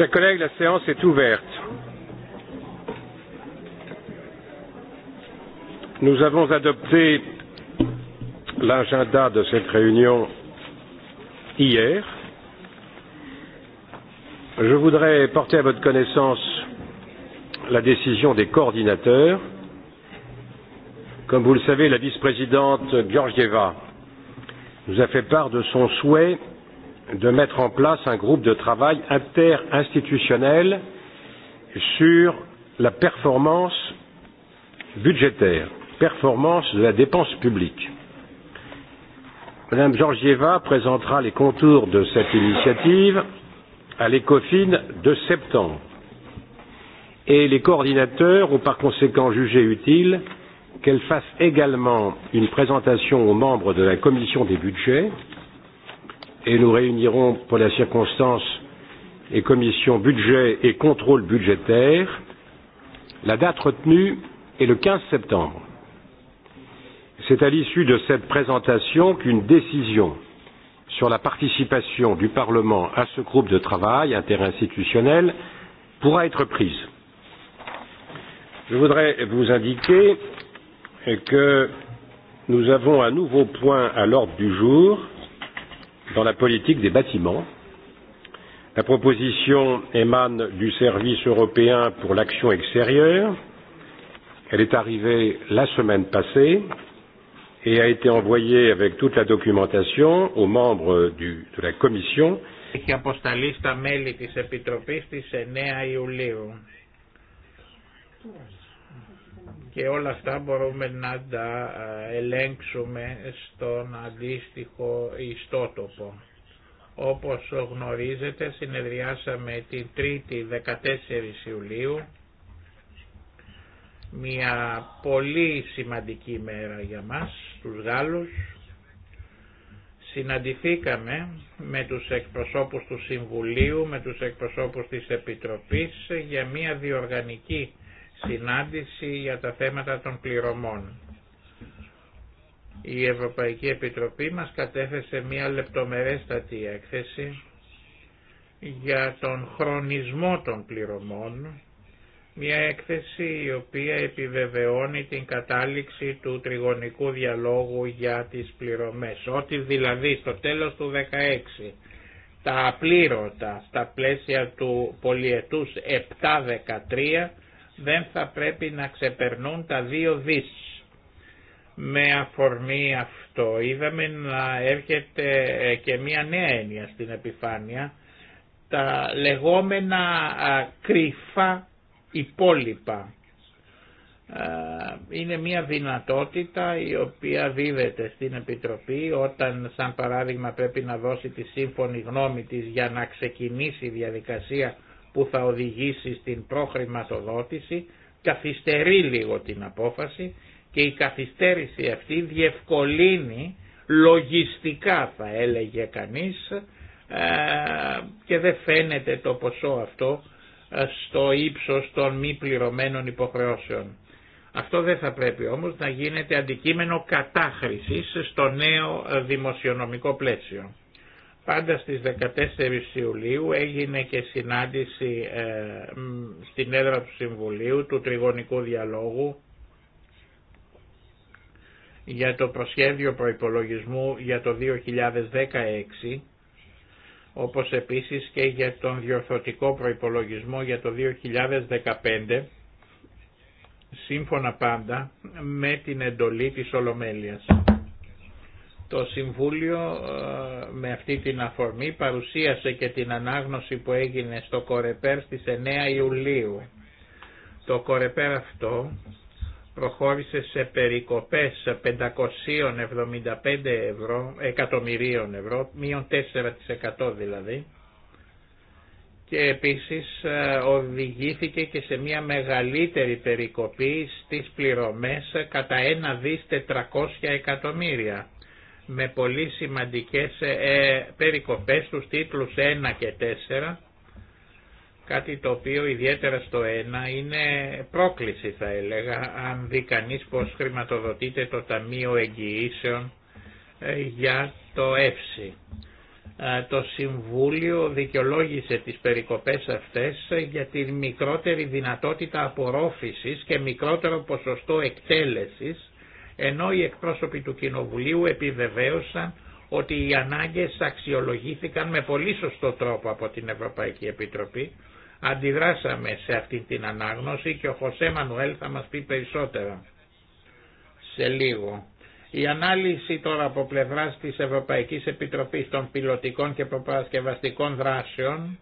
Chers collègues, la séance est ouverte. Nous avons adopté l'agenda de cette réunion hier. Je voudrais porter à votre connaissance la décision des coordinateurs. Comme vous le savez, la vice-présidente Georgieva nous a fait part de son souhait de mettre en place un groupe de travail interinstitutionnel sur la performance budgétaire, performance de la dépense publique. Mme Georgieva présentera les contours de cette initiative à l'ECOFIN de septembre et les coordinateurs ont par conséquent jugé utile qu'elle fasse également une présentation aux membres de la commission des budgets et nous réunirons pour la circonstance et commission budget et contrôle budgétaire. La date retenue est le 15 septembre. C'est à l'issue de cette présentation qu'une décision sur la participation du Parlement à ce groupe de travail interinstitutionnel pourra être prise. Je voudrais vous indiquer que nous avons un nouveau point à l'ordre du jour dans la politique des bâtiments. La proposition émane du Service européen pour l'action extérieure. Elle est arrivée la semaine passée et a été envoyée avec toute la documentation aux membres du, de la Commission. Έχει στα μέλη 9 Ιουλίου και όλα αυτά μπορούμε να τα ε, ελέγξουμε στον αντίστοιχο ιστότοπο. Όπως γνωρίζετε συνεδριάσαμε την 3η 14 Ιουλίου, μια πολύ σημαντική μέρα για μας, τους Γάλλους. Συναντηθήκαμε με τους εκπροσώπους του Συμβουλίου, με τους εκπροσώπους της Επιτροπής για μια διοργανική συνάντηση για τα θέματα των πληρωμών. Η Ευρωπαϊκή Επιτροπή μας κατέθεσε μια λεπτομερέστατη έκθεση για τον χρονισμό των πληρωμών, μια έκθεση η οποία επιβεβαιώνει την κατάληξη του τριγωνικού διαλόγου για τις πληρωμές, ότι δηλαδή στο τέλος του 16 τα απλήρωτα στα πλαίσια του πολιετούς 7-13 δεν θα πρέπει να ξεπερνούν τα δύο δις. Με αφορμή αυτό είδαμε να έρχεται ε, και μία νέα έννοια στην επιφάνεια, τα λεγόμενα κρυφά υπόλοιπα. Είναι μία δυνατότητα η οποία δίδεται στην Επιτροπή όταν σαν παράδειγμα πρέπει να δώσει τη σύμφωνη γνώμη της για να ξεκινήσει η διαδικασία που θα οδηγήσει στην προχρηματοδότηση καθυστερεί λίγο την απόφαση και η καθυστέρηση αυτή διευκολύνει λογιστικά θα έλεγε κανείς ε, και δεν φαίνεται το ποσό αυτό ε, στο ύψος των μη πληρωμένων υποχρεώσεων. Αυτό δεν θα πρέπει όμως να γίνεται αντικείμενο κατάχρησης στο νέο δημοσιονομικό πλαίσιο. Πάντα στις 14 Ιουλίου έγινε και συνάντηση ε, στην έδρα του Συμβουλίου του Τριγωνικού Διαλόγου για το προσχέδιο προϋπολογισμού για το 2016 όπως επίσης και για τον διορθωτικό προϋπολογισμό για το 2015, σύμφωνα πάντα με την εντολή της Ολομέλειας. Το Συμβούλιο ε, με αυτή την αφορμή παρουσίασε και την ανάγνωση που έγινε στο Κορεπέρ στις 9 Ιουλίου. Το Κορεπέρ αυτό προχώρησε σε περικοπές 575 ευρώ, εκατομμυρίων ευρώ, μείον 4% δηλαδή, και επίσης ε, οδηγήθηκε και σε μια μεγαλύτερη περικοπή στις πληρωμές κατά 1 δις 400 εκατομμύρια με πολύ σημαντικές ε, ε, περικοπές στους τίτλους 1 και 4, κάτι το οποίο ιδιαίτερα στο 1 είναι πρόκληση θα έλεγα, αν δει κανείς πως χρηματοδοτείται το Ταμείο Εγγυήσεων ε, για το ΕΦΣΥ. Το Συμβούλιο δικαιολόγησε τις περικοπές αυτές για τη μικρότερη δυνατότητα απορρόφησης και μικρότερο ποσοστό εκτέλεσης ενώ οι εκπρόσωποι του Κοινοβουλίου επιβεβαίωσαν ότι οι ανάγκες αξιολογήθηκαν με πολύ σωστό τρόπο από την Ευρωπαϊκή Επιτροπή. Αντιδράσαμε σε αυτή την ανάγνωση και ο Χωσέ Μανουέλ θα μας πει περισσότερα σε λίγο. Η ανάλυση τώρα από πλευράς της Ευρωπαϊκής Επιτροπής των πιλωτικών και προπαρασκευαστικών δράσεων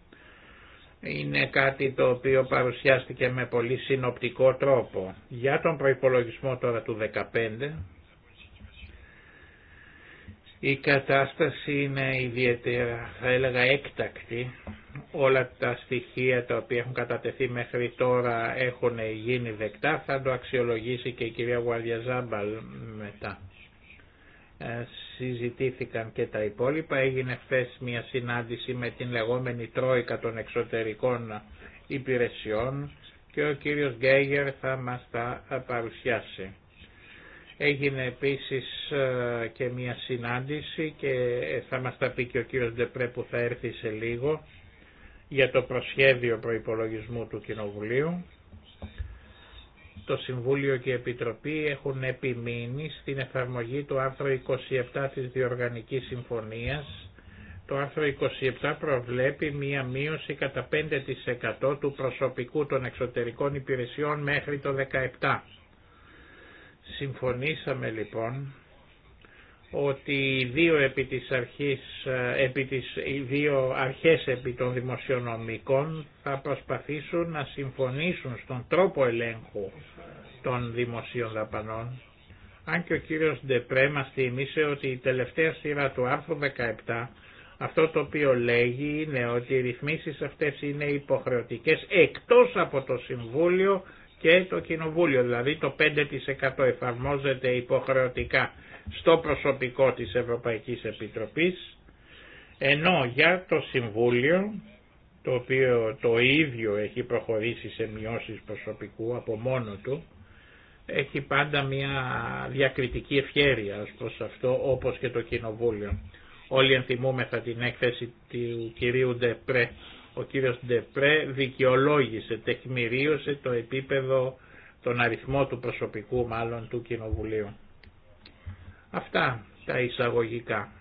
είναι κάτι το οποίο παρουσιάστηκε με πολύ συνοπτικό τρόπο. Για τον προϋπολογισμό τώρα του 2015, η κατάσταση είναι ιδιαίτερα, θα έλεγα, έκτακτη. Όλα τα στοιχεία τα οποία έχουν κατατεθεί μέχρι τώρα έχουν γίνει δεκτά. Θα το αξιολογήσει και η κυρία Γουαλιαζάμπαλ μετά. Ε, συζητήθηκαν και τα υπόλοιπα. Έγινε χθε μια συνάντηση με την λεγόμενη Τρόικα των Εξωτερικών Υπηρεσιών και ο κύριος Γκέγερ θα μας τα παρουσιάσει. Έγινε επίσης ε, και μια συνάντηση και ε, θα μας τα πει και ο κύριος Ντεπρέ που θα έρθει σε λίγο για το προσχέδιο προϋπολογισμού του Κοινοβουλίου το Συμβούλιο και η Επιτροπή έχουν επιμείνει στην εφαρμογή του άρθρου 27 της Διοργανικής Συμφωνίας. Το άρθρο 27 προβλέπει μία μείωση κατά 5% του προσωπικού των εξωτερικών υπηρεσιών μέχρι το 17. Συμφωνήσαμε λοιπόν ότι οι δύο, επί της αρχής, ε, επί αρχές επί των δημοσιονομικών θα προσπαθήσουν να συμφωνήσουν στον τρόπο ελέγχου των δημοσίων δαπανών. Αν και ο κύριος Ντεπρέ μας θύμισε ότι η τελευταία σειρά του άρθρου 17 αυτό το οποίο λέγει είναι ότι οι ρυθμίσεις αυτές είναι υποχρεωτικές εκτός από το Συμβούλιο και το Κοινοβούλιο, δηλαδή το 5% εφαρμόζεται υποχρεωτικά στο προσωπικό της Ευρωπαϊκής Επιτροπής, ενώ για το Συμβούλιο, το οποίο το ίδιο έχει προχωρήσει σε μειώσεις προσωπικού από μόνο του, έχει πάντα μια διακριτική ευχέρεια ως προς αυτό, όπως και το Κοινοβούλιο. Όλοι ενθυμούμεθα την έκθεση του κυρίου Ντεπρέ ο κύριος Ντεπρέ δικαιολόγησε, τεκμηρίωσε το επίπεδο, τον αριθμό του προσωπικού μάλλον του Κοινοβουλίου. Αυτά τα εισαγωγικά.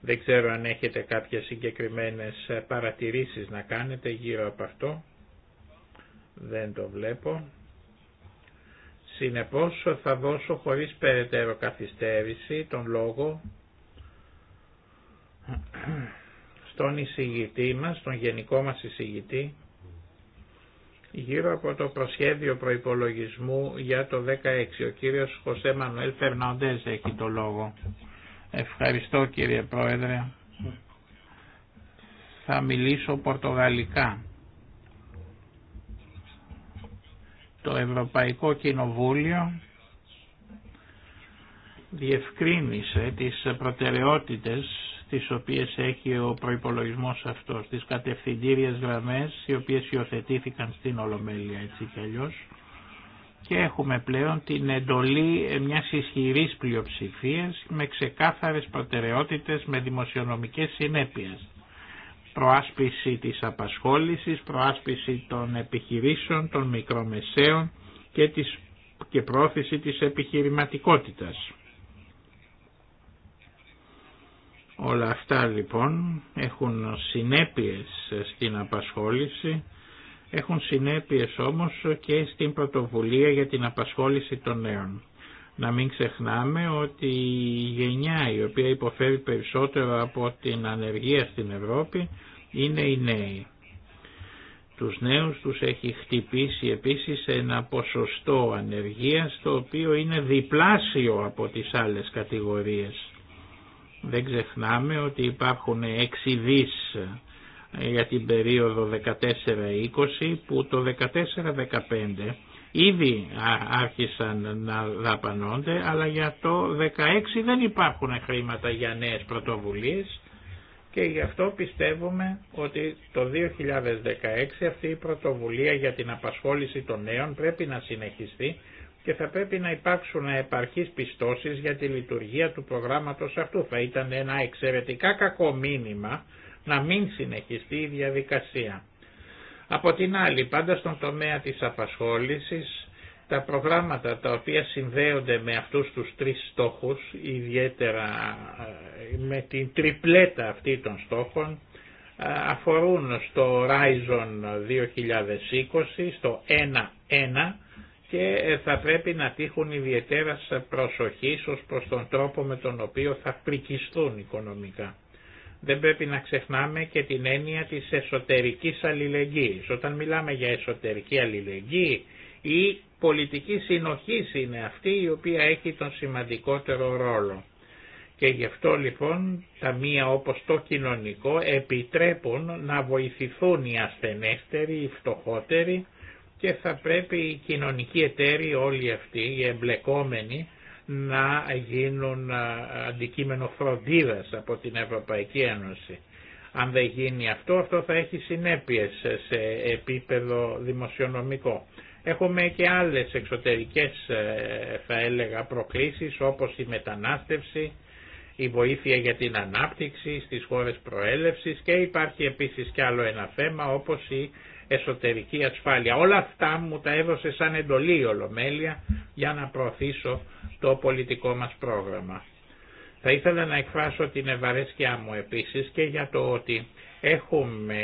Δεν ξέρω αν έχετε κάποιες συγκεκριμένες παρατηρήσεις να κάνετε γύρω από αυτό. Δεν το βλέπω. Συνεπώς θα δώσω χωρίς περαιτέρω καθυστέρηση τον λόγο στον εισηγητή μας, τον γενικό μας εισηγητή, γύρω από το προσχέδιο προϋπολογισμού για το 16. Ο κύριος Χωσέ Μανουέλ Φερναντές έχει το λόγο. Ευχαριστώ κύριε Πρόεδρε. Θα μιλήσω πορτογαλικά. Το Ευρωπαϊκό Κοινοβούλιο διευκρίνησε τις προτεραιότητες τις οποίες έχει ο προϋπολογισμός αυτός, τις κατευθυντήριες γραμμές οι οποίες υιοθετήθηκαν στην Ολομέλεια έτσι κι αλλιώς και έχουμε πλέον την εντολή μιας ισχυρής πλειοψηφίας με ξεκάθαρες προτεραιότητες με δημοσιονομικές συνέπειες. Προάσπιση της απασχόλησης, προάσπιση των επιχειρήσεων, των μικρομεσαίων και, της, και πρόθεση της επιχειρηματικότητας. Όλα αυτά λοιπόν έχουν συνέπειες στην απασχόληση, έχουν συνέπειες όμως και στην πρωτοβουλία για την απασχόληση των νέων. Να μην ξεχνάμε ότι η γενιά η οποία υποφέρει περισσότερο από την ανεργία στην Ευρώπη είναι οι νέοι. Τους νέους τους έχει χτυπήσει επίσης ένα ποσοστό ανεργίας το οποίο είναι διπλάσιο από τις άλλες κατηγορίες. Δεν ξεχνάμε ότι υπάρχουν 6 δις για την περίοδο 14-20 που το 14-15 ήδη άρχισαν να δαπανώνται αλλά για το 16 δεν υπάρχουν χρήματα για νέες πρωτοβουλίες και γι' αυτό πιστεύουμε ότι το 2016 αυτή η πρωτοβουλία για την απασχόληση των νέων πρέπει να συνεχιστεί και θα πρέπει να υπάρξουν επαρχείς πιστώσεις για τη λειτουργία του προγράμματος αυτού. Θα ήταν ένα εξαιρετικά κακό μήνυμα να μην συνεχιστεί η διαδικασία. Από την άλλη, πάντα στον τομέα της απασχόλησης, τα προγράμματα τα οποία συνδέονται με αυτούς τους τρεις στόχους, ιδιαίτερα ε, με την τριπλέτα αυτή των στόχων, ε, αφορούν στο Horizon 2020, στο 1-1, και ε, θα πρέπει να τύχουν ιδιαίτερα προσοχή ως προς τον τρόπο με τον οποίο θα πρικιστούν οικονομικά. Δεν πρέπει να ξεχνάμε και την έννοια της εσωτερικής αλληλεγγύης. Όταν μιλάμε για εσωτερική αλληλεγγύη, η πολιτική συνοχή είναι αυτή η οποία έχει τον σημαντικότερο ρόλο. Και γι' αυτό λοιπόν τα μία όπως το κοινωνικό επιτρέπουν να βοηθηθούν οι ασθενέστεροι, οι φτωχότεροι, και θα πρέπει οι κοινωνικοί εταίροι όλοι αυτοί, οι εμπλεκόμενοι, να γίνουν αντικείμενο φροντίδας από την Ευρωπαϊκή Ένωση. Αν δεν γίνει αυτό, αυτό θα έχει συνέπειες σε επίπεδο δημοσιονομικό. Έχουμε και άλλες εξωτερικές ε, θα έλεγα προκλήσεις όπως η μετανάστευση, η βοήθεια για την ανάπτυξη στις χώρες προέλευσης και υπάρχει επίσης και άλλο ένα θέμα όπως η εσωτερική ασφάλεια. Όλα αυτά μου τα έδωσε σαν εντολή η Ολομέλεια για να προωθήσω το πολιτικό μας πρόγραμμα. Θα ήθελα να εκφράσω την ευαρέσκειά μου επίσης και για το ότι έχουμε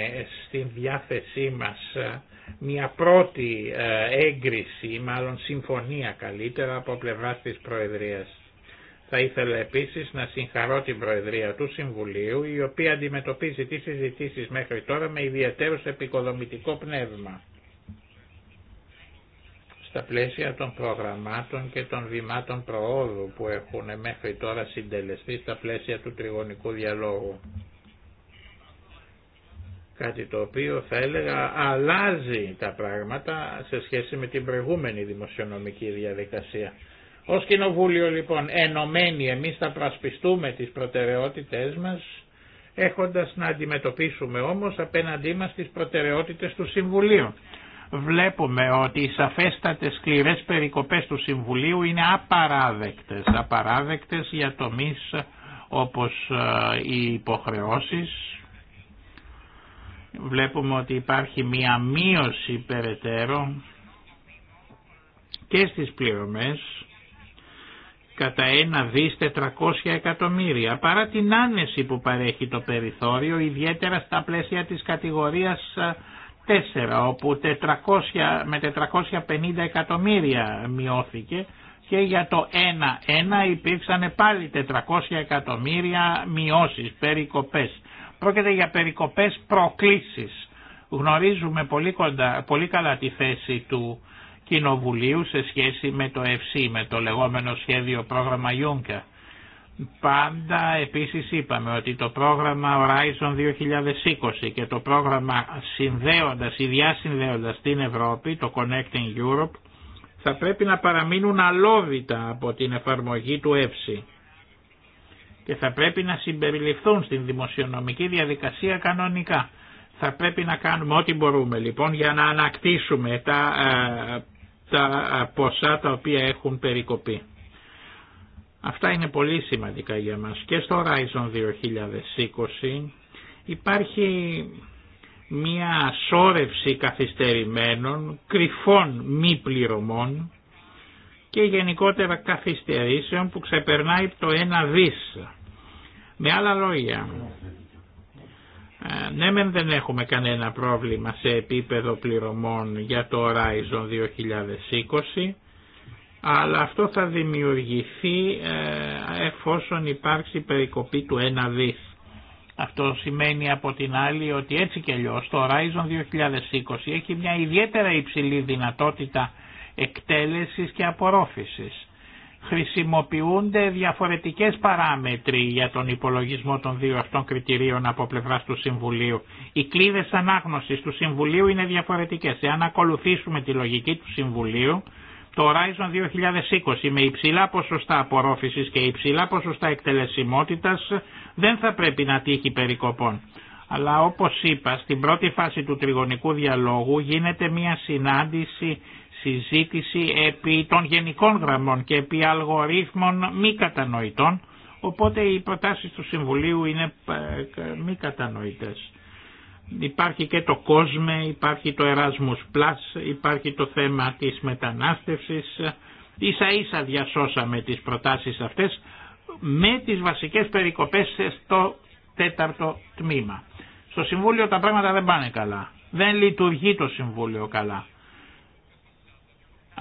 στην διάθεσή μας ε, μια πρώτη ε, έγκριση, μάλλον συμφωνία καλύτερα από πλευράς της Προεδρίας θα ήθελα επίσης να συγχαρώ την Προεδρία του Συμβουλίου, η οποία αντιμετωπίζει τις συζητήσεις μέχρι τώρα με ιδιαίτερο επικοδομητικό πνεύμα. Στα πλαίσια των προγραμμάτων και των βημάτων προόδου που έχουν μέχρι τώρα συντελεστεί στα πλαίσια του τριγωνικού διαλόγου. Κάτι το οποίο θα έλεγα αλλάζει τα πράγματα σε σχέση με την προηγούμενη δημοσιονομική διαδικασία. Ως Κοινοβούλιο λοιπόν ενωμένοι εμείς θα πρασπιστούμε τις προτεραιότητες μας έχοντας να αντιμετωπίσουμε όμως απέναντί μας τις προτεραιότητες του Συμβουλίου. Βλέπουμε ότι οι σαφέστατες σκληρές περικοπές του Συμβουλίου είναι απαράδεκτες, απαράδεκτες για τομείς όπως ε, οι υποχρεώσεις. Βλέπουμε ότι υπάρχει μία μείωση περαιτέρω και στις πληρωμές κατά ένα δις 400 εκατομμύρια παρά την άνεση που παρέχει το περιθώριο ιδιαίτερα στα πλαίσια της κατηγορίας 4 όπου 400, με 450 εκατομμύρια μειώθηκε και για το 1-1 υπήρξαν πάλι 400 εκατομμύρια μειώσεις, περικοπές. Πρόκειται για περικοπές προκλήσεις. Γνωρίζουμε πολύ, πολύ καλά τη θέση του Κοινοβουλίου σε σχέση με το ΕΦΣΥ, με το λεγόμενο σχέδιο πρόγραμμα Juncker. Πάντα επίσης είπαμε ότι το πρόγραμμα Horizon 2020 και το πρόγραμμα συνδέοντας ή διασυνδέοντας την Ευρώπη, το Connecting Europe, θα πρέπει να παραμείνουν αλόβητα από την εφαρμογή του ΕΦΣΥ και θα πρέπει να συμπεριληφθούν στην δημοσιονομική διαδικασία κανονικά. Θα πρέπει να κάνουμε ό,τι μπορούμε λοιπόν για να ανακτήσουμε τα ε, τα ποσά τα οποία έχουν περικοπεί. Αυτά είναι πολύ σημαντικά για μας. Και στο Horizon 2020 υπάρχει μία σόρευση καθυστερημένων, κρυφών μη πληρωμών και γενικότερα καθυστερήσεων που ξεπερνάει το ένα δις. Με άλλα λόγια, ε, ναι μεν δεν έχουμε κανένα πρόβλημα σε επίπεδο πληρωμών για το Horizon 2020, αλλά αυτό θα δημιουργηθεί ε, εφόσον υπάρξει περικοπή του 1 δις. Αυτό σημαίνει από την άλλη ότι έτσι και αλλιώς το Horizon 2020 έχει μια ιδιαίτερα υψηλή δυνατότητα εκτέλεσης και απορρόφησης χρησιμοποιούνται διαφορετικές παράμετροι για τον υπολογισμό των δύο αυτών κριτηρίων από πλευράς του Συμβουλίου. Οι κλίδες ανάγνωσης του Συμβουλίου είναι διαφορετικές. Εάν ακολουθήσουμε τη λογική του Συμβουλίου, το Horizon 2020 με υψηλά ποσοστά απορρόφησης και υψηλά ποσοστά εκτελεσιμότητας δεν θα πρέπει να τύχει περικοπών. Αλλά όπως είπα, στην πρώτη φάση του τριγωνικού διαλόγου γίνεται μια συνάντηση συζήτηση επί των γενικών γραμμών και επί αλγορίθμων μη κατανοητών, οπότε οι προτάσεις του Συμβουλίου είναι ε, ε, μη κατανοητές. Υπάρχει και το κόσμε, υπάρχει το Erasmus υπάρχει το θέμα της μετανάστευσης. Ίσα ίσα διασώσαμε τις προτάσεις αυτές με τις βασικές περικοπές στο τέταρτο τμήμα. Στο Συμβούλιο τα πράγματα δεν πάνε καλά. Δεν λειτουργεί το Συμβούλιο καλά.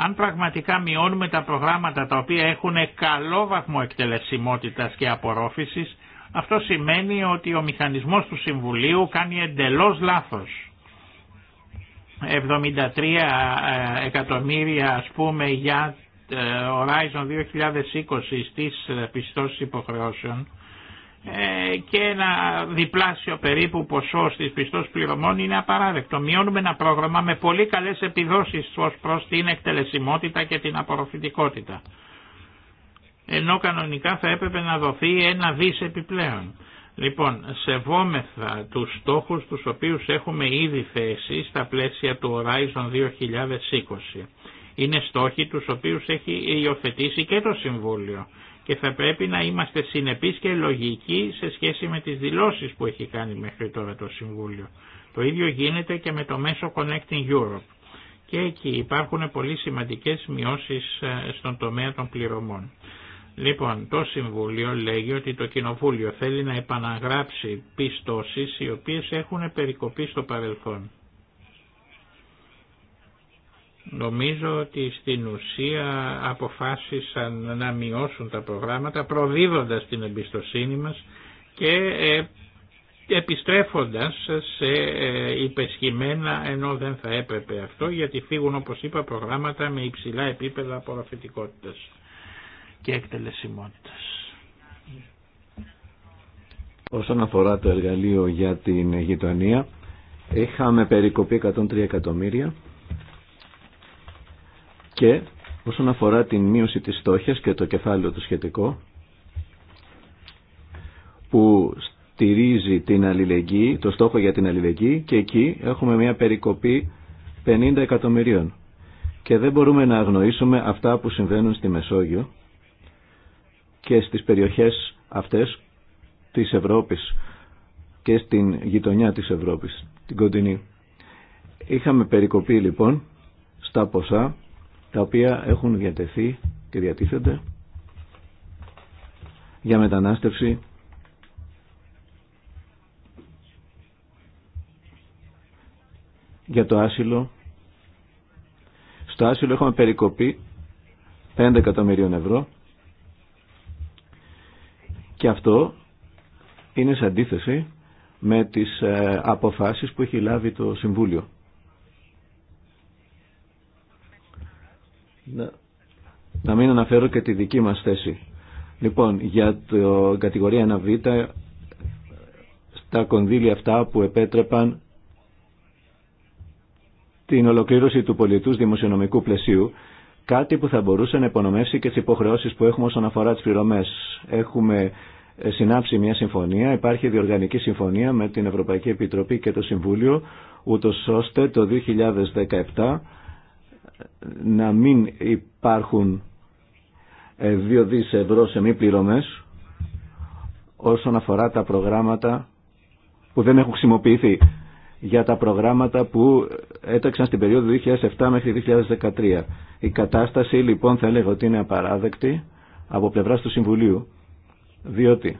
Αν πραγματικά μειώνουμε τα προγράμματα τα οποία έχουν καλό βαθμό εκτελεσιμότητας και απορρόφησης, αυτό σημαίνει ότι ο μηχανισμός του Συμβουλίου κάνει εντελώς λάθος. 73 ε, εκατομμύρια ας πούμε για ε, Horizon 2020 στις ε, πιστώσεις υποχρεώσεων ε, και ένα διπλάσιο περίπου ποσό στις πιστός πληρωμών είναι απαράδεκτο. Μειώνουμε ένα πρόγραμμα με πολύ καλές επιδόσεις ως προς την εκτελεσιμότητα και την απορροφητικότητα. Ενώ κανονικά θα έπρεπε να δοθεί ένα δις επιπλέον. Λοιπόν, σεβόμεθα τους στόχους τους οποίους έχουμε ήδη θέσει στα πλαίσια του Horizon 2020. Είναι στόχοι τους οποίους έχει υιοθετήσει και το Συμβούλιο και θα πρέπει να είμαστε συνεπείς και λογικοί σε σχέση με τις δηλώσεις που έχει κάνει μέχρι τώρα το Συμβούλιο. Το ίδιο γίνεται και με το μέσο Connecting Europe. Και εκεί υπάρχουν πολύ σημαντικές μειώσεις ε, στον τομέα των πληρωμών. Λοιπόν, το Συμβούλιο λέγει ότι το Κοινοβούλιο θέλει να επαναγράψει πιστώσεις οι οποίες έχουν περικοπεί στο παρελθόν. Νομίζω ότι στην ουσία αποφάσισαν να μειώσουν τα προγράμματα προδίδοντας την εμπιστοσύνη μας και ε, επιστρέφοντας σε ε, υπεσχημένα ενώ δεν θα έπρεπε αυτό γιατί φύγουν όπως είπα προγράμματα με υψηλά επίπεδα απορροφητικότητας και εκτελεσιμότητας. Όσον αφορά το εργαλείο για την γειτονία, είχαμε περικοπή 103 εκατομμύρια και όσον αφορά την μείωση της στόχιας και το κεφάλαιο του σχετικό, που στηρίζει την αλληλεγγύη, το στόχο για την αλληλεγγύη και εκεί έχουμε μια περικοπή 50 εκατομμυρίων. Και δεν μπορούμε να αγνοήσουμε αυτά που συμβαίνουν στη Μεσόγειο και στις περιοχές αυτές της Ευρώπης και στην γειτονιά της Ευρώπης, την κοντινή. Είχαμε περικοπή λοιπόν στα ποσά τα οποία έχουν διατεθεί και διατίθενται για μετανάστευση για το άσυλο. Στο άσυλο έχουμε περικοπή 5 εκατομμυρίων ευρώ και αυτό είναι σε αντίθεση με τις ε, αποφάσεις που έχει λάβει το Συμβούλιο. να, να μην αναφέρω και τη δική μας θέση. Λοιπόν, για το κατηγορία 1β, στα κονδύλια αυτά που επέτρεπαν την ολοκλήρωση του πολιτούς δημοσιονομικού πλαισίου, κάτι που θα μπορούσε να υπονομεύσει και τις υποχρεώσεις που έχουμε όσον αφορά τις πληρωμές. Έχουμε ε, συνάψει μια συμφωνία, υπάρχει διοργανική συμφωνία με την Ευρωπαϊκή Επιτροπή και το Συμβούλιο, ούτω ώστε το 2017 να μην υπάρχουν ε, δύο δις ευρώ σε μη πληρωμές όσον αφορά τα προγράμματα που δεν έχουν χρησιμοποιηθεί για τα προγράμματα που έταξαν στην περίοδο 2007 μέχρι 2013. Η κατάσταση λοιπόν θα έλεγα ότι είναι απαράδεκτη από πλευράς του Συμβουλίου διότι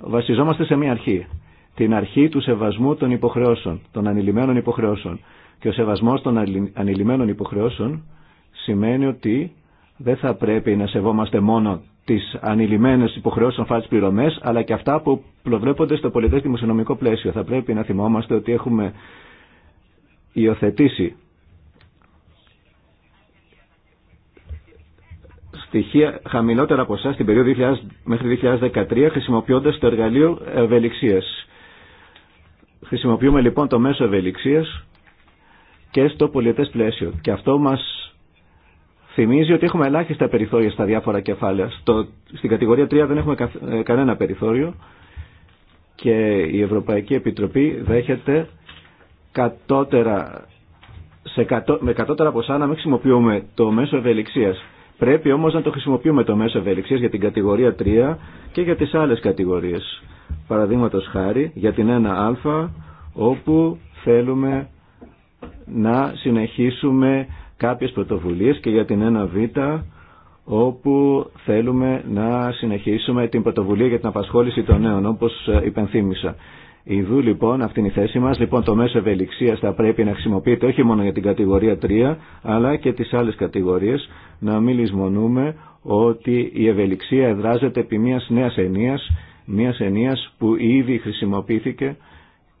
βασιζόμαστε σε μία αρχή την αρχή του σεβασμού των υποχρεώσεων, των ανηλυμένων υποχρεώσεων και ο σεβασμός των ανηλυμένων υποχρεώσεων σημαίνει ότι δεν θα πρέπει να σεβόμαστε μόνο τις ανηλυμένες υποχρεώσεις φάση πληρωμές αλλά και αυτά που προβλέπονται στο πολιτές δημοσιονομικό πλαίσιο. Θα πρέπει να θυμόμαστε ότι έχουμε υιοθετήσει στοιχεία χαμηλότερα από εσά περίοδο 2000 μέχρι 2013 χρησιμοποιώντας το εργαλείο ευελιξίας. Χρησιμοποιούμε λοιπόν το μέσο ευελιξίας και στο πολιετές πλαίσιο. Και αυτό μας θυμίζει ότι έχουμε ελάχιστα περιθώρια στα διάφορα κεφάλαια. Στο, στην κατηγορία 3 δεν έχουμε ε, κανένα περιθώριο και η Ευρωπαϊκή Επιτροπή δέχεται κατώτερα, σε κατώ, με κατώτερα ποσά να μην χρησιμοποιούμε το μέσο ευελιξίας. Πρέπει όμως να το χρησιμοποιούμε το μέσο ευελιξίας για την κατηγορία 3 και για τις άλλες κατηγορίες. Παραδείγματο χάρη για την 1α όπου θέλουμε να συνεχίσουμε κάποιες πρωτοβουλίες και για την 1Β όπου θέλουμε να συνεχίσουμε την πρωτοβουλία για την απασχόληση των νέων όπως ε, υπενθύμησα. Ιδού λοιπόν αυτή είναι η θέση μας. Λοιπόν το μέσο ευελιξίας θα πρέπει να χρησιμοποιείται όχι μόνο για την κατηγορία 3 αλλά και τις άλλες κατηγορίες να μην λησμονούμε ότι η ευελιξία εδράζεται επί μιας νέας ενίας, μιας ενίας που ήδη χρησιμοποιήθηκε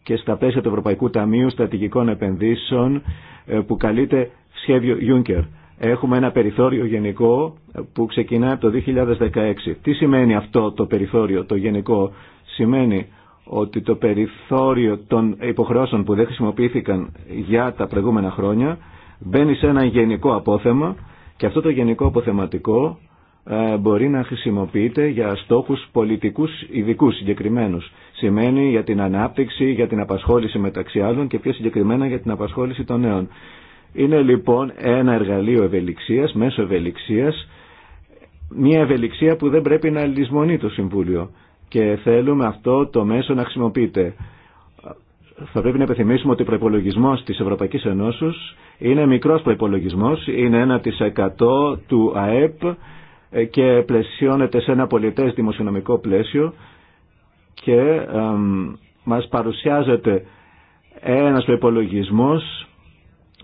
και στα πλαίσια του Ευρωπαϊκού Ταμείου Στατηγικών Επενδύσεων ε, που καλείται σχέδιο Juncker. Έχουμε ένα περιθώριο γενικό ε, που ξεκινάει από το 2016. Τι σημαίνει αυτό το περιθώριο, το γενικό. Σημαίνει ότι το περιθώριο των υποχρεώσεων που δεν χρησιμοποιήθηκαν για τα προηγούμενα χρόνια μπαίνει σε ένα γενικό απόθεμα και αυτό το γενικό αποθεματικό ε, μπορεί να χρησιμοποιείται για στόχους πολιτικούς ειδικού συγκεκριμένους. Σημαίνει για την ανάπτυξη, για την απασχόληση μεταξύ άλλων και πιο συγκεκριμένα για την απασχόληση των νέων. Είναι λοιπόν ένα εργαλείο ευελιξίας, μέσω ευελιξίας, μια ευελιξία που δεν πρέπει να λησμονεί το Συμβούλιο και θέλουμε αυτό το μέσο να χρησιμοποιείται. Θα πρέπει να επιθυμίσουμε ότι ο προπολογισμό τη Ευρωπαϊκή Ενώσεω είναι μικρό προπολογισμό, είναι 1% του ΑΕΠ ε, και πλαισιώνεται σε ένα πολιτές δημοσιονομικό πλαίσιο και μας παρουσιάζεται ένας προπολογισμό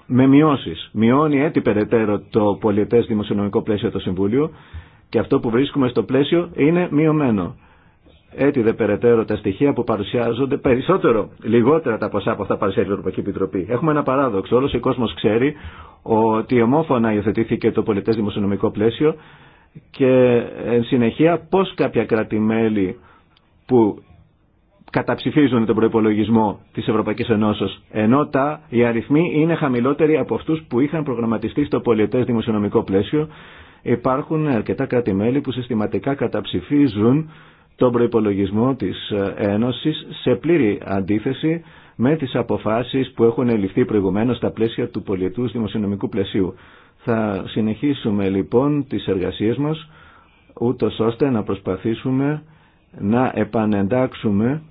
με μειώσεις. Μειώνει έτσι περαιτέρω το πολιτές δημοσιονομικό πλαίσιο το Συμβούλιο και αυτό που βρίσκουμε στο πλαίσιο είναι μειωμένο. Έτσι δε περαιτέρω τα στοιχεία που παρουσιάζονται περισσότερο, λιγότερα τα ποσά από αυτά παρουσιάζει η Ευρωπαϊκή Επιτροπή. Έχουμε ένα παράδοξο. Όλο ο κόσμο ξέρει ότι ομόφωνα υιοθετήθηκε το πολιτέ δημοσιονομικό πλαίσιο και εν συνεχεία πώς κάποια κράτη-μέλη που καταψηφίζουν τον προϋπολογισμό της Ευρωπαϊκής Ενώσεως, ενώ τα, οι αριθμοί είναι χαμηλότεροι από αυτούς που είχαν προγραμματιστεί στο πολιετές δημοσιονομικό πλαίσιο. Υπάρχουν αρκετά κράτη-μέλη που συστηματικά καταψηφίζουν τον προϋπολογισμό της Ένωσης σε πλήρη αντίθεση με τις αποφάσεις που έχουν ληφθεί προηγουμένως στα πλαίσια του πολιετούς δημοσιονομικού πλαισίου. Θα συνεχίσουμε λοιπόν τις εργασίες μας ούτως ώστε να προσπαθήσουμε να επανεντάξουμε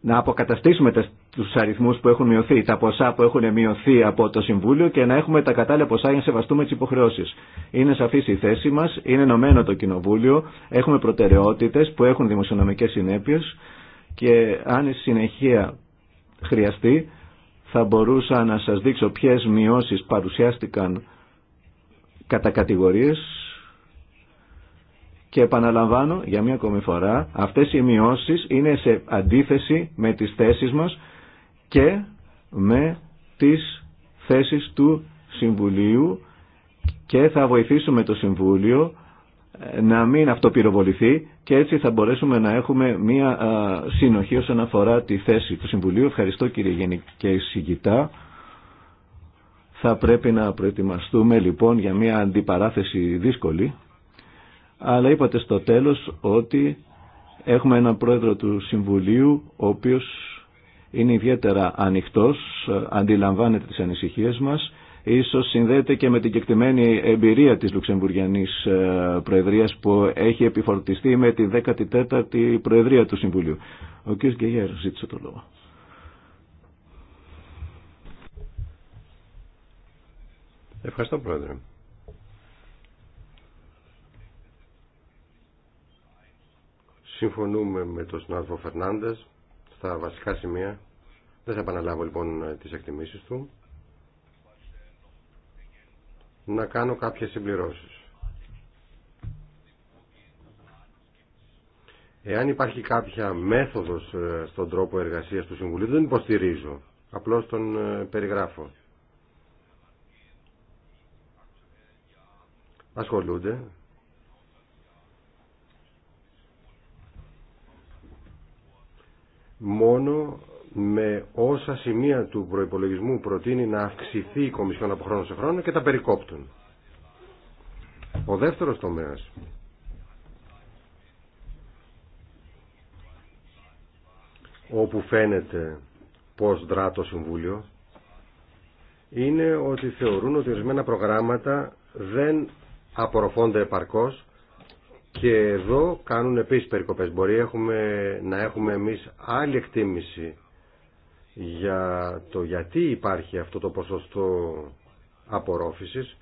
να αποκαταστήσουμε τους αριθμούς που έχουν μειωθεί, τα ποσά που έχουν μειωθεί από το Συμβούλιο και να έχουμε τα κατάλληλα ποσά για να σεβαστούμε τις υποχρεώσεις. Είναι σαφής η θέση μας, είναι ενωμένο το Κοινοβούλιο, έχουμε προτεραιότητες που έχουν δημοσιονομικές συνέπειες και αν η συνεχεία χρειαστεί θα μπορούσα να σας δείξω ποιες μειώσεις παρουσιάστηκαν κατά κατηγορίες και επαναλαμβάνω για μία ακόμη φορά αυτές οι μειώσεις είναι σε αντίθεση με τις θέσεις μας και με τις θέσεις του Συμβουλίου και θα βοηθήσουμε το Συμβούλιο ε, να μην αυτοπυροβοληθεί και έτσι θα μπορέσουμε να έχουμε μία συνοχή όσον αφορά τη θέση του Συμβουλίου. Ευχαριστώ κύριε Γενική Συγκητά. Θα πρέπει να προετοιμαστούμε λοιπόν για μία αντιπαράθεση δύσκολη. Αλλά είπατε στο τέλος ότι έχουμε έναν πρόεδρο του Συμβουλίου ο οποίος είναι ιδιαίτερα ανοιχτός, ε, αντιλαμβάνεται τις ανησυχίες μας ίσως συνδέεται και με την κεκτημένη εμπειρία της Λουξεμβουργιανής ε, Προεδρίας που έχει επιφορτιστεί με τη 14η Προεδρία του Συμβουλίου. Ο κ. Γκεγέρ ζήτησε το λόγο. Ευχαριστώ Πρόεδρε. Συμφωνούμε με τον συνάδελφο Φερνάντες. στα βασικά σημεία. Δεν θα επαναλάβω λοιπόν τις εκτιμήσεις του να κάνω κάποιες συμπληρώσεις. Εάν υπάρχει κάποια μέθοδος ε, στον τρόπο εργασίας του Συμβουλίου, δεν υποστηρίζω, απλώς τον ε, περιγράφω. Ασχολούνται μόνο με όσα σημεία του προϋπολογισμού προτείνει να αυξηθεί η Κομισιόν από χρόνο σε χρόνο και τα περικόπτουν. Ο δεύτερος τομέας όπου φαίνεται πώς δρά το Συμβούλιο είναι ότι θεωρούν ότι ορισμένα προγράμματα δεν απορροφώνται επαρκώς και εδώ κάνουν επίσης περικοπές. Μπορεί έχουμε, να έχουμε εμείς άλλη εκτίμηση για το γιατί υπάρχει αυτό το ποσοστό απορρόφησης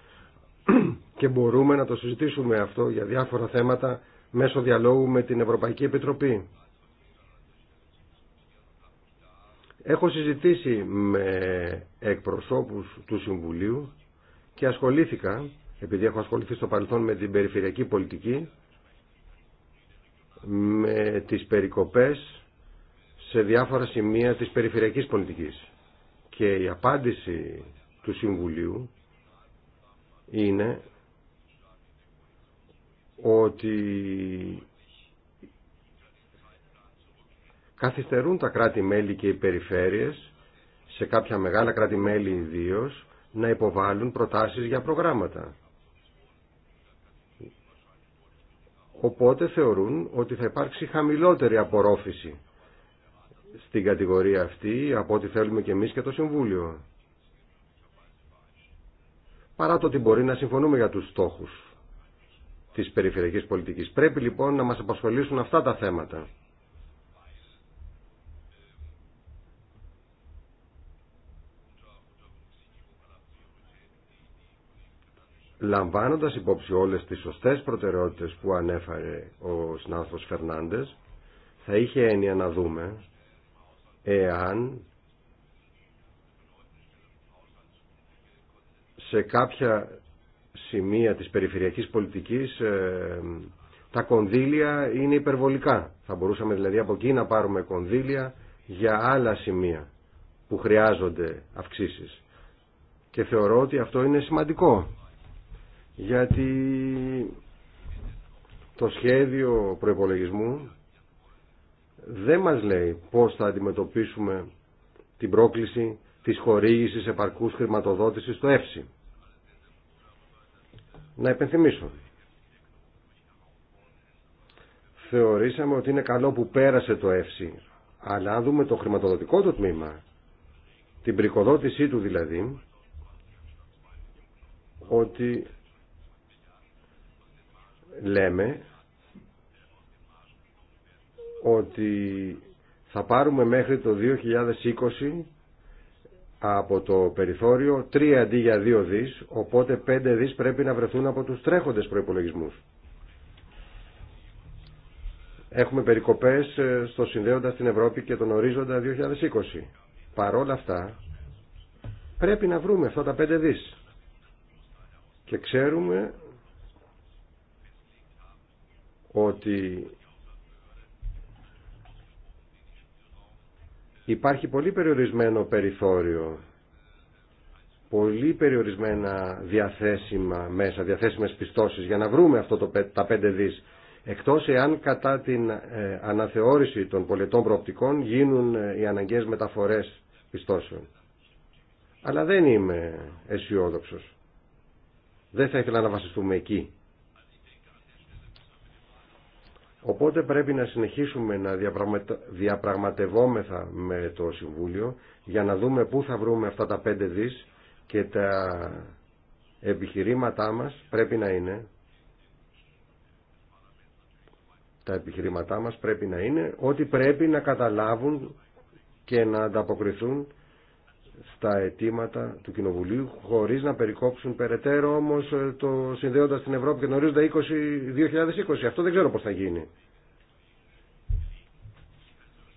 και μπορούμε να το συζητήσουμε αυτό για διάφορα θέματα μέσω διαλόγου με την Ευρωπαϊκή Επιτροπή. Έχω συζητήσει με εκπροσώπους του Συμβουλίου και ασχολήθηκα, επειδή έχω ασχοληθεί στο παρελθόν με την περιφερειακή πολιτική, με τις περικοπές σε διάφορα σημεία της περιφερειακής πολιτικής. Και η απάντηση του Συμβουλίου είναι ότι καθυστερούν τα κράτη-μέλη και οι περιφέρειες, σε κάποια μεγάλα κράτη-μέλη ιδίω, να υποβάλουν προτάσεις για προγράμματα. Οπότε θεωρούν ότι θα υπάρξει χαμηλότερη απορρόφηση στην κατηγορία αυτή από ό,τι θέλουμε και εμείς και το Συμβούλιο. Παρά το ότι μπορεί να συμφωνούμε για τους στόχους της περιφερειακής πολιτικής. Πρέπει λοιπόν να μας απασχολήσουν αυτά τα θέματα. Λαμβάνοντας υπόψη όλες τις σωστές προτεραιότητες που ανέφερε ο συνάδελφος Φερνάντες, θα είχε έννοια να δούμε εάν σε κάποια σημεία της περιφερειακής πολιτικής ε, τα κονδύλια είναι υπερβολικά. Θα μπορούσαμε δηλαδή από εκεί να πάρουμε κονδύλια για άλλα σημεία που χρειάζονται αυξήσεις. Και θεωρώ ότι αυτό είναι σημαντικό. Γιατί το σχέδιο προϋπολογισμού δεν μας λέει πώς θα αντιμετωπίσουμε την πρόκληση της χορήγησης επαρκούς χρηματοδότησης στο ΕΦΣΥ. Να υπενθυμίσω. Θεωρήσαμε ότι είναι καλό που πέρασε το ΕΦΣΥ, αλλά αν δούμε το χρηματοδοτικό του τμήμα, την πρικοδότησή του δηλαδή, ότι λέμε ότι θα πάρουμε μέχρι το 2020 από το περιθώριο 3 αντί για 2 δις, οπότε 5 δις πρέπει να βρεθούν από τους τρέχοντες προϋπολογισμούς. Έχουμε περικοπές ε, στο συνδέοντα στην Ευρώπη και τον ορίζοντα 2020. Παρόλα αυτά, πρέπει να βρούμε αυτά τα 5 δις. Και ξέρουμε ότι Υπάρχει πολύ περιορισμένο περιθώριο, πολύ περιορισμένα διαθέσιμα μέσα, διαθέσιμες πιστώσεις για να βρούμε αυτό το, τα πέντε δις εκτός εάν κατά την ε, αναθεώρηση των πολιτών προοπτικών γίνουν ε, οι αναγκαίες μεταφορές πιστώσεων. Αλλά δεν είμαι αισιόδοξο. Δεν θα ήθελα να βασιστούμε εκεί. Οπότε πρέπει να συνεχίσουμε να διαπραγματευόμεθα με το Συμβούλιο για να δούμε πού θα βρούμε αυτά τα πέντε δις και τα επιχειρήματά μας πρέπει να είναι τα επιχειρήματά μας πρέπει να είναι ότι πρέπει να καταλάβουν και να ανταποκριθούν στα αιτήματα του Κοινοβουλίου χωρίς να περικόψουν περαιτέρω όμως ε, το συνδέοντας την Ευρώπη και τον ορίζοντα 20, 2020. Αυτό δεν ξέρω πώς θα γίνει.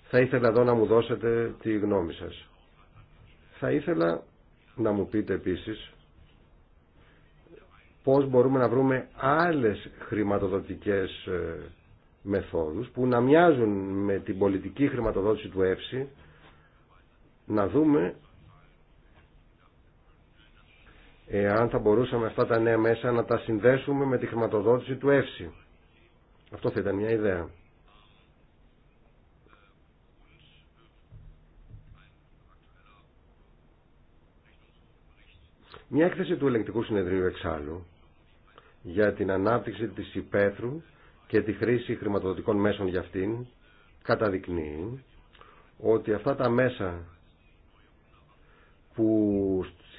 Θα ήθελα εδώ να μου δώσετε τη γνώμη σας. Θα ήθελα να μου πείτε επίσης πώς μπορούμε να βρούμε άλλες χρηματοδοτικές ε, μεθόδους που να μοιάζουν με την πολιτική χρηματοδότηση του ΕΦΣΥ να δούμε εάν θα μπορούσαμε αυτά τα νέα μέσα να τα συνδέσουμε με τη χρηματοδότηση του ΕΦΣΥ. Αυτό θα ήταν μια ιδέα. Μια έκθεση του ελεγκτικού συνεδρίου εξάλλου για την ανάπτυξη της υπαίθρου και τη χρήση χρηματοδοτικών μέσων για αυτήν καταδεικνύει ότι αυτά τα μέσα που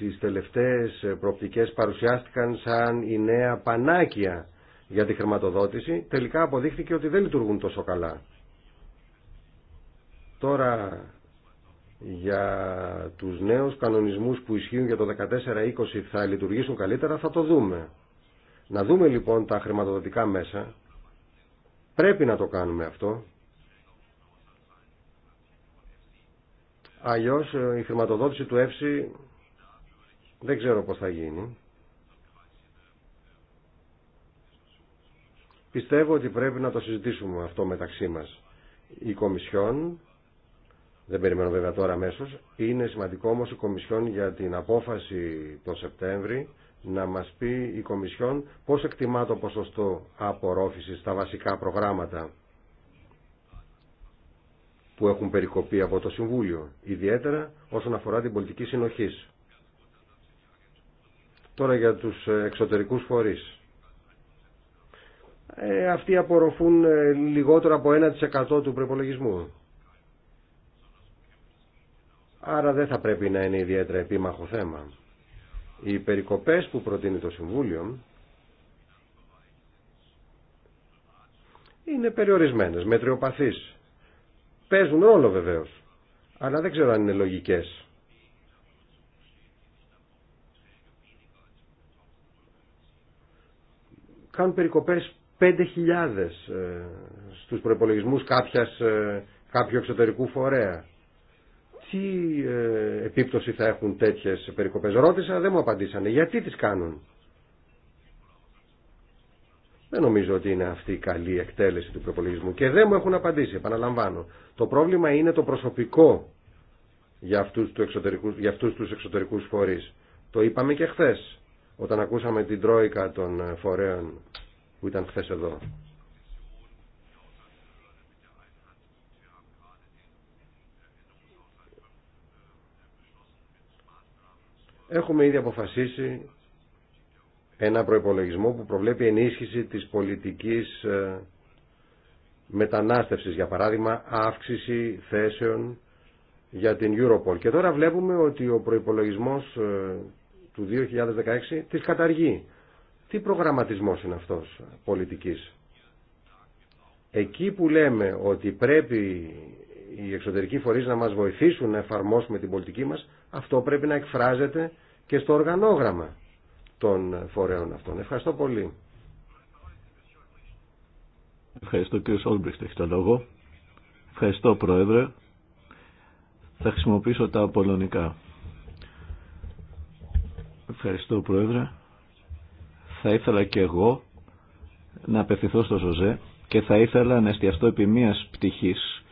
στις τελευταίες ε, προοπτικές παρουσιάστηκαν σαν η νέα πανάκια για τη χρηματοδότηση, τελικά αποδείχθηκε ότι δεν λειτουργούν τόσο καλά. Τώρα για τους νέους κανονισμούς που ισχύουν για το 14-20 θα λειτουργήσουν καλύτερα, θα το δούμε. Να δούμε λοιπόν τα χρηματοδοτικά μέσα. Πρέπει να το κάνουμε αυτό. Αλλιώς ε, η χρηματοδότηση του ΕΦΣΥ δεν ξέρω πώς θα γίνει. Πιστεύω ότι πρέπει να το συζητήσουμε αυτό μεταξύ μας. Η Κομισιόν, δεν περιμένω βέβαια τώρα αμέσω, είναι σημαντικό όμως η Κομισιόν για την απόφαση το Σεπτέμβρη να μας πει η Κομισιόν πώς εκτιμά το ποσοστό απορρόφησης στα βασικά προγράμματα που έχουν περικοπεί από το Συμβούλιο, ιδιαίτερα όσον αφορά την πολιτική συνοχής. Τώρα για τους ε, εξωτερικούς φορείς. Ε, αυτοί απορροφούν ε, λιγότερο από 1% του προπολογισμού. Άρα δεν θα πρέπει να είναι ιδιαίτερα επίμαχο θέμα. Οι περικοπές που προτείνει το Συμβούλιο είναι περιορισμένες, μετριοπαθείς. Παίζουν όλο βεβαίως, αλλά δεν ξέρω αν είναι λογικές. κάνουν περικοπές 5.000 ε, στους προπολογισμού ε, κάποιου εξωτερικού φορέα. Τι ε, επίπτωση θα έχουν τέτοιες περικοπές. Ρώτησα, δεν μου απαντήσανε. Γιατί τις κάνουν. Δεν νομίζω ότι είναι αυτή η καλή εκτέλεση του προπολογισμού και δεν μου έχουν απαντήσει, επαναλαμβάνω. Το πρόβλημα είναι το προσωπικό για αυτούς, του εξωτερικούς, για αυτούς τους εξωτερικούς φορείς. Το είπαμε και χθες όταν ακούσαμε την τρόικα των ε, φορέων που ήταν χθε εδώ. Έχουμε ήδη αποφασίσει ένα προϋπολογισμό που προβλέπει ενίσχυση της πολιτικής ε, μετανάστευσης, για παράδειγμα αύξηση θέσεων για την Europol. Και τώρα βλέπουμε ότι ο προϋπολογισμός ε, του 2016 της καταργεί. Τι προγραμματισμός είναι αυτός πολιτικής. Εκεί που λέμε ότι πρέπει οι εξωτερικοί φορείς να μας βοηθήσουν να εφαρμόσουμε την πολιτική μας, αυτό πρέπει να εκφράζεται και στο οργανόγραμμα των φορέων αυτών. Ευχαριστώ πολύ. Ευχαριστώ κύριε Σόλμπριχτ, έχει το λόγο. Ευχαριστώ πρόεδρε. Θα χρησιμοποιήσω τα πολωνικά. Ευχαριστώ Πρόεδρε. Θα ήθελα και εγώ να απευθυνθώ στο ζωζέ και θα ήθελα να εστιαστώ επί μίας πτυχής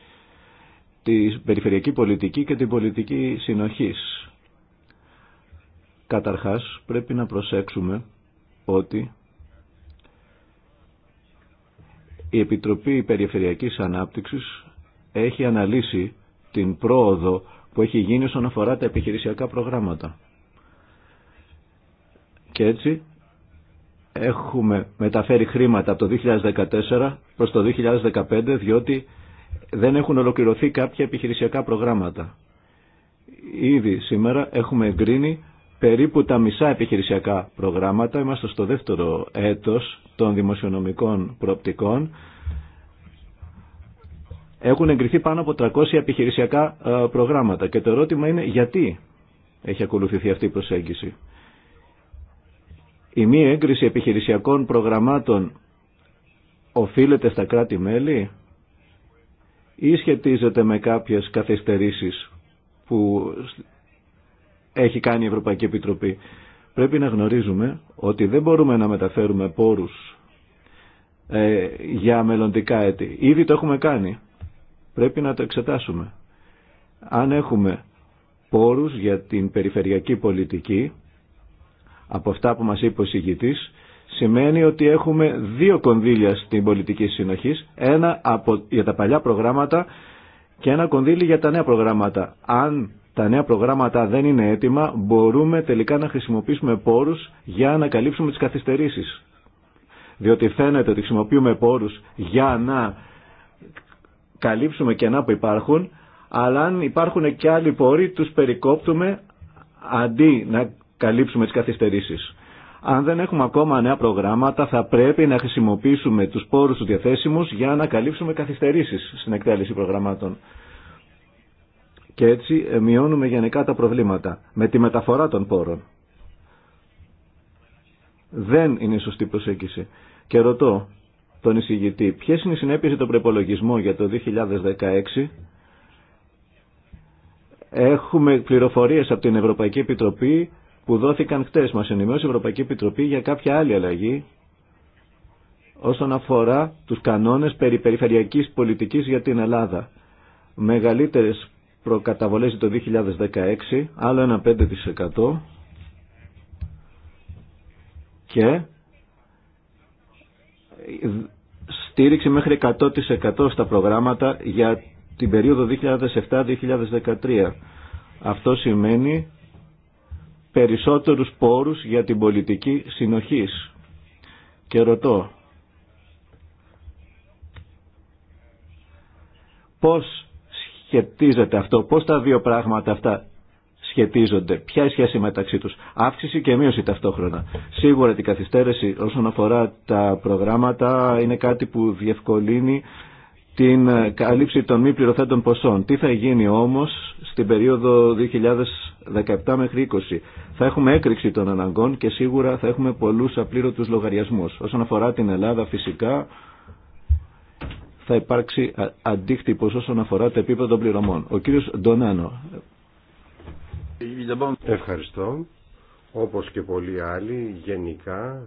τη περιφερειακή πολιτική και την πολιτική συνοχής. Καταρχάς πρέπει να προσέξουμε ότι η Επιτροπή Περιφερειακής Ανάπτυξης έχει αναλύσει την πρόοδο που έχει γίνει όσον αφορά τα επιχειρησιακά προγράμματα. Και έτσι έχουμε μεταφέρει χρήματα από το 2014 προς το 2015 διότι δεν έχουν ολοκληρωθεί κάποια επιχειρησιακά προγράμματα. Ήδη σήμερα έχουμε εγκρίνει περίπου τα μισά επιχειρησιακά προγράμματα. Είμαστε στο δεύτερο έτος των δημοσιονομικών προοπτικών. Έχουν εγκριθεί πάνω από 300 επιχειρησιακά ε, προγράμματα και το ερώτημα είναι γιατί έχει ακολουθηθεί αυτή η προσέγγιση. Η μη έγκριση επιχειρησιακών προγραμμάτων οφείλεται στα κράτη-μέλη ή σχετίζεται με κάποιες καθυστερήσεις που έχει κάνει η Ευρωπαϊκή Επιτροπή. Πρέπει να γνωρίζουμε ότι δεν μπορούμε να μεταφέρουμε πόρους ε, για μελλοντικά έτη. Ήδη το έχουμε κάνει. Πρέπει να το εξετάσουμε. Αν έχουμε πόρους για την περιφερειακή πολιτική, από αυτά που μας είπε ο συγητής, σημαίνει ότι έχουμε δύο κονδύλια στην πολιτική συνοχή, ένα από, για τα παλιά προγράμματα και ένα κονδύλι για τα νέα προγράμματα. Αν τα νέα προγράμματα δεν είναι έτοιμα, μπορούμε τελικά να χρησιμοποιήσουμε πόρους για να καλύψουμε τις καθυστερήσεις. Διότι φαίνεται ότι χρησιμοποιούμε πόρους για να καλύψουμε κενά που υπάρχουν, αλλά αν υπάρχουν και άλλοι πόροι, τους περικόπτουμε αντί να καλύψουμε τις καθυστερήσεις. Αν δεν έχουμε ακόμα νέα προγράμματα, θα πρέπει να χρησιμοποιήσουμε τους πόρους του διαθέσιμους για να καλύψουμε καθυστερήσεις στην εκτέλεση προγραμμάτων. Και έτσι ε, μειώνουμε γενικά τα προβλήματα με τη μεταφορά των πόρων. Δεν είναι η σωστή προσέγγιση. Και ρωτώ τον εισηγητή, Ποιε είναι οι συνέπειες για τον προπολογισμό για το 2016 έχουμε πληροφορίε από την Ευρωπαϊκή Επιτροπή που δόθηκαν χτε. μα ενημέρωσε η Ευρωπαϊκή Επιτροπή για κάποια άλλη αλλαγή όσον αφορά τους κανόνες περί περιφερειακή πολιτικής για την Ελλάδα. Μεγαλύτερε προκαταβολές το 2016, άλλο ένα 5% και στήριξη μέχρι 100% στα προγράμματα για την περίοδο 2007-2013. Αυτό σημαίνει περισσότερους πόρους για την πολιτική συνοχής. Και ρωτώ, πώς σχετίζεται αυτό, πώς τα δύο πράγματα αυτά σχετίζονται, ποια η σχέση μεταξύ τους, αύξηση και μείωση ταυτόχρονα. Σίγουρα την καθυστέρηση όσον αφορά τα προγράμματα είναι κάτι που διευκολύνει την ε, καλύψη των μη πληρωθέντων ποσών. Τι θα γίνει όμως στην περίοδο 2017 μέχρι 20. Θα έχουμε έκρηξη των αναγκών και σίγουρα θα έχουμε πολλούς απλήρωτους λογαριασμούς. Όσον αφορά την Ελλάδα φυσικά θα υπάρξει ε, αντίκτυπος όσον αφορά το επίπεδο των πληρωμών. Ο κύριος Ντονάνο. Ευχαριστώ. Όπως και πολλοί άλλοι γενικά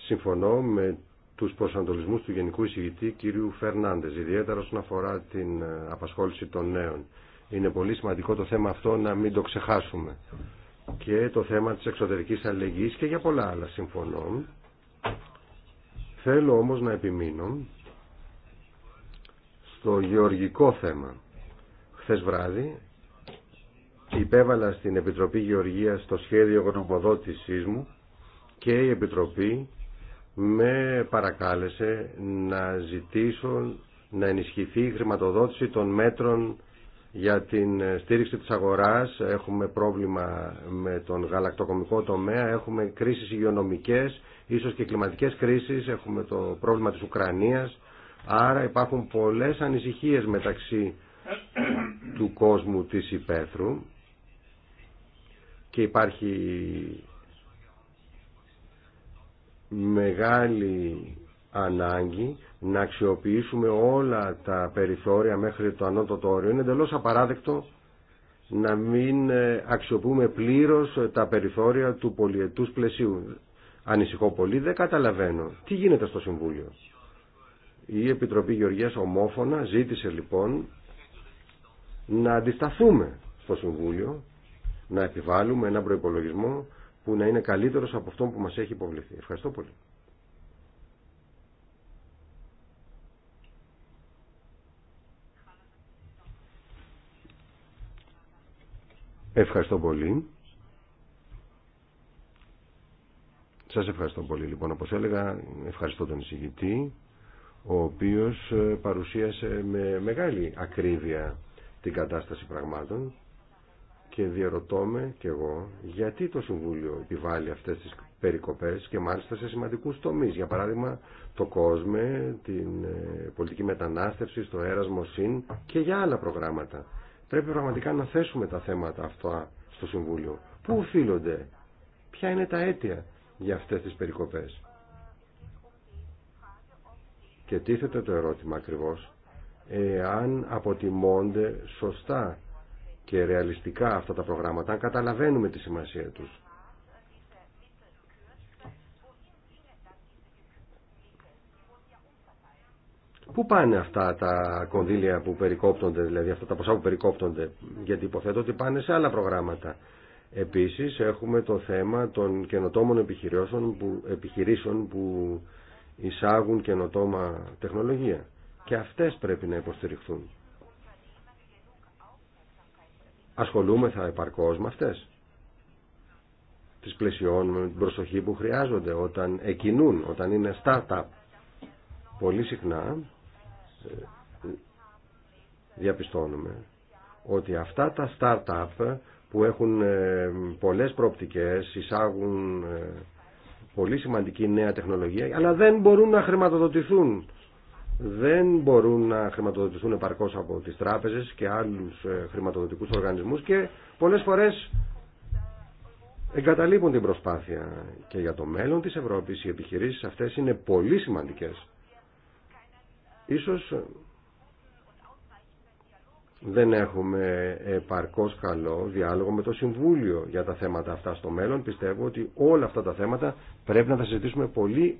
συμφωνώ με τους προσανατολισμούς του Γενικού Εισηγητή κ. Φερνάντες, ιδιαίτερα όσον αφορά την ε, απασχόληση των νέων. Είναι πολύ σημαντικό το θέμα αυτό να μην το ξεχάσουμε. Και το θέμα της εξωτερικής αλληλεγγύης και για πολλά άλλα συμφωνώ. Θέλω όμως να επιμείνω στο γεωργικό θέμα. Χθες βράδυ υπέβαλα στην Επιτροπή Γεωργίας το σχέδιο γνωμοδότησής μου και η Επιτροπή με παρακάλεσε να ζητήσω να ενισχυθεί η χρηματοδότηση των μέτρων για την στήριξη της αγοράς. Έχουμε πρόβλημα με τον γαλακτοκομικό τομέα, έχουμε κρίσεις υγειονομικές, ίσως και κλιματικές κρίσεις, έχουμε το πρόβλημα της Ουκρανίας. Άρα υπάρχουν πολλές ανησυχίες μεταξύ του κόσμου της υπαίθρου και υπάρχει μεγάλη ανάγκη να αξιοποιήσουμε όλα τα περιθώρια μέχρι το ανώτοτο όριο. Είναι εντελώς απαράδεκτο να μην ε, αξιοποιούμε πλήρως ε, τα περιθώρια του πολιετούς πλαισίου. Ανησυχώ πολύ, δεν καταλαβαίνω. Τι γίνεται στο Συμβούλιο. Η Επιτροπή Γεωργίας ομόφωνα ζήτησε λοιπόν να αντισταθούμε στο Συμβούλιο, να επιβάλλουμε ένα προϋπολογισμό που να είναι καλύτερος από αυτόν που μας έχει υποβληθεί. Ευχαριστώ πολύ. Ευχαριστώ πολύ. Σας ευχαριστώ πολύ λοιπόν όπως έλεγα. Ευχαριστώ τον εισηγητή ο οποίος ε, παρουσίασε με μεγάλη ακρίβεια την κατάσταση πραγμάτων και διαρωτώ με κι εγώ γιατί το Συμβούλιο επιβάλλει αυτές τις περικοπές και μάλιστα σε σημαντικούς τομείς. Για παράδειγμα το κόσμο, την ε, πολιτική μετανάστευση, το έρασμο συν και για άλλα προγράμματα. Πρέπει πραγματικά να θέσουμε τα θέματα αυτά στο Συμβούλιο. Πού οφείλονται, ποια είναι τα αίτια για αυτές τις περικοπές. Και τίθεται το ερώτημα ακριβώς εάν αποτιμώνται σωστά και ρεαλιστικά αυτά τα προγράμματα, αν καταλαβαίνουμε τη σημασία τους. Πού πάνε αυτά τα κονδύλια που περικόπτονται, δηλαδή αυτά τα ποσά που περικόπτονται, γιατί υποθέτω ότι πάνε σε άλλα προγράμματα. Επίσης έχουμε το θέμα των καινοτόμων επιχειρήσεων που, επιχειρήσεων που εισάγουν καινοτόμα τεχνολογία. Και αυτές πρέπει να υποστηριχθούν ασχολούμεθα επαρκώς με αυτές. Τις πλαισιώνουμε με την προσοχή που χρειάζονται όταν εκινούν, όταν είναι startup. Πολύ συχνά ε, διαπιστώνουμε ότι αυτά τα startup που έχουν ε, πολλές προοπτικές, εισάγουν ε, πολύ σημαντική νέα τεχνολογία, αλλά δεν μπορούν να χρηματοδοτηθούν δεν μπορούν να χρηματοδοτηθούν επαρκώς από τι τράπεζε και άλλους ε, χρηματοδοτικούς οργανισμούς και πολλές φορές εγκαταλείπουν την προσπάθεια και για το μέλλον της Ευρώπης οι επιχειρήσει αυτές είναι πολύ σημαντικές. Ίσως δεν έχουμε επαρκώς καλό διάλογο με το Συμβούλιο για τα θέματα αυτά στο μέλλον. Πιστεύω ότι όλα αυτά τα θέματα πρέπει να τα συζητήσουμε πολύ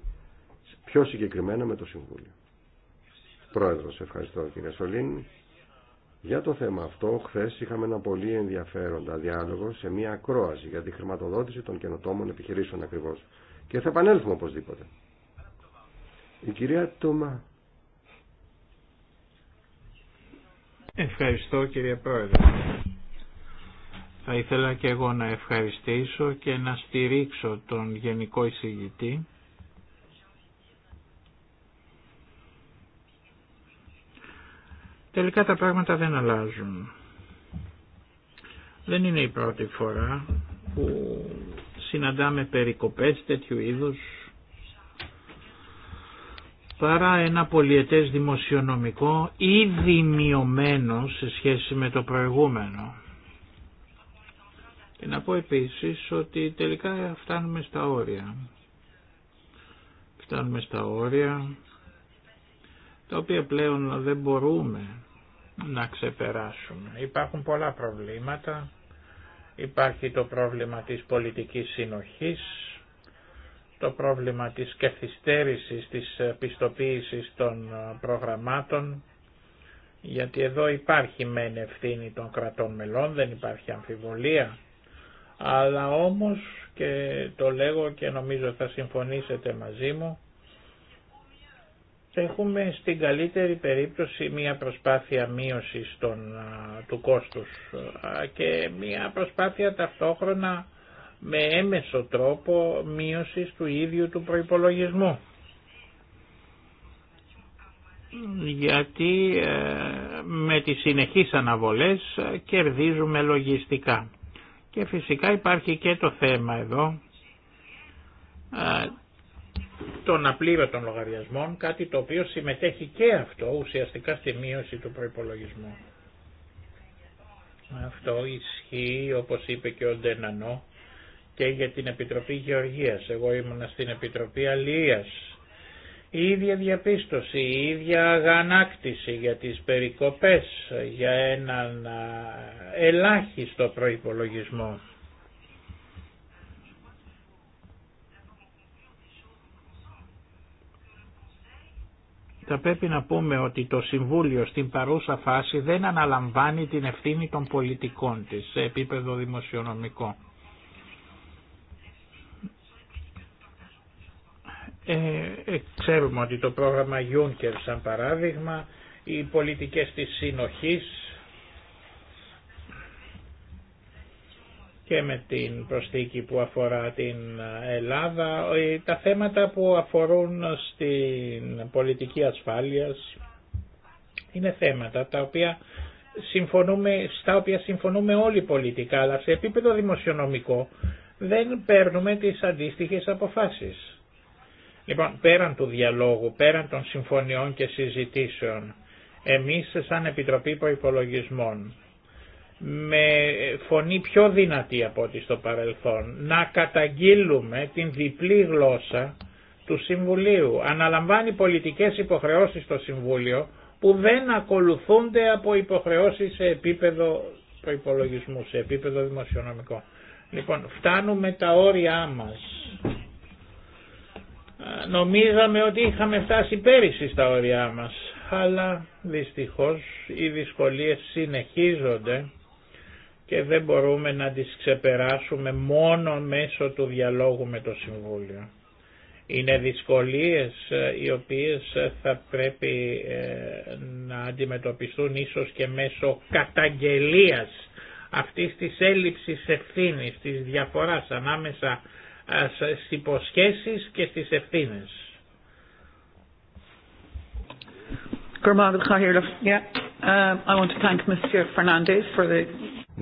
πιο συγκεκριμένα με το Συμβούλιο. Πρόεδρος, ευχαριστώ κύριε Σολίνη. Για το θέμα αυτό, χθε είχαμε ένα πολύ ενδιαφέροντα διάλογο σε μια ακρόαση για τη χρηματοδότηση των καινοτόμων επιχειρήσεων ακριβώ. Και θα επανέλθουμε οπωσδήποτε. Η κυρία Τόμα. Ευχαριστώ κύριε Πρόεδρε. Θα ήθελα και εγώ να ευχαριστήσω και να στηρίξω τον Γενικό Εισηγητή Τελικά τα πράγματα δεν αλλάζουν. Δεν είναι η πρώτη φορά που συναντάμε περικοπές τέτοιου είδους παρά ένα πολιετές δημοσιονομικό ήδη μειωμένο σε σχέση με το προηγούμενο. Και να πω επίσης ότι τελικά φτάνουμε στα όρια. Φτάνουμε στα όρια τα οποία πλέον δεν μπορούμε να ξεπεράσουμε. Υπάρχουν πολλά προβλήματα. Υπάρχει το πρόβλημα της πολιτικής συνοχής, το πρόβλημα της καθυστέρησης της πιστοποίησης των προγραμμάτων, γιατί εδώ υπάρχει μεν ευθύνη των κρατών μελών, δεν υπάρχει αμφιβολία, αλλά όμως και το λέγω και νομίζω θα συμφωνήσετε μαζί μου, Έχουμε στην καλύτερη περίπτωση μία προσπάθεια μείωσης των, του κόστους και μία προσπάθεια ταυτόχρονα με έμεσο τρόπο μείωσης του ίδιου του προϋπολογισμού. Γιατί ε, με τις συνεχείς αναβολές ε, κερδίζουμε λογιστικά. Και φυσικά υπάρχει και το θέμα εδώ ε, των απλήρωτων λογαριασμών, κάτι το οποίο συμμετέχει και αυτό ουσιαστικά στη μείωση του προϋπολογισμού. Αυτό ισχύει όπως είπε και ο Ντενανό και για την Επιτροπή Γεωργίας. Εγώ ήμουνα στην Επιτροπή Αλίας. Η ίδια διαπίστωση, η ίδια αγανάκτηση για τις περικοπές, για έναν ελάχιστο προϋπολογισμό. θα πρέπει να πούμε ότι το Συμβούλιο στην παρούσα φάση δεν αναλαμβάνει την ευθύνη των πολιτικών της σε επίπεδο δημοσιονομικό. Ε, ε ξέρουμε ότι το πρόγραμμα Juncker σαν παράδειγμα, οι πολιτικές της συνοχής και με την προσθήκη που αφορά την Ελλάδα, ε, τα θέματα που αφορούν στην πολιτική ασφάλειας είναι θέματα τα οποία συμφωνούμε, στα οποία συμφωνούμε όλοι πολιτικά, αλλά σε επίπεδο δημοσιονομικό δεν παίρνουμε τις αντίστοιχες αποφάσεις. Λοιπόν, πέραν του διαλόγου, πέραν των συμφωνιών και συζητήσεων, εμείς σαν Επιτροπή Προϋπολογισμών με φωνή πιο δυνατή από ό,τι στο παρελθόν, να καταγγείλουμε την διπλή γλώσσα του Συμβουλίου. Αναλαμβάνει πολιτικές υποχρεώσεις το Συμβούλιο που δεν ακολουθούνται από υποχρεώσεις σε επίπεδο προϋπολογισμού, σε επίπεδο δημοσιονομικό. Λοιπόν, φτάνουμε τα όρια μας. Νομίζαμε ότι είχαμε φτάσει πέρυσι στα όρια μας, αλλά δυστυχώς οι δυσκολίες συνεχίζονται και δεν μπορούμε να τις ξεπεράσουμε μόνο μέσω του διαλόγου με το Συμβούλιο. Είναι δυσκολίες ε, οι οποίες ε, θα πρέπει ε, να αντιμετωπιστούν ίσως και μέσω καταγγελίας αυτής της έλλειψης ευθύνης, της διαφοράς ανάμεσα στις υποσχέσεις και στις ευθύνες. Yeah. Eh, I want to thank Fernandez for the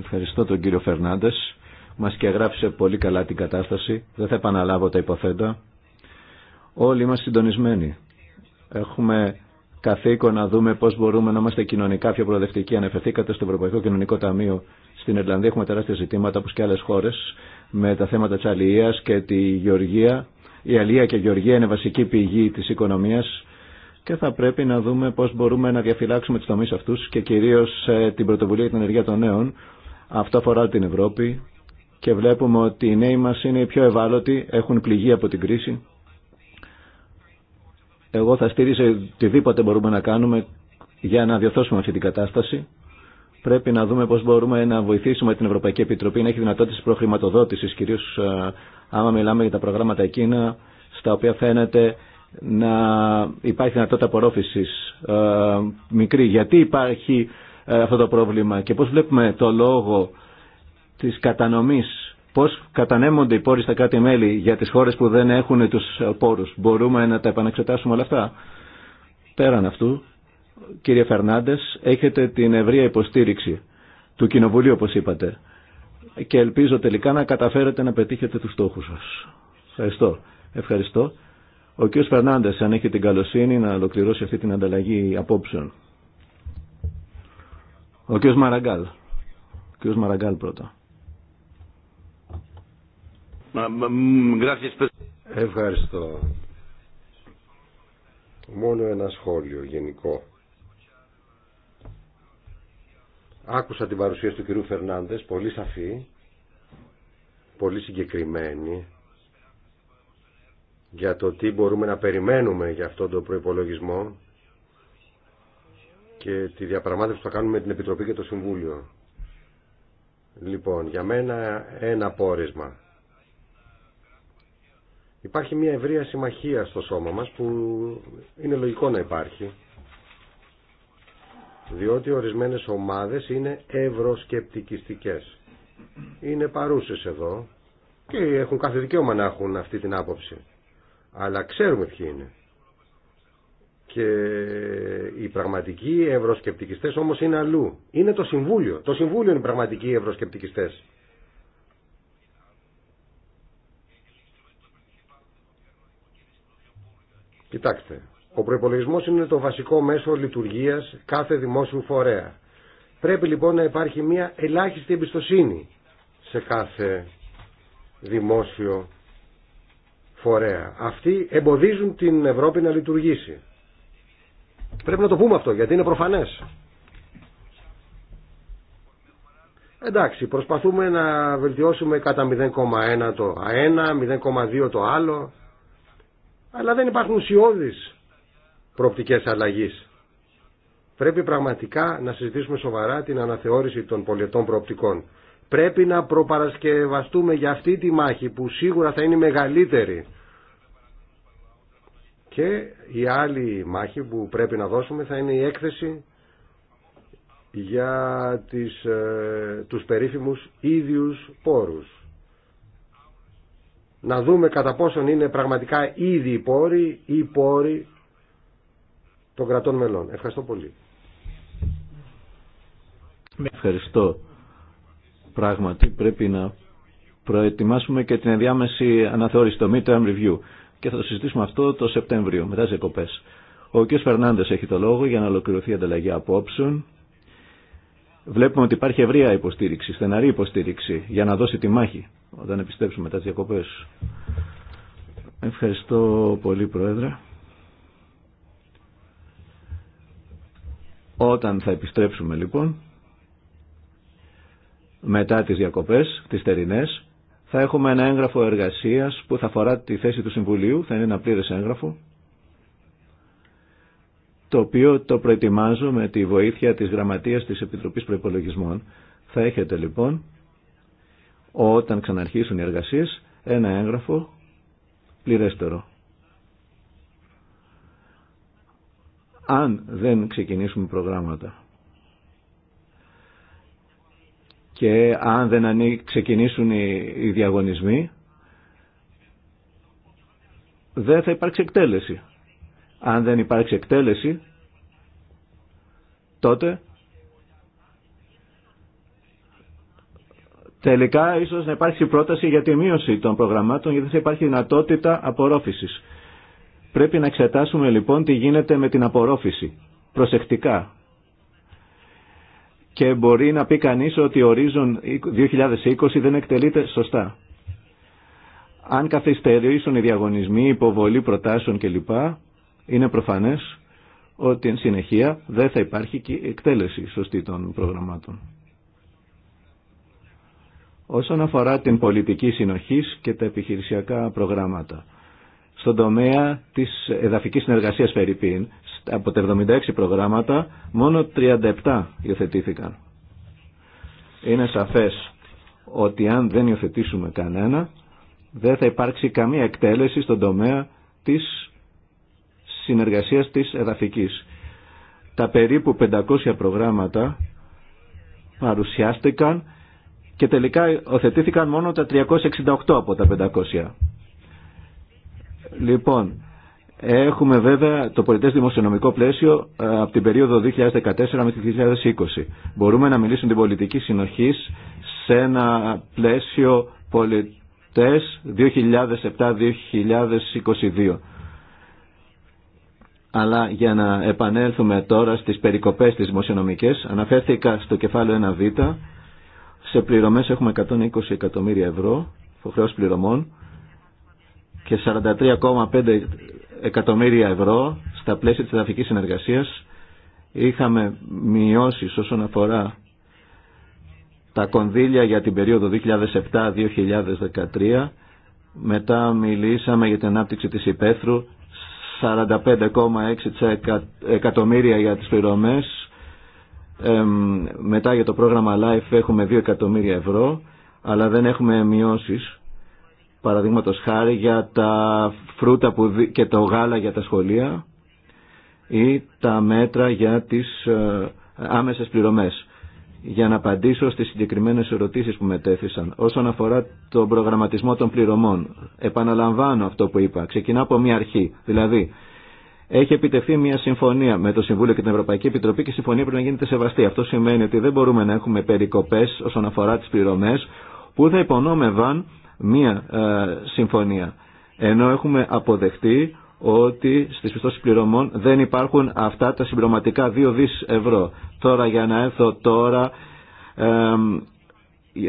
Ευχαριστώ τον κύριο Φερνάντε. Μα και γράψε πολύ καλά την κατάσταση. Δεν θα επαναλάβω τα υποθέτα. Όλοι είμαστε συντονισμένοι. Έχουμε καθήκον να δούμε πώ μπορούμε να είμαστε κοινωνικά πιο προοδευτικοί. Ανεφερθήκατε στο Ευρωπαϊκό Κοινωνικό Ταμείο. Στην Ιρλανδία έχουμε τεράστια ζητήματα, όπω και άλλε χώρε με τα θέματα τη αλληλεία και τη γεωργία. Η αλληλεία και η γεωργία είναι βασική πηγή τη οικονομία και θα πρέπει να δούμε πώ μπορούμε να διαφυλάξουμε του τομεί αυτού και κυρίω ε, την πρωτοβουλία για την ενεργεία των νέων αυτό αφορά την Ευρώπη και βλέπουμε ότι οι νέοι μας είναι οι πιο ευάλωτοι, έχουν πληγεί από την κρίση. Εγώ θα στήριζα οτιδήποτε μπορούμε να κάνουμε για να διορθώσουμε αυτή την κατάσταση. Πρέπει να δούμε πώς μπορούμε να βοηθήσουμε την Ευρωπαϊκή Επιτροπή να έχει δυνατότητες προχρηματοδότησης, κυρίως ε, άμα μιλάμε για τα προγράμματα εκείνα, στα οποία φαίνεται να υπάρχει δυνατότητα απορρόφησης ε, μικρή. Γιατί υπάρχει ε, αυτό το πρόβλημα και πώς βλέπουμε το λόγο της κατανομής, πώς κατανέμονται οι πόροι στα κάτι μέλη για τις χώρες που δεν έχουν τους πόρους. Μπορούμε να τα επαναξετάσουμε όλα αυτά. Πέραν αυτού, κύριε Φερνάντες, έχετε την ευρία υποστήριξη του Κοινοβουλίου, όπως είπατε. Και ελπίζω τελικά να καταφέρετε να πετύχετε τους στόχους σας. Ευχαριστώ. Ευχαριστώ. Ο κ. Φερνάντες, αν έχει την καλοσύνη, να ολοκληρώσει αυτή την ανταλλαγή απόψεων. Ο κ. Μαραγκάλ. Ο Μαραγκάλ πρώτα. Ευχαριστώ. Μόνο ένα σχόλιο γενικό. Άκουσα την παρουσίαση του κυρίου Φερνάντες, πολύ σαφή, πολύ συγκεκριμένη, για το τι μπορούμε να περιμένουμε για αυτόν τον προϋπολογισμό και τη διαπραγμάτευση που θα κάνουμε με την Επιτροπή και το Συμβούλιο. Λοιπόν, για μένα ένα πόρισμα. Υπάρχει μια ευρεία συμμαχία στο σώμα μας που είναι λογικό να υπάρχει διότι ορισμένες ομάδες είναι ευρωσκεπτικιστικές. Είναι παρούσες εδώ και έχουν κάθε δικαίωμα να έχουν αυτή την άποψη. Αλλά ξέρουμε ποιοι είναι και οι πραγματικοί ευρωσκεπτικιστές όμως είναι αλλού. Είναι το Συμβούλιο. Το Συμβούλιο είναι οι πραγματικοί ευρωσκεπτικιστές. Κοιτάξτε, ο προϋπολογισμός είναι το βασικό μέσο λειτουργίας κάθε δημόσιου φορέα. Πρέπει λοιπόν να υπάρχει μια ελάχιστη εμπιστοσύνη σε κάθε δημόσιο φορέα. Αυτοί εμποδίζουν την Ευρώπη να λειτουργήσει. Πρέπει να το πούμε αυτό γιατί είναι προφανές. Εντάξει, προσπαθούμε να βελτιώσουμε κατά 0,1 το ένα, 0,2 το άλλο, αλλά δεν υπάρχουν ουσιώδεις προοπτικές αλλαγής. Πρέπει πραγματικά να συζητήσουμε σοβαρά την αναθεώρηση των πολιτών προοπτικών. Πρέπει να προπαρασκευαστούμε για αυτή τη μάχη που σίγουρα θα είναι μεγαλύτερη και η άλλη μάχη που πρέπει να δώσουμε θα είναι η έκθεση για τις, ε, τους περίφημους ίδιους πόρους. Να δούμε κατά πόσον είναι πραγματικά ήδη οι πόροι ή πόροι των κρατών μελών. Ευχαριστώ πολύ. Ευχαριστώ. Πράγματι πρέπει να προετοιμάσουμε και την ενδιάμεση αναθεώρηση, το Midterm Review και θα το συζητήσουμε αυτό το Σεπτέμβριο, μετά τι διακοπέ. Ο κ. Φερνάνδε έχει το λόγο για να ολοκληρωθεί η ανταλλαγή απόψεων. Βλέπουμε ότι υπάρχει ευρεία υποστήριξη, στεναρή υποστήριξη για να δώσει τη μάχη όταν επιστρέψουμε μετά τι διακοπέ. Ευχαριστώ πολύ, Πρόεδρε. Όταν θα επιστρέψουμε λοιπόν, μετά τις διακοπές, τις θερινές, θα έχουμε ένα έγγραφο εργασίας που θα αφορά τη θέση του Συμβουλίου, θα είναι ένα πλήρες έγγραφο, το οποίο το προετοιμάζω με τη βοήθεια της Γραμματείας της Επιτροπής Προϋπολογισμών. Θα έχετε λοιπόν, όταν ξαναρχίσουν οι εργασίες, ένα έγγραφο πληρέστερο. Αν δεν ξεκινήσουμε προγράμματα. και αν δεν ξεκινήσουν οι διαγωνισμοί δεν θα υπάρξει εκτέλεση. Αν δεν υπάρξει εκτέλεση τότε τελικά ίσως να υπάρξει πρόταση για τη μείωση των προγραμμάτων γιατί θα υπάρχει δυνατότητα απορρόφησης. Πρέπει να εξετάσουμε λοιπόν τι γίνεται με την απορρόφηση προσεκτικά και μπορεί να πει κανείς ότι ορίζον 2020 δεν εκτελείται σωστά. Αν καθυστερήσουν οι διαγωνισμοί, η υποβολή προτάσεων κλπ, είναι προφανές ότι εν συνεχεία δεν θα υπάρχει και εκτέλεση σωστή των προγραμμάτων. Όσον αφορά την πολιτική συνοχής και τα επιχειρησιακά προγράμματα, στον τομέα της εδαφικής συνεργασίας Φερρυπίν, από τα 76 προγράμματα μόνο 37 υιοθετήθηκαν. Είναι σαφές ότι αν δεν υιοθετήσουμε κανένα δεν θα υπάρξει καμία εκτέλεση στον τομέα της συνεργασίας της εδαφικής. Τα περίπου 500 προγράμματα παρουσιάστηκαν και τελικά οθετήθηκαν μόνο τα 368 από τα 500. Λοιπόν, Έχουμε βέβαια το πολιτές δημοσιονομικό πλαίσιο ε, από την περίοδο 2014 μέχρι 2020. Μπορούμε να μιλήσουμε την πολιτική συνοχή σε ένα πλαίσιο πολιτές 2007-2022. Αλλά για να επανέλθουμε τώρα στις περικοπές της δημοσιονομικές, αναφέρθηκα στο κεφάλαιο 1β, σε πληρωμές έχουμε 120 εκατομμύρια ευρώ, υποχρεώσεις πληρωμών, και 43,5 εκατομμύρια ευρώ στα πλαίσια της εδαφικής συνεργασίας. Είχαμε μειώσει όσον αφορά τα κονδύλια για την περίοδο 2007-2013. Μετά μιλήσαμε για την ανάπτυξη της υπαίθρου 45,6 εκατομμύρια για τις πληρωμές. μετά για το πρόγραμμα LIFE έχουμε 2 εκατομμύρια ευρώ, αλλά δεν έχουμε μειώσεις παραδείγματο χάρη για τα φρούτα και το γάλα για τα σχολεία ή τα μέτρα για τις ε, άμεσες πληρωμές. Για να απαντήσω στις συγκεκριμένες ερωτήσεις που μετέθησαν όσον αφορά τον προγραμματισμό των πληρωμών. Επαναλαμβάνω αυτό που είπα. Ξεκινά από μια αρχή. Δηλαδή, έχει επιτευχθεί μια συμφωνία με το Συμβούλιο και την Ευρωπαϊκή Επιτροπή και η συμφωνία πρέπει να γίνεται σεβαστή. Αυτό σημαίνει ότι δεν μπορούμε να έχουμε περικοπές όσον αφορά τις πληρωμές που θα υπονόμευαν μία ε, συμφωνία. Ενώ έχουμε αποδεχτεί ότι στις πιστώσεις πληρωμών δεν υπάρχουν αυτά τα συμπληρωματικά 2 δις ευρώ. Τώρα για να έρθω τώρα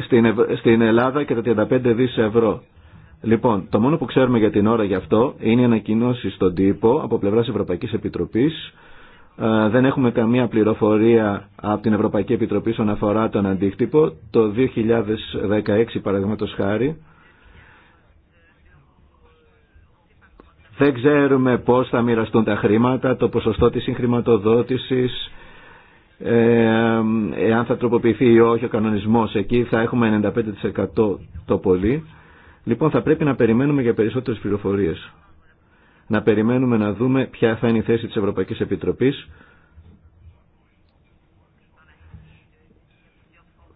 στην, στην Ελλάδα και τα 35 δις ευρώ. Λοιπόν, το μόνο που ξέρουμε για την ώρα γι' αυτό είναι οι ανακοινώσει στον τύπο από πλευράς Ευρωπαϊκής Επιτροπής. Ε, δεν έχουμε καμία πληροφορία από την Ευρωπαϊκή Επιτροπή όσον αφορά τον αντίκτυπο. Το 2016, παραδείγματος χάρη, Δεν ξέρουμε πώς θα μοιραστούν τα χρήματα, το ποσοστό της συγχρηματοδότησης, ε, εάν θα τροποποιηθεί ή όχι ο κανονισμός εκεί θα έχουμε 95% το πολύ. Λοιπόν θα πρέπει να περιμένουμε για περισσότερες πληροφορίες. Να περιμένουμε να δούμε ποια θα είναι η θέση της Ευρωπαϊκής Επιτροπής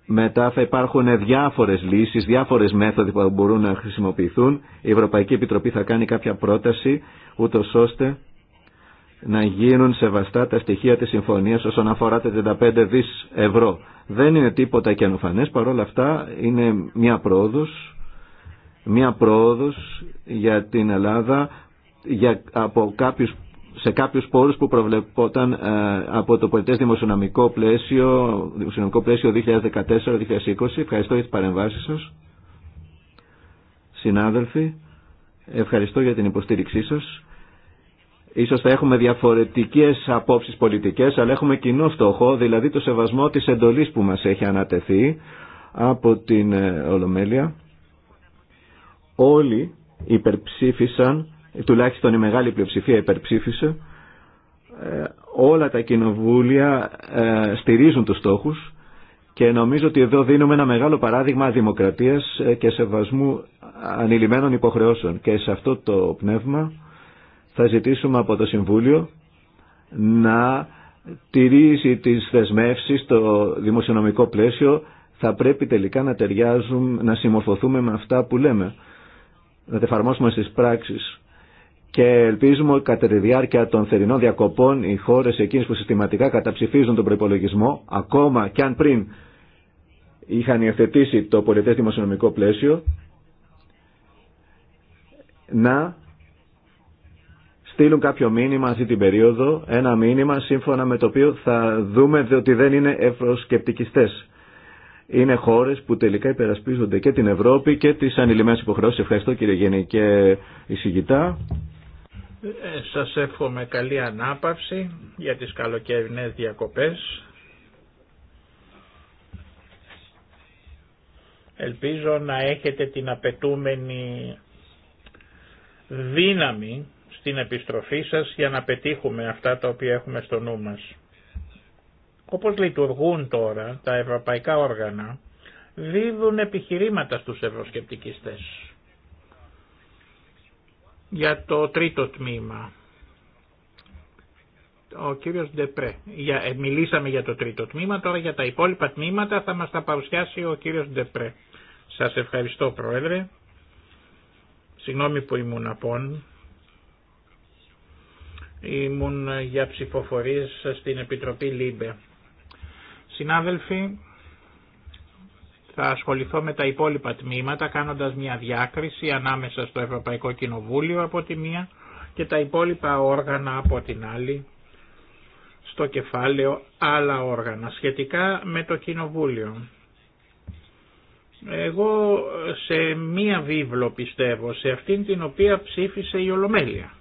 Μετά θα υπάρχουν διάφορες λύσεις, διάφορες μέθοδοι που μπορούν να χρησιμοποιηθούν. Η Ευρωπαϊκή Επιτροπή θα κάνει κάποια πρόταση, ούτω ώστε να γίνουν σεβαστά τα στοιχεία της συμφωνίας όσον αφορά τα 35 δις ευρώ. Δεν είναι τίποτα και καινοφανές, παρόλα αυτά είναι μια πρόοδος, μια πρόοδος για την Ελλάδα για, από κάποιους σε κάποιους πόρους που προβλεπόταν ε, από το πολιτές δημοσιονομικό πλαίσιο, δημοσιονομικό πλαίσιο 2014-2020. Ευχαριστώ για τις παρεμβάσεις σας. Συνάδελφοι, ευχαριστώ για την υποστήριξή σας. Ίσως θα έχουμε διαφορετικές απόψεις πολιτικές, αλλά έχουμε κοινό στόχο, δηλαδή το σεβασμό της εντολής που μας έχει ανατεθεί από την ε, Ολομέλεια. Όλοι υπερψήφισαν τουλάχιστον η μεγάλη πλειοψηφία υπερψήφισε, ε, όλα τα κοινοβούλια ε, στηρίζουν τους στόχους και νομίζω ότι εδώ δίνουμε ένα μεγάλο παράδειγμα δημοκρατίας ε, και σεβασμού ανηλυμένων υποχρεώσεων. Και σε αυτό το πνεύμα θα ζητήσουμε από το Συμβούλιο να τηρήσει τις θεσμεύσεις στο δημοσιονομικό πλαίσιο θα πρέπει τελικά να ταιριάζουν, να συμμορφωθούμε με αυτά που λέμε. Να τα εφαρμόσουμε στις πράξεις και ελπίζουμε ότι κατά τη διάρκεια των θερινών διακοπών οι χώρε εκείνες που συστηματικά καταψηφίζουν τον προπολογισμό, ακόμα και αν πριν είχαν υιοθετήσει το πολιτέ δημοσιονομικό πλαίσιο, να στείλουν κάποιο μήνυμα αυτή την περίοδο, ένα μήνυμα σύμφωνα με το οποίο θα δούμε ότι δεν είναι ευρωσκεπτικιστέ. Είναι χώρε που τελικά υπερασπίζονται και την Ευρώπη και τι ανηλυμένε υποχρεώσει. Ευχαριστώ κύριε Γενική Εισηγητά. Ε, σας εύχομαι καλή ανάπαυση για τις καλοκαιρινές διακοπές. Ελπίζω να έχετε την απαιτούμενη δύναμη στην επιστροφή σας για να πετύχουμε αυτά τα οποία έχουμε στο νου μας. Όπως λειτουργούν τώρα τα ευρωπαϊκά όργανα, δίδουν επιχειρήματα στους ευρωσκεπτικιστές για το τρίτο τμήμα. Ο κύριος Ντεπρέ. Για, ε, μιλήσαμε για το τρίτο τμήμα, τώρα για τα υπόλοιπα τμήματα θα μας τα παρουσιάσει ο κύριος Ντεπρέ. Σας ευχαριστώ Πρόεδρε. Συγγνώμη που ήμουν απόν. Ήμουν για ψηφοφορίες στην Επιτροπή Λίμπε. Συνάδελφοι, θα ασχοληθώ με τα υπόλοιπα τμήματα κάνοντας μια διάκριση ανάμεσα στο Ευρωπαϊκό Κοινοβούλιο από τη μία και τα υπόλοιπα όργανα από την άλλη στο κεφάλαιο άλλα όργανα σχετικά με το Κοινοβούλιο. Εγώ σε μία βίβλο πιστεύω, σε αυτήν την οποία ψήφισε η Ολομέλεια.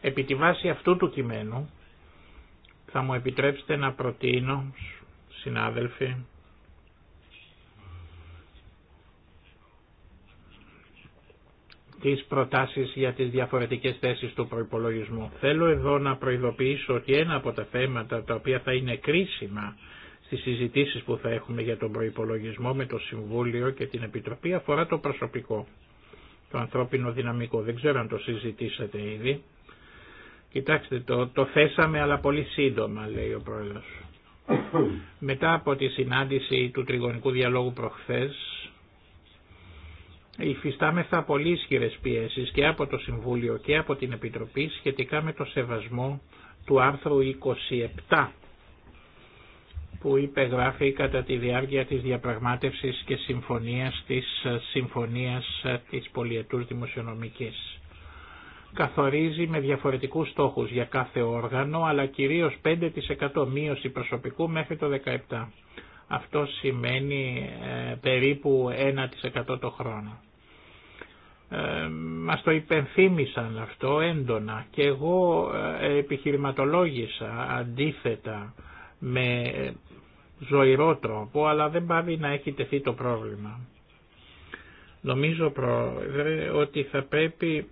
Επί τη βάση αυτού του κειμένου θα μου επιτρέψετε να προτείνω, συνάδελφοι, τις προτάσεις για τις διαφορετικές θέσεις του προϋπολογισμού. Θέλω εδώ να προειδοποιήσω ότι ένα από τα θέματα τα οποία θα είναι κρίσιμα στις συζητήσεις που θα έχουμε για τον προϋπολογισμό με το Συμβούλιο και την Επιτροπή αφορά το προσωπικό, το ανθρώπινο δυναμικό. Δεν ξέρω αν το συζητήσατε ήδη. Κοιτάξτε, το, το θέσαμε αλλά πολύ σύντομα, λέει ο Πρόεδρος. Μετά από τη συνάντηση του Τριγωνικού Διαλόγου προχθές, υφιστάμεθα πολύ ισχυρε πιέσεις και από το Συμβούλιο και από την Επιτροπή σχετικά με το σεβασμό του άρθρου 27 που υπεγράφει κατά τη διάρκεια της διαπραγμάτευσης και συμφωνίας της συμφωνίας της πολιετούς δημοσιονομικής. Καθορίζει με διαφορετικούς στόχους για κάθε όργανο, αλλά κυρίως 5% μείωση προσωπικού μέχρι το 17%. Αυτό σημαίνει ε, περίπου 1% το χρόνο. Ε, μας το υπενθύμησαν αυτό έντονα και εγώ ε, επιχειρηματολόγησα αντίθετα με ε, ζωηρό τρόπο αλλά δεν πάει να έχει τεθεί το πρόβλημα. Νομίζω πρόεδρε ότι θα πρέπει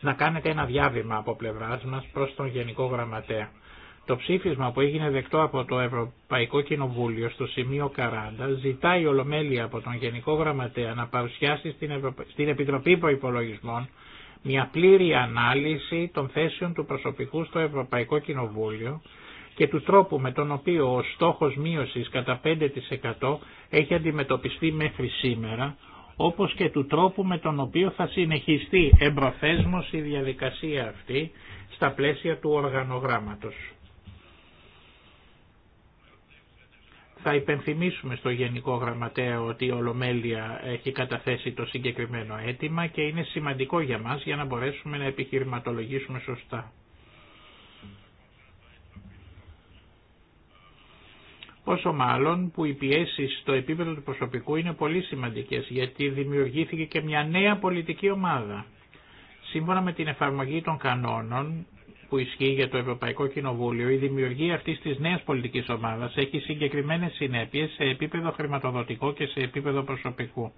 να κάνετε ένα διάβημα από πλευράς μας προς τον Γενικό Γραμματέα. Το ψήφισμα που έγινε δεκτό από το Ευρωπαϊκό Κοινοβούλιο στο σημείο 40 ζητάει ολομέλεια από τον Γενικό Γραμματέα να παρουσιάσει στην, στην Επιτροπή Προϋπολογισμών μια πλήρη ανάλυση των θέσεων του προσωπικού στο Ευρωπαϊκό Κοινοβούλιο και του τρόπου με τον οποίο ο στόχος μείωσης κατά 5% έχει αντιμετωπιστεί μέχρι σήμερα, όπως και του τρόπου με τον οποίο θα συνεχιστεί εμπροθέσμως η διαδικασία αυτή στα πλαίσια του οργανογράμματος. Θα υπενθυμίσουμε στο Γενικό Γραμματέα ότι η Ολομέλεια έχει καταθέσει το συγκεκριμένο αίτημα και είναι σημαντικό για μας για να μπορέσουμε να επιχειρηματολογήσουμε σωστά. Πόσο μάλλον που οι πιέσει στο επίπεδο του προσωπικού είναι πολύ σημαντικές γιατί δημιουργήθηκε και μια νέα πολιτική ομάδα. Σύμφωνα με την εφαρμογή των κανόνων που ισχύει για το Ευρωπαϊκό Κοινοβούλιο, η δημιουργία αυτής της νέας πολιτικής ομάδας έχει συγκεκριμένες συνέπειες σε επίπεδο χρηματοδοτικό και σε επίπεδο προσωπικού.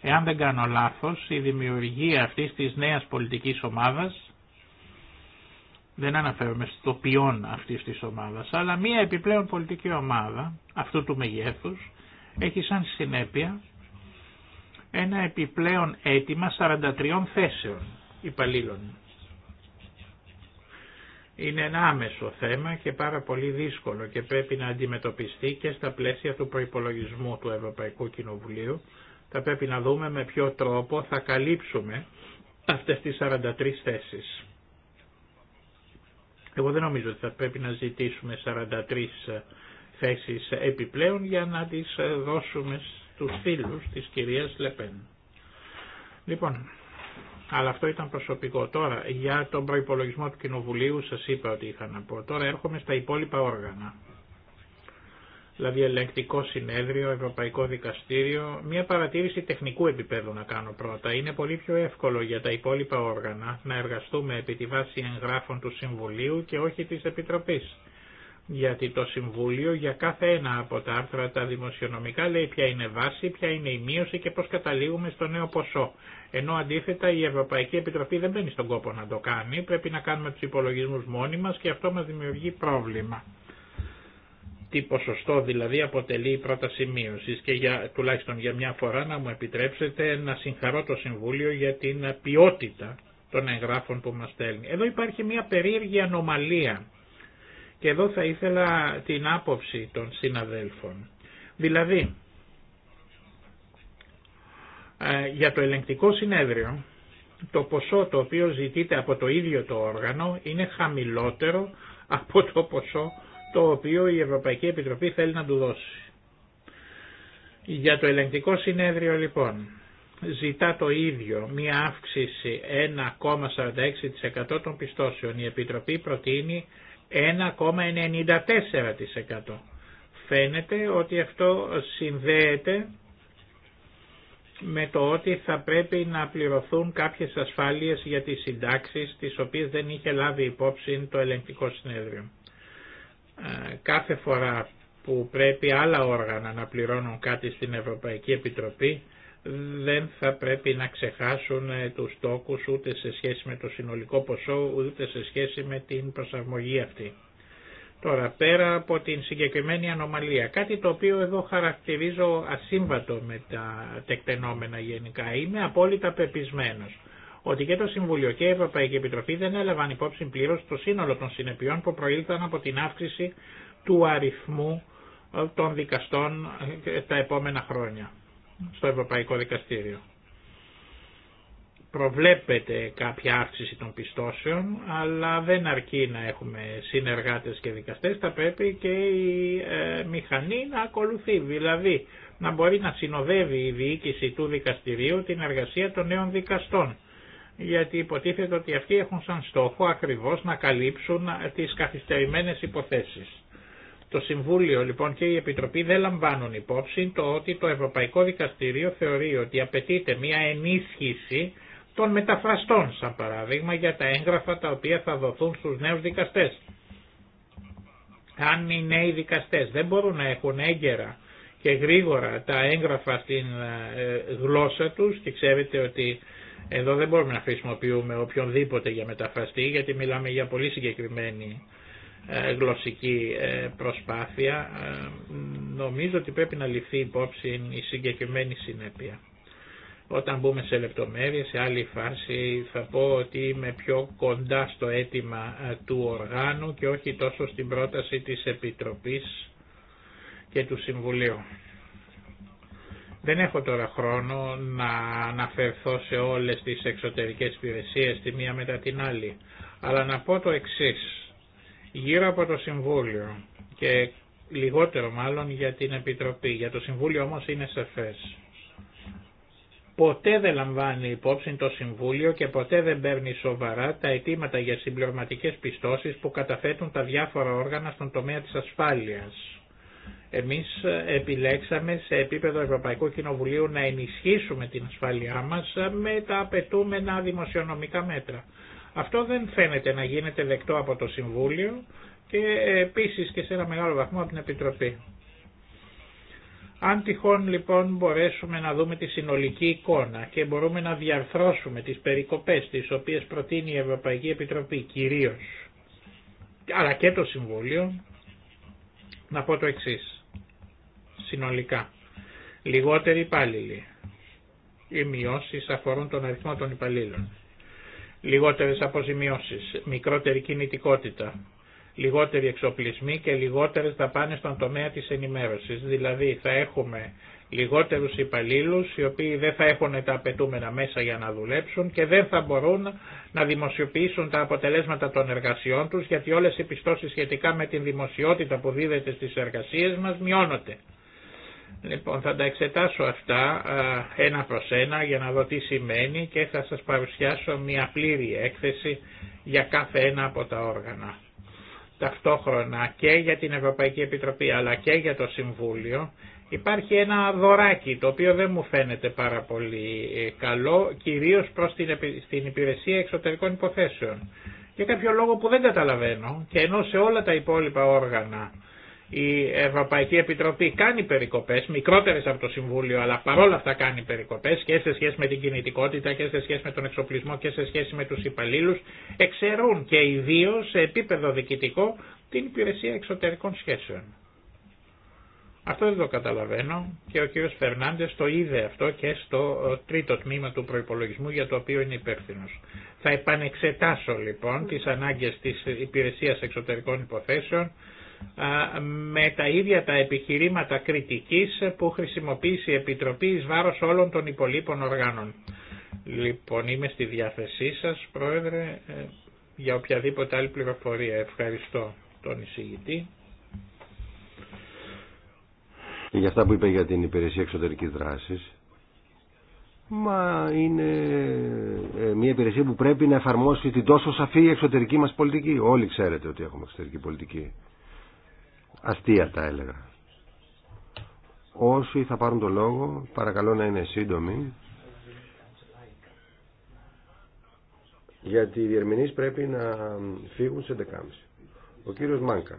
Εάν δεν κάνω λάθος, η δημιουργία αυτής της νέας πολιτικής ομάδας, δεν αναφέρομαι στο ποιόν αυτής της ομάδας, αλλά μία επιπλέον πολιτική ομάδα αυτού του μεγέθους έχει σαν συνέπεια ένα επιπλέον αίτημα 43 θέσεων υπαλλήλων είναι ένα άμεσο θέμα και πάρα πολύ δύσκολο και πρέπει να αντιμετωπιστεί και στα πλαίσια του προϋπολογισμού του Ευρωπαϊκού Κοινοβουλίου. Θα πρέπει να δούμε με ποιο τρόπο θα καλύψουμε αυτές τις 43 θέσεις. Εγώ δεν νομίζω ότι θα πρέπει να ζητήσουμε 43 θέσεις επιπλέον για να τις δώσουμε στους φίλους της κυρίας Λεπέν. Λοιπόν, αλλά αυτό ήταν προσωπικό. Τώρα, για τον προπολογισμό του Κοινοβουλίου σας είπα ότι είχα να πω. Τώρα έρχομαι στα υπόλοιπα όργανα. Δηλαδή, ελεγκτικό συνέδριο, ευρωπαϊκό δικαστήριο. Μια παρατήρηση τεχνικού επίπεδου να κάνω πρώτα. Είναι πολύ πιο εύκολο για τα υπόλοιπα όργανα να εργαστούμε επί τη βάση εγγράφων του Συμβουλίου και όχι της Επιτροπής γιατί το Συμβούλιο για κάθε ένα από τα άρθρα τα δημοσιονομικά λέει ποια είναι βάση, ποια είναι η μείωση και πώς καταλήγουμε στο νέο ποσό. Ενώ αντίθετα η Ευρωπαϊκή Επιτροπή δεν μπαίνει στον κόπο να το κάνει, πρέπει να κάνουμε τους υπολογισμούς μόνοι μας και αυτό μας δημιουργεί πρόβλημα. Τι ποσοστό δηλαδή αποτελεί η πρόταση μείωση και για, τουλάχιστον για μια φορά να μου επιτρέψετε να συγχαρώ το Συμβούλιο για την ποιότητα των εγγράφων που μας στέλνει. Εδώ υπάρχει μια περίεργη ανομαλία και εδώ θα ήθελα την άποψη των συναδέλφων. Δηλαδή, ε, για το ελεγκτικό συνέδριο, το ποσό το οποίο ζητείται από το ίδιο το όργανο είναι χαμηλότερο από το ποσό το οποίο η Ευρωπαϊκή Επιτροπή θέλει να του δώσει. Για το ελεγκτικό συνέδριο λοιπόν ζητά το ίδιο μία αύξηση 1,46% των πιστώσεων. Η Επιτροπή προτείνει 1,94%. Φαίνεται ότι αυτό συνδέεται με το ότι θα πρέπει να πληρωθούν κάποιες ασφάλειες για τις συντάξεις τις οποίες δεν είχε λάβει υπόψη το ελεγκτικό συνέδριο. Ε, κάθε φορά που πρέπει άλλα όργανα να πληρώνουν κάτι στην Ευρωπαϊκή Επιτροπή δεν θα πρέπει να ξεχάσουν ε, τους τόκους ούτε σε σχέση με το συνολικό ποσό ούτε σε σχέση με την προσαρμογή αυτή. Τώρα πέρα από την συγκεκριμένη ανομαλία, κάτι το οποίο εδώ χαρακτηρίζω ασύμβατο με τα τεκτενόμενα γενικά, είμαι απόλυτα πεπισμένος ότι και το Συμβουλίο και η Ευρωπαϊκή Επιτροπή δεν έλαβαν υπόψη πλήρω το σύνολο των συνεπειών που προήλθαν από την αύξηση του αριθμού ε, των δικαστών ε, τα επόμενα χρόνια στο Ευρωπαϊκό Δικαστήριο. Προβλέπεται κάποια αύξηση των πιστώσεων, αλλά δεν αρκεί να έχουμε συνεργάτες και δικαστές, θα πρέπει και η ε, μηχανή να ακολουθεί, δηλαδή να μπορεί να συνοδεύει η διοίκηση του δικαστηρίου την εργασία των νέων δικαστών γιατί υποτίθεται ότι αυτοί έχουν σαν στόχο ακριβώς να καλύψουν τις καθυστερημένες υποθέσεις. Το Συμβούλιο λοιπόν και η Επιτροπή δεν λαμβάνουν υπόψη το ότι το Ευρωπαϊκό Δικαστήριο θεωρεί ότι απαιτείται μια ενίσχυση των μεταφραστών, σαν παράδειγμα, για τα έγγραφα τα οποία θα δοθούν στους νέους δικαστές. Αν οι νέοι δικαστές δεν μπορούν να έχουν έγκαιρα και γρήγορα τα έγγραφα στην ε, γλώσσα τους και ξέρετε ότι εδώ δεν μπορούμε να χρησιμοποιούμε οποιονδήποτε για μεταφραστή γιατί μιλάμε για πολύ συγκεκριμένη ε, γλωσσική ε, προσπάθεια ε, νομίζω ότι πρέπει να ληφθεί υπόψη η συγκεκριμένη συνέπεια. Όταν μπούμε σε λεπτομέρειες, σε άλλη φάση θα πω ότι είμαι πιο κοντά στο αίτημα του οργάνου και όχι τόσο στην πρόταση της Επιτροπής και του Συμβουλίου. Δεν έχω τώρα χρόνο να αναφερθώ σε όλες τις εξωτερικές υπηρεσίε τη μία μετά την άλλη, αλλά να πω το εξής γύρω από το Συμβούλιο και λιγότερο μάλλον για την Επιτροπή. Για το Συμβούλιο όμως είναι σεφές. Ποτέ δεν λαμβάνει υπόψη το Συμβούλιο και ποτέ δεν παίρνει σοβαρά τα αιτήματα για συμπληρωματικές πιστώσεις που καταθέτουν τα διάφορα όργανα στον τομέα της ασφάλειας. Εμείς επιλέξαμε σε επίπεδο Ευρωπαϊκού Κοινοβουλίου να ενισχύσουμε την ασφάλειά μας με τα απαιτούμενα δημοσιονομικά μέτρα. Αυτό δεν φαίνεται να γίνεται δεκτό από το Συμβούλιο και επίσης και σε ένα μεγάλο βαθμό από την Επιτροπή. Αν τυχόν λοιπόν μπορέσουμε να δούμε τη συνολική εικόνα και μπορούμε να διαρθρώσουμε τις περικοπές τις οποίες προτείνει η Ευρωπαϊκή Επιτροπή κυρίως, αλλά και το Συμβούλιο, να πω το εξή. συνολικά. Λιγότεροι υπάλληλοι. Οι μειώσει αφορούν τον αριθμό των υπαλλήλων λιγότερες αποζημιώσεις, μικρότερη κινητικότητα, λιγότεροι εξοπλισμοί και λιγότερες πάνε στον τομέα της ενημέρωσης. Δηλαδή θα έχουμε λιγότερους υπαλλήλου, οι οποίοι δεν θα έχουν τα απαιτούμενα μέσα για να δουλέψουν και δεν θα μπορούν να δημοσιοποιήσουν τα αποτελέσματα των εργασιών τους γιατί όλες οι πιστώσεις σχετικά με την δημοσιότητα που δίδεται στις εργασίες μας μειώνονται. Λοιπόν, θα τα εξετάσω αυτά ένα προς ένα για να δω τι σημαίνει και θα σας παρουσιάσω μια πλήρη έκθεση για κάθε ένα από τα όργανα. Ταυτόχρονα και για την Ευρωπαϊκή Επιτροπή αλλά και για το Συμβούλιο υπάρχει ένα δωράκι το οποίο δεν μου φαίνεται πάρα πολύ ε, καλό κυρίως προς την, την υπηρεσία εξωτερικών υποθέσεων. Για κάποιο λόγο που δεν καταλαβαίνω και ενώ σε όλα τα υπόλοιπα όργανα η Ευρωπαϊκή Επιτροπή κάνει περικοπές, μικρότερες από το Συμβούλιο, αλλά παρόλα αυτά κάνει περικοπές και σε σχέση με την κινητικότητα και σε σχέση με τον εξοπλισμό και σε σχέση με τους υπαλλήλους, εξαιρούν και ιδίω σε επίπεδο διοικητικό την υπηρεσία εξωτερικών σχέσεων. Αυτό δεν το καταλαβαίνω και ο κύριος Φερνάντες το είδε αυτό και στο ε, τρίτο τμήμα του προϋπολογισμού για το οποίο είναι υπεύθυνο. Θα επανεξετάσω λοιπόν τις ανάγκες της υπηρεσίας εξωτερικών υποθέσεων με τα ίδια τα επιχειρήματα κριτικής που χρησιμοποιήσει η Επιτροπή εις βάρος όλων των υπολείπων οργάνων. Λοιπόν, είμαι στη διάθεσή σας, Πρόεδρε, ε, για οποιαδήποτε άλλη πληροφορία. Ευχαριστώ τον εισηγητή. Για αυτά που είπε για την υπηρεσία εξωτερικής δράσης, μα είναι ε, μια υπηρεσία που πρέπει να εφαρμόσει την τόσο σαφή εξωτερική μας πολιτική. Όλοι ξέρετε ότι έχουμε εξωτερική πολιτική αστεία τα έλεγα. Όσοι θα πάρουν το λόγο, παρακαλώ να είναι σύντομοι. Γιατί οι διερμηνείς πρέπει να φύγουν σε 11.30. Ο κύριος Μάνκα.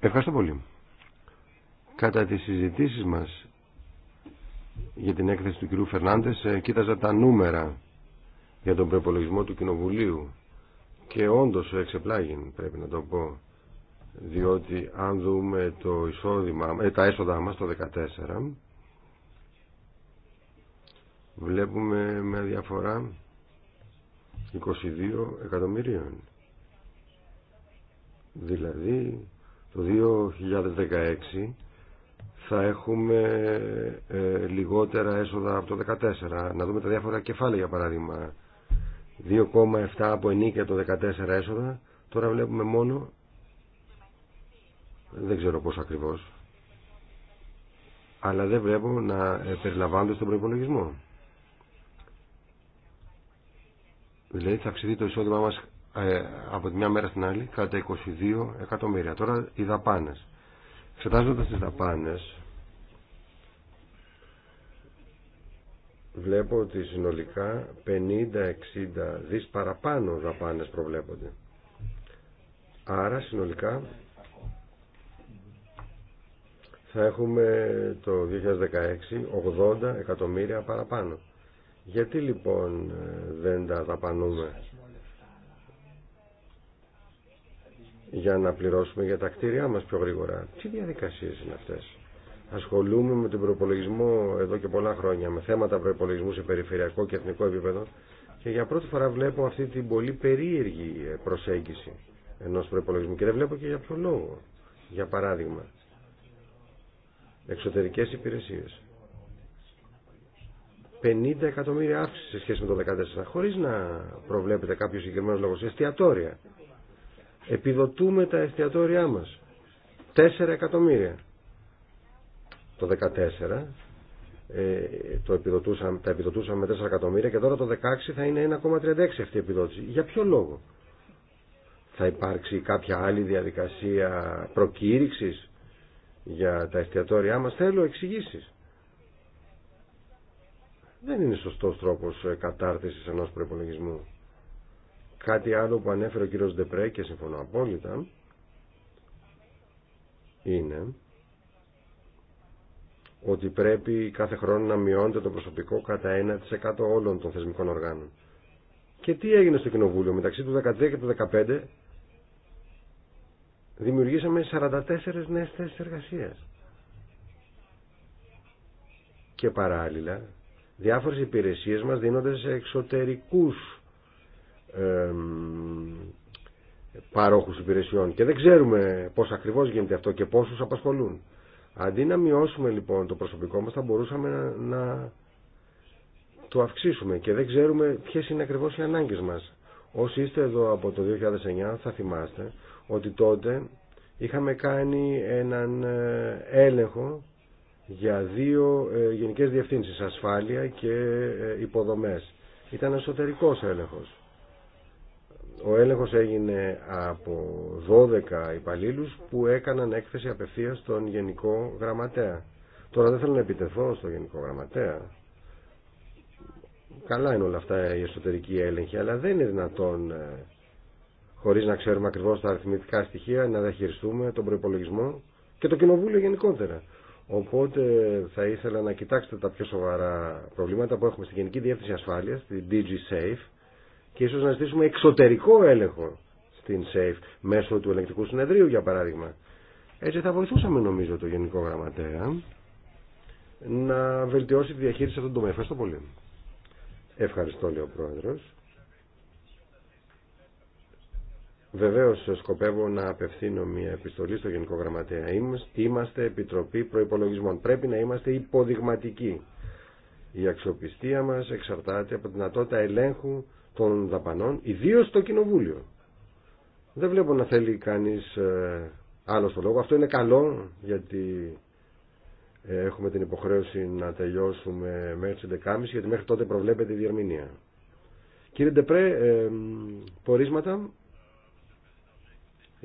Ευχαριστώ πολύ. Κατά τις συζητήσεις μας για την έκθεση του κυρίου Φερνάντες ε, κοίταζα τα νούμερα για τον προπολογισμό του Κοινοβουλίου και όντως εξεπλάγει πρέπει να το πω διότι αν δούμε το εισόδημα, ε, τα έσοδα μας το 14 βλέπουμε με διαφορά 22 εκατομμυρίων δηλαδή το 2016 θα έχουμε ε, λιγότερα έσοδα από το 2014 να δούμε τα διάφορα κεφάλαια για παράδειγμα 2,7 από ενίκια το 14 έσοδα. Τώρα βλέπουμε μόνο, δεν ξέρω πώς ακριβώς, αλλά δεν βλέπω να ε, περιλαμβάνονται στον προϋπολογισμό. Δηλαδή θα αυξηθεί το εισόδημά μας ε, από τη μια μέρα στην άλλη κατά 22 εκατομμύρια. Τώρα οι δαπάνες. Εξετάζοντας τις δαπάνες βλέπω ότι συνολικά 50-60 δις παραπάνω δαπάνες προβλέπονται. Άρα συνολικά θα έχουμε το 2016 80 εκατομμύρια παραπάνω. Γιατί λοιπόν δεν τα δαπανούμε για να πληρώσουμε για τα κτίρια μας πιο γρήγορα. Τι διαδικασίες είναι αυτές ασχολούμαι με τον προπολογισμό εδώ και πολλά χρόνια, με θέματα προπολογισμού σε περιφερειακό και εθνικό επίπεδο και για πρώτη φορά βλέπω αυτή την πολύ περίεργη ε, προσέγγιση ενό προπολογισμού και δεν βλέπω και για ποιο λόγο. Για παράδειγμα, εξωτερικέ υπηρεσίε. 50 εκατομμύρια αύξηση σε σχέση με το 2014, χωρί να προβλέπετε κάποιο συγκεκριμένο λόγο. Εστιατόρια. Επιδοτούμε τα εστιατόρια μα 4 εκατομμύρια το 2014 ε, το επιδοτούσαμε, τα επιδοτούσαμε με 4 εκατομμύρια και τώρα το 16 θα είναι 1,36 αυτή η επιδότηση. Για ποιο λόγο θα υπάρξει κάποια άλλη διαδικασία προκήρυξης για τα εστιατόρια μας. Θέλω εξηγήσει. Δεν είναι σωστός τρόπος ε, κατάρτισης ενός προπολογισμού. Κάτι άλλο που ανέφερε ο κύριος Ντεπρέ και συμφωνώ απόλυτα είναι ότι πρέπει κάθε χρόνο να μειώνεται το προσωπικό κατά 1% όλων των θεσμικών οργάνων. Και τι έγινε στο Κοινοβούλιο μεταξύ του 2013 και του 2015 δημιουργήσαμε 44 νέες θέσεις εργασίας. Και παράλληλα διάφορες υπηρεσίες μας δίνονται σε εξωτερικούς ε, παρόχους υπηρεσιών και δεν ξέρουμε πώς ακριβώς γίνεται αυτό και πόσους απασχολούν. Αντί να μειώσουμε λοιπόν το προσωπικό μας θα μπορούσαμε να, το αυξήσουμε και δεν ξέρουμε ποιες είναι ακριβώς οι ανάγκες μας. Όσοι είστε εδώ από το 2009 θα θυμάστε ότι τότε είχαμε κάνει έναν ε, έλεγχο για δύο ε, γενικές διευθύνσεις, ασφάλεια και ε, υποδομές. Ήταν εσωτερικός έλεγχος. Ο έλεγχος έγινε από 12 υπαλλήλους που έκαναν έκθεση απευθείας στον Γενικό Γραμματέα. Τώρα δεν θέλω να επιτεθώ στον Γενικό Γραμματέα. Καλά είναι όλα αυτά η εσωτερική έλεγχη, αλλά δεν είναι δυνατόν ε, χωρίς να ξέρουμε ακριβώς τα αριθμητικά στοιχεία να διαχειριστούμε τον προπολογισμό και το Κοινοβούλιο γενικότερα. Οπότε θα ήθελα να κοιτάξετε τα πιο σοβαρά προβλήματα που έχουμε στη Γενική Διεύθυνση Ασφάλειας, την DG Safe, και ίσως να ζητήσουμε εξωτερικό έλεγχο στην ΣΕΙΦ μέσω του ελεγκτικού συνεδρίου για παράδειγμα. Έτσι θα βοηθούσαμε νομίζω το Γενικό Γραμματέα να βελτιώσει τη διαχείριση αυτών των τομέα. Ευχαριστώ πολύ. Ευχαριστώ λέει ο Πρόεδρος. Βεβαίως σκοπεύω να απευθύνω μια επιστολή στο Γενικό Γραμματέα. Είμαστε Επιτροπή Προϋπολογισμών. Πρέπει να είμαστε υποδειγματικοί. Η αξιοπιστία μας εξαρτάται από την δυνατότητα ελέγχου των δαπανών, ιδίω στο Κοινοβούλιο. Δεν βλέπω να θέλει κανείς ε, άλλο το λόγο. Αυτό είναι καλό γιατί ε, έχουμε την υποχρέωση να τελειώσουμε μέχρι τι 11.30 γιατί μέχρι τότε προβλέπεται η διερμηνία. Κύριε Ντεπρέ, ε, πορίσματα.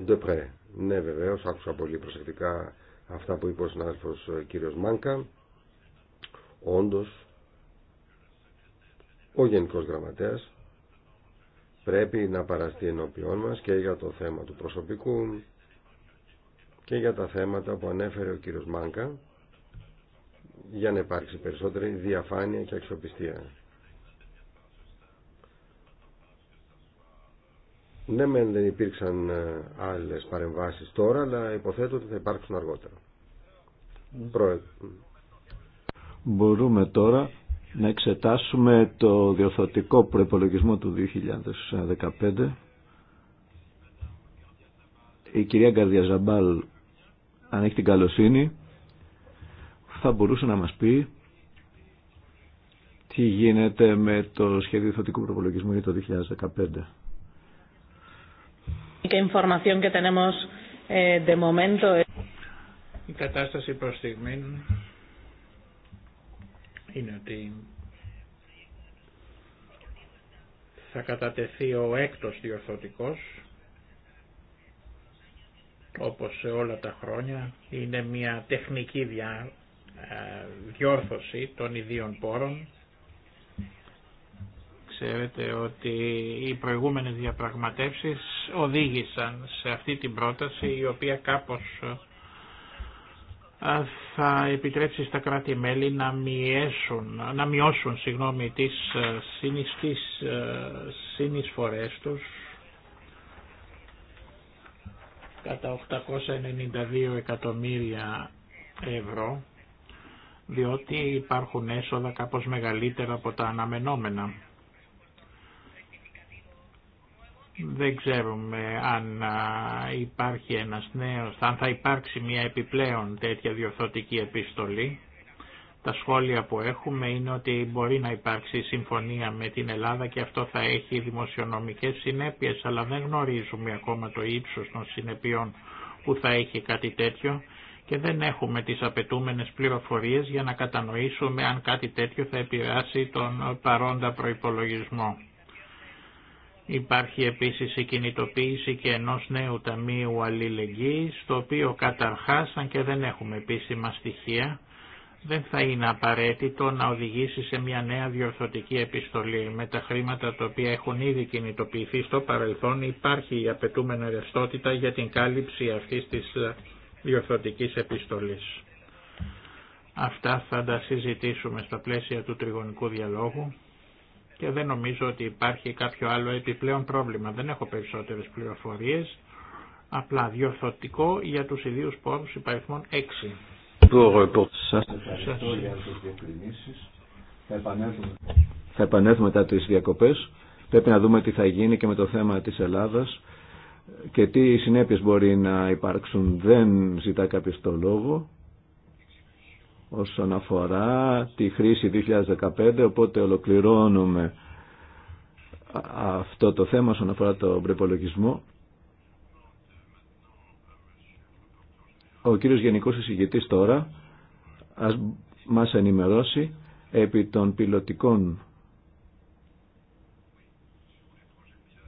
Ντεπρέ, ναι βεβαίω, άκουσα πολύ προσεκτικά αυτά που είπε ο συνάδελφο ε, κύριο Μάνκα. όντω. ο γενικό γραμματέα πρέπει να παραστεί ενώπιόν μας και για το θέμα του προσωπικού και για τα θέματα που ανέφερε ο κύριος Μάνκα για να υπάρξει περισσότερη διαφάνεια και αξιοπιστία. Ναι, μεν δεν υπήρξαν ε, άλλες παρεμβάσεις τώρα, αλλά υποθέτω ότι θα υπάρξουν αργότερα. Ναι. Μπορούμε τώρα να εξετάσουμε το διορθωτικό προπολογισμό του 2015. Η κυρία Ζαμπάλ, αν έχει την καλοσύνη, θα μπορούσε να μας πει τι γίνεται με το σχέδιο διορθωτικού προπολογισμού για το 2015. Eh, Η κατάσταση προς είναι ότι θα κατατεθεί ο έκτος διορθωτικός όπως σε όλα τα χρόνια είναι μια τεχνική διά, ε, διόρθωση των ιδίων πόρων ξέρετε ότι οι προηγούμενες διαπραγματεύσεις οδήγησαν σε αυτή την πρόταση η οποία κάπως ε, θα επιτρέψει στα κράτη-μέλη να, να μειώσουν συγγνώμη, τις ε, συνιστής, ε, συνεισφορές τους κατά 892 εκατομμύρια ευρώ διότι υπάρχουν έσοδα κάπως μεγαλύτερα από τα αναμενόμενα. Δεν ξέρουμε αν υπάρχει ένας νέος, αν θα υπάρξει μια επιπλέον τέτοια διορθωτική επιστολή. Τα σχόλια που έχουμε είναι ότι μπορεί να υπάρξει συμφωνία με την Ελλάδα και αυτό θα έχει δημοσιονομικές συνέπειες, αλλά δεν γνωρίζουμε ακόμα το ύψος των συνεπειών που θα έχει κάτι τέτοιο και δεν έχουμε τις απαιτούμενες πληροφορίες για να κατανοήσουμε αν κάτι τέτοιο θα επηρεάσει τον παρόντα προϋπολογισμό. Υπάρχει επίσης η κινητοποίηση και ενός νέου ταμείου αλληλεγγύης, το οποίο καταρχάς, αν και δεν έχουμε επίσημα στοιχεία, δεν θα είναι απαραίτητο να οδηγήσει σε μια νέα διορθωτική επιστολή. Με τα χρήματα τα οποία έχουν ήδη κινητοποιηθεί στο παρελθόν υπάρχει η απαιτούμενη ρευστότητα για την κάλυψη αυτής της ε, διορθωτικής επιστολής. Αυτά θα τα συζητήσουμε στα πλαίσια του τριγωνικού διαλόγου και δεν νομίζω ότι υπάρχει κάποιο άλλο επιπλέον πρόβλημα. Δεν έχω περισσότερες πληροφορίες, απλά διορθωτικό για τους ιδίους πόρους υπαριθμών 6. Σας ευχαριστώ για τις Θα επανέλθουμε. Θα επανέλθουμε μετά τις διακοπές. Πρέπει να δούμε τι θα γίνει και με το θέμα της Ελλάδας και τι συνέπειες μπορεί να υπάρξουν. Δεν ζητά κάποιος το λόγο όσον αφορά τη χρήση 2015, οπότε ολοκληρώνουμε αυτό το θέμα όσον αφορά τον προπολογισμό. Ο κύριος Γενικός Εισηγητής τώρα ας μας ενημερώσει επί των πιλωτικών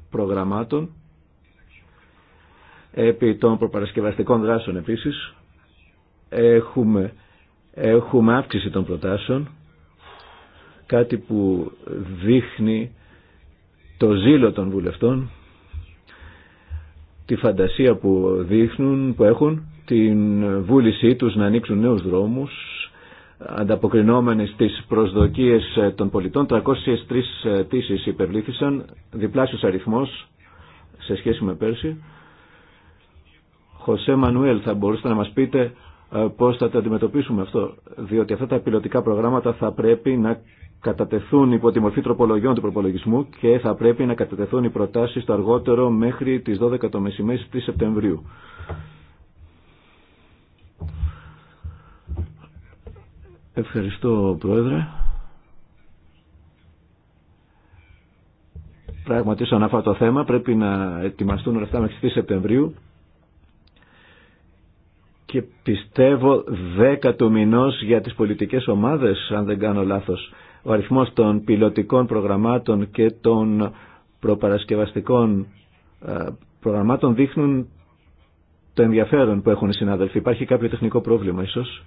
προγραμμάτων, επί των προπαρασκευαστικών δράσεων επίσης. Έχουμε έχουμε αύξηση των προτάσεων, κάτι που δείχνει το ζήλο των βουλευτών, τη φαντασία που δείχνουν, που έχουν, την βούλησή τους να ανοίξουν νέους δρόμους, ανταποκρινόμενοι στις προσδοκίες των πολιτών. 303 τήσεις υπερβλήθησαν, διπλάσιος αριθμός σε σχέση με πέρσι. Χωσέ Μανουέλ, θα μπορούσατε να μας πείτε ε, πώς θα τα αντιμετωπίσουμε αυτό. Διότι αυτά τα πιλωτικά προγράμματα θα πρέπει να κατατεθούν υπό τη μορφή τροπολογιών του προπολογισμού και θα πρέπει να κατατεθούν οι προτάσεις το αργότερο μέχρι τις 12 το μεσημέρι της Σεπτεμβρίου. Ευχαριστώ Πρόεδρε. Πράγματι, όσον αφορά το θέμα, πρέπει να ετοιμαστούν όλα αυτά μέχρι τη Σεπτεμβρίου και πιστεύω δέκατο του για τις πολιτικές ομάδες, αν δεν κάνω λάθος. Ο αριθμός των πιλωτικών προγραμμάτων και των προπαρασκευαστικών ε, προγραμμάτων δείχνουν το ενδιαφέρον που έχουν οι συνάδελφοι. Υπάρχει κάποιο τεχνικό πρόβλημα ίσως.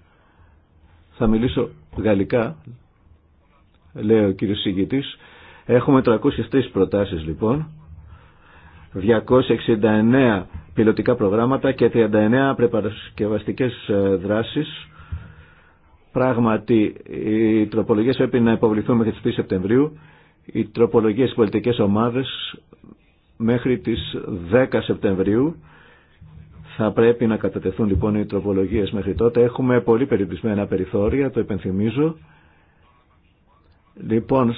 Θα μιλήσω γαλλικά, λέει ο κύριος Συγητής. Έχουμε 303 προτάσεις λοιπόν. 269 πιλωτικά προγράμματα και 39 προπαρασκευαστικέ ε, δράσεις. Πράγματι, οι τροπολογίες πρέπει να υποβληθούν μέχρι τις 3 Σεπτεμβρίου. Οι τροπολογίες πολιτικές ομάδες μέχρι τις 10 Σεπτεμβρίου θα πρέπει να κατατεθούν λοιπόν οι τροπολογίες μέχρι τότε. Έχουμε πολύ περιπλησμένα περιθώρια, το υπενθυμίζω. Λοιπόν,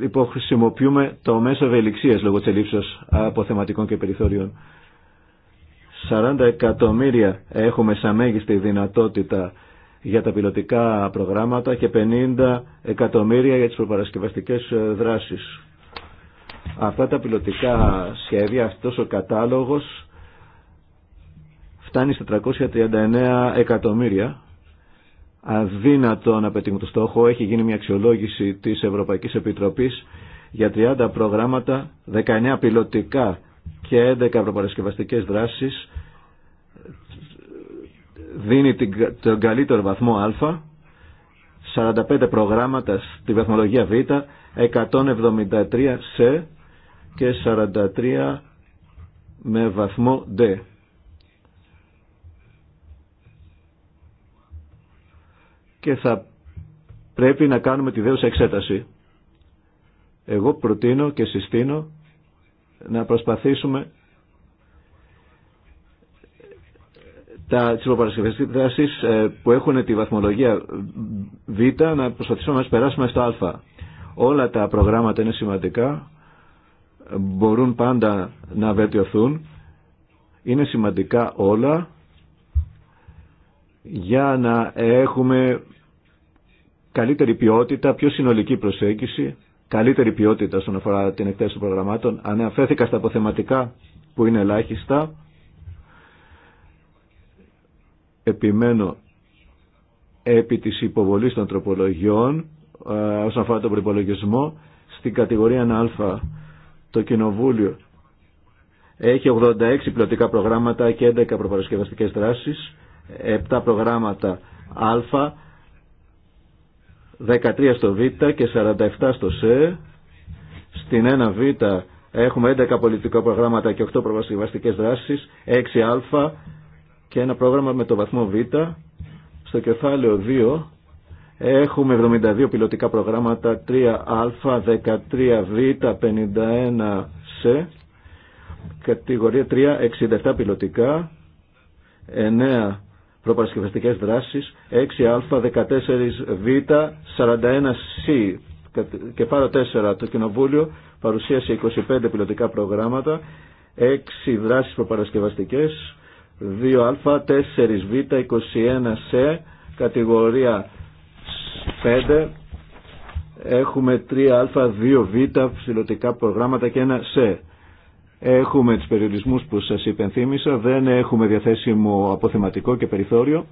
Υποχρησιμοποιούμε το μέσο ευελιξίας λόγω της από αποθεματικών και περιθώριων. 40 εκατομμύρια έχουμε σαν μέγιστη δυνατότητα για τα πιλωτικά προγράμματα και 50 εκατομμύρια για τις προπαρασκευαστικές ε, δράσεις. Αυτά τα πιλωτικά σχέδια, αυτός ο κατάλογος φτάνει στα 339 εκατομμύρια αδύνατο να πετύχουμε το στόχο. Έχει γίνει μια αξιολόγηση της Ευρωπαϊκής Επιτροπής για 30 προγράμματα, 19 πιλωτικά και 11 ευρωπαρασκευαστικές δράσεις. Δίνει τον καλύτερο βαθμό Α, 45 προγράμματα στη βαθμολογία Β, 173 σε και 43 με βαθμό D. και θα πρέπει να κάνουμε τη δέουσα εξέταση. Εγώ προτείνω και συστήνω να προσπαθήσουμε τα, τις ε, που έχουν τη βαθμολογία Β να προσπαθήσουμε να περάσουμε στο Α. Όλα τα προγράμματα είναι σημαντικά, μπορούν πάντα να βελτιωθούν, είναι σημαντικά όλα για να έχουμε καλύτερη ποιότητα, πιο συνολική προσέγγιση, καλύτερη ποιότητα στον αφορά την εκτέλεση των προγραμμάτων. Ανέφερθηκα στα αποθεματικά που είναι ελάχιστα. Επιμένω επί της υποβολής των τροπολογιών ε, όσον αφορά τον προπολογισμό στην κατηγορία 1α το Κοινοβούλιο έχει 86 πλωτικά προγράμματα και 11 προπαρασκευαστικές δράσεις 7 προγράμματα α 13 στο Β και 47 στο ΣΕ. Στην 1Β έχουμε 11 πολιτικά προγράμματα και 8 προβασιβαστικές δράσεις, 6α και ένα πρόγραμμα με το βαθμό Β. Στο κεφάλαιο 2 έχουμε 72 πιλωτικά προγράμματα, 3α, 13β, 51σε, κατηγορία 3, 67 πιλωτικά, 9 προπαρασκευαστικε δράσει, δράσεις 6α14β 41C και πάρα 4 το Κοινοβούλιο παρουσίασε 25 πιλωτικά προγράμματα 6 δράσει προπαρασκευαστικε 21C κατηγορία 5 έχουμε 3α 2β ψηλωτικά προγράμματα και ένα c κατηγορια 5 εχουμε 3 α 2 β ψηλωτικα προγραμματα και ενα ΣΕ. Έχουμε τους περιορισμούς που σας υπενθύμησα, δεν έχουμε διαθέσιμο αποθεματικό και περιθώριο.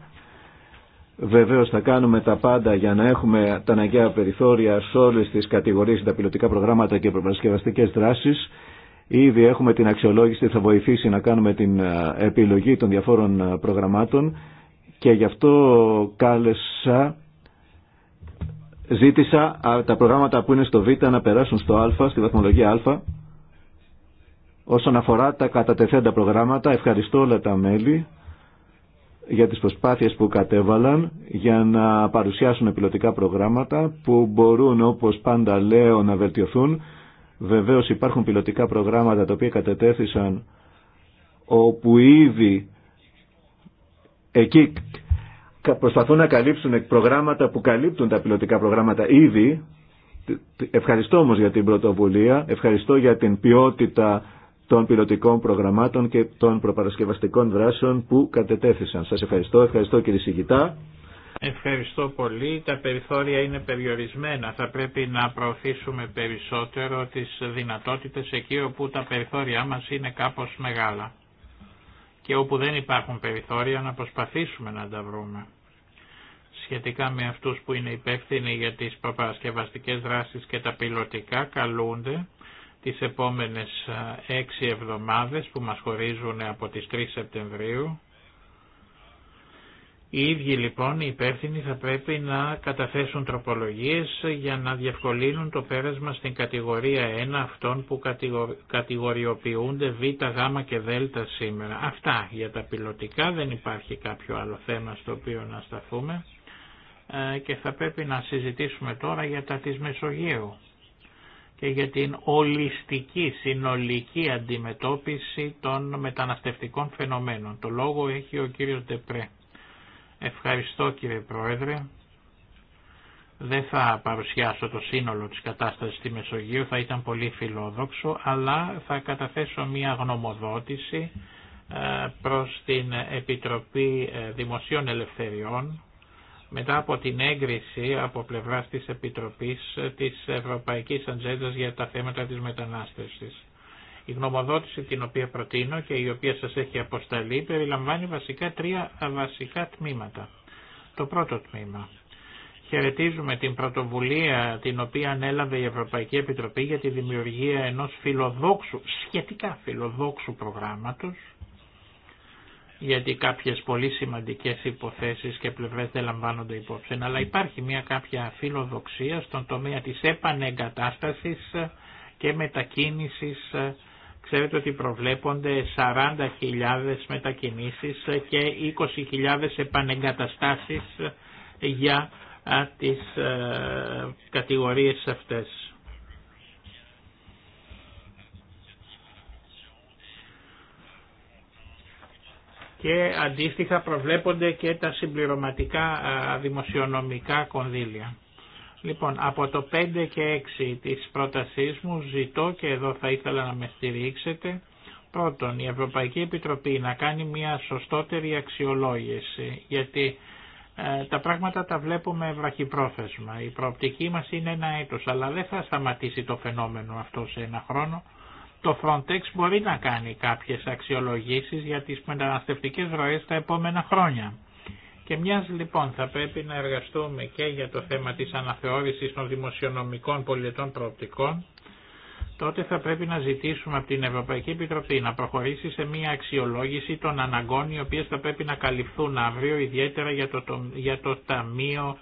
Βεβαίως θα κάνουμε τα πάντα για να έχουμε τα αναγκαία περιθώρια σε όλες τις κατηγορίες, τα πιλωτικά προγράμματα και προπαρασκευαστικές δράσεις. Ήδη έχουμε την αξιολόγηση, θα βοηθήσει να κάνουμε την ε, επιλογή των διαφόρων ε, προγραμμάτων και γι' αυτό κάλεσα, ζήτησα τα προγράμματα που είναι στο Β να περάσουν στο Α, στη βαθμολογία Α Όσον αφορά τα κατατεθέντα προγράμματα, ευχαριστώ όλα τα μέλη για τις προσπάθειες που κατέβαλαν για να παρουσιάσουν πιλωτικά προγράμματα που μπορούν όπως πάντα λέω να βελτιωθούν. Βεβαίως υπάρχουν πιλωτικά προγράμματα τα οποία κατετέθησαν όπου ήδη εκεί προσπαθούν να καλύψουν προγράμματα που καλύπτουν τα πιλωτικά προγράμματα ήδη. Ευχαριστώ όμως για την πρωτοβουλία, ευχαριστώ για την ποιότητα των πιλωτικών προγραμμάτων και των προπαρασκευαστικών δράσεων που κατετέθησαν. Σας ευχαριστώ. Ευχαριστώ κύριε Σιγητά. Ευχαριστώ πολύ. Τα περιθώρια είναι περιορισμένα. Θα πρέπει να προωθήσουμε περισσότερο τις δυνατότητες εκεί όπου τα περιθώρια μας είναι κάπως μεγάλα. Και όπου δεν υπάρχουν περιθώρια να προσπαθήσουμε να τα βρούμε. Σχετικά με αυτούς που είναι υπεύθυνοι για τις προπαρασκευαστικές δράσεις και τα πιλωτικά καλούνται τις επόμενες έξι εβδομάδες που μας χωρίζουν από τις 3 Σεπτεμβρίου. Οι ίδιοι λοιπόν οι υπεύθυνοι θα πρέπει να καταθέσουν τροπολογίες για να διευκολύνουν το πέρασμα στην κατηγορία 1 αυτών που κατηγοριοποιούνται Β, Γ και Δ σήμερα. Αυτά για τα πιλωτικά, δεν υπάρχει κάποιο άλλο θέμα στο οποίο να σταθούμε ε, και θα πρέπει να συζητήσουμε τώρα για τα της Μεσογείου και για την ολιστική συνολική αντιμετώπιση των μεταναστευτικών φαινομένων. Το λόγο έχει ο κύριος Ντεπρέ. Ευχαριστώ κύριε Πρόεδρε. Δεν θα παρουσιάσω το σύνολο της κατάστασης στη Μεσογείο, θα ήταν πολύ φιλόδοξο, αλλά θα καταθέσω μία γνωμοδότηση ε, προς την Επιτροπή ε, Δημοσίων Ελευθεριών μετά από την έγκριση από πλευράς της Επιτροπής της Ευρωπαϊκής Ατζέντα για τα θέματα της μετανάστευσης. Η γνωμοδότηση την οποία προτείνω και η οποία σας έχει αποσταλεί περιλαμβάνει βασικά τρία βασικά τμήματα. Το πρώτο τμήμα. Χαιρετίζουμε την πρωτοβουλία την οποία ανέλαβε η Ευρωπαϊκή Επιτροπή για τη δημιουργία ενός φιλοδόξου, σχετικά φιλοδόξου προγράμματος γιατί κάποιες πολύ σημαντικές υποθέσεις και πλευρές δεν λαμβάνονται υπόψη. Αλλά υπάρχει μια κάποια φιλοδοξία στον τομέα της επανεγκατάστασης και μετακίνησης. Ξέρετε ότι προβλέπονται 40.000 μετακινήσεις και 20.000 επανεγκαταστάσεις για τις ε, κατηγορίες αυτές. και αντίστοιχα προβλέπονται και τα συμπληρωματικά δημοσιονομικά κονδύλια. Λοιπόν, από το 5 και 6 της πρότασής μου ζητώ και εδώ θα ήθελα να με στηρίξετε. Πρώτον, η Ευρωπαϊκή Επιτροπή να κάνει μια σωστότερη αξιολόγηση, γιατί τα πράγματα τα βλέπουμε βραχυπρόθεσμα. Η προοπτική μας είναι ένα έτος, αλλά δεν θα σταματήσει το φαινόμενο αυτό σε ένα χρόνο το Frontex μπορεί να κάνει κάποιες αξιολογήσεις για τις μεταναστευτικές ροές τα επόμενα χρόνια. Και μιας λοιπόν θα πρέπει να εργαστούμε και για το θέμα της αναθεώρησης των δημοσιονομικών πολιτών προοπτικών, τότε θα πρέπει να ζητήσουμε από την Ευρωπαϊκή Επιτροπή να προχωρήσει σε μια αξιολόγηση των αναγκών οι οποίες θα πρέπει να καλυφθούν αύριο, ιδιαίτερα για το, για το Ταμείο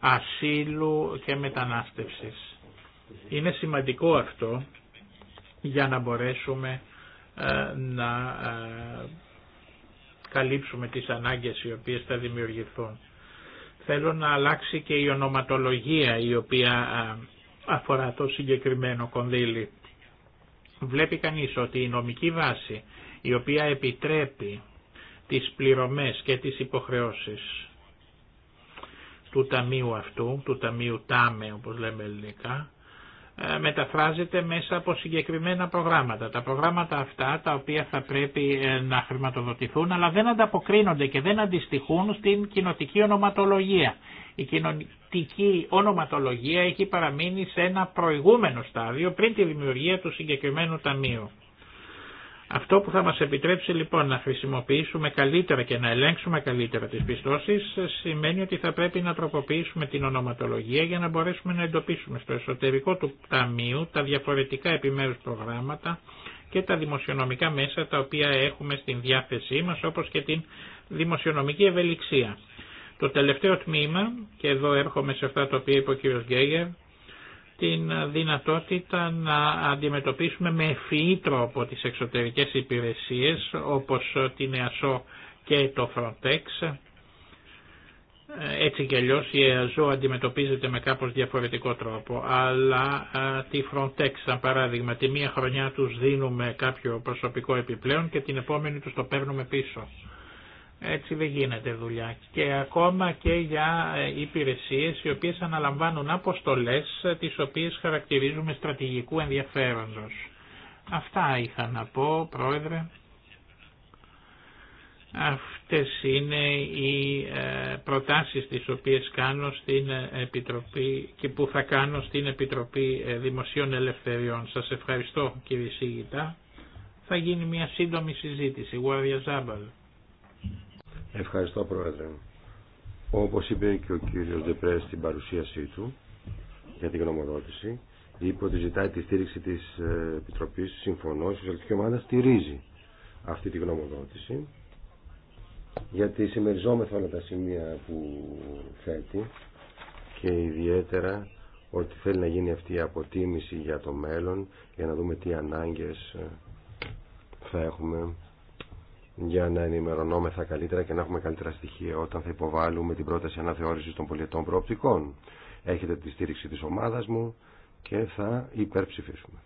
Ασύλου και Μετανάστευσης. Είναι σημαντικό αυτό για να μπορέσουμε ε, να ε, καλύψουμε τις ανάγκες οι οποίες θα δημιουργηθούν. Θέλω να αλλάξει και η ονοματολογία η οποία ε, αφορά το συγκεκριμένο κονδύλι. Βλέπει κανείς ότι η νομική βάση η οποία επιτρέπει τις πληρωμές και τις υποχρεώσεις του ταμείου αυτού, του ταμείου ΤΑΜΕ όπως λέμε ελληνικά, ε, μεταφράζεται μέσα από συγκεκριμένα προγράμματα. Τα προγράμματα αυτά τα οποία θα πρέπει ε, να χρηματοδοτηθούν αλλά δεν ανταποκρίνονται και δεν αντιστοιχούν στην κοινοτική ονοματολογία. Η κοινοτική ονοματολογία έχει παραμείνει σε ένα προηγούμενο στάδιο πριν τη δημιουργία του συγκεκριμένου ταμείου. Αυτό που θα μας επιτρέψει λοιπόν να χρησιμοποιήσουμε καλύτερα και να ελέγξουμε καλύτερα τις πιστώσεις σημαίνει ότι θα πρέπει να τροποποιήσουμε την ονοματολογία για να μπορέσουμε να εντοπίσουμε στο εσωτερικό του ταμείου τα διαφορετικά επιμέρους προγράμματα και τα δημοσιονομικά μέσα τα οποία έχουμε στην διάθεσή μας όπως και την δημοσιονομική ευελιξία. Το τελευταίο τμήμα, και εδώ έρχομαι σε αυτά τα οποία είπε ο κ. Γκέγερ, την δυνατότητα να αντιμετωπίσουμε με ευφυή τρόπο τις εξωτερικές υπηρεσίες όπως την ΕΑΣΟ και το Frontex. Έτσι και αλλιώς η ΕΑΖΟ αντιμετωπίζεται με κάπως διαφορετικό τρόπο, αλλά τη Frontex, σαν παράδειγμα, τη μία χρονιά τους δίνουμε κάποιο προσωπικό επιπλέον και την επόμενη τους το παίρνουμε πίσω. Έτσι δεν γίνεται δουλειά. Και ακόμα και για ε, υπηρεσίες οι οποίες αναλαμβάνουν αποστολές ε, τις οποίες χαρακτηρίζουμε στρατηγικού ενδιαφέροντος. Αυτά είχα να πω, Πρόεδρε. Αυτές είναι οι ε, προτάσεις τις οποίες κάνω στην Επιτροπή και που θα κάνω στην Επιτροπή Δημοσίων Ελευθεριών. Σας ευχαριστώ κύριε Σίγητα. Θα γίνει μια σύντομη συζήτηση. Ζάμπαλ. Ευχαριστώ Πρόεδρε. Όπως είπε και ο κύριος Δεπρέ στην παρουσίασή του για την γνωμοδότηση, είπε ότι ζητάει τη στήριξη της ε, Επιτροπής, συμφωνώ, η Σοσιαλιστική Ομάδα στηρίζει αυτή τη γνωμοδότηση, γιατί συμμεριζόμεθα όλα τα σημεία που θέτει και ιδιαίτερα ότι θέλει να γίνει αυτή η αποτίμηση για το μέλλον, για να δούμε τι ανάγκες ε, θα έχουμε για να ενημερωνόμεθα καλύτερα και να έχουμε καλύτερα στοιχεία όταν θα υποβάλουμε την πρόταση αναθεώρησης των πολιτών προοπτικών. Έχετε τη στήριξη της ομάδας μου και θα υπερψηφίσουμε.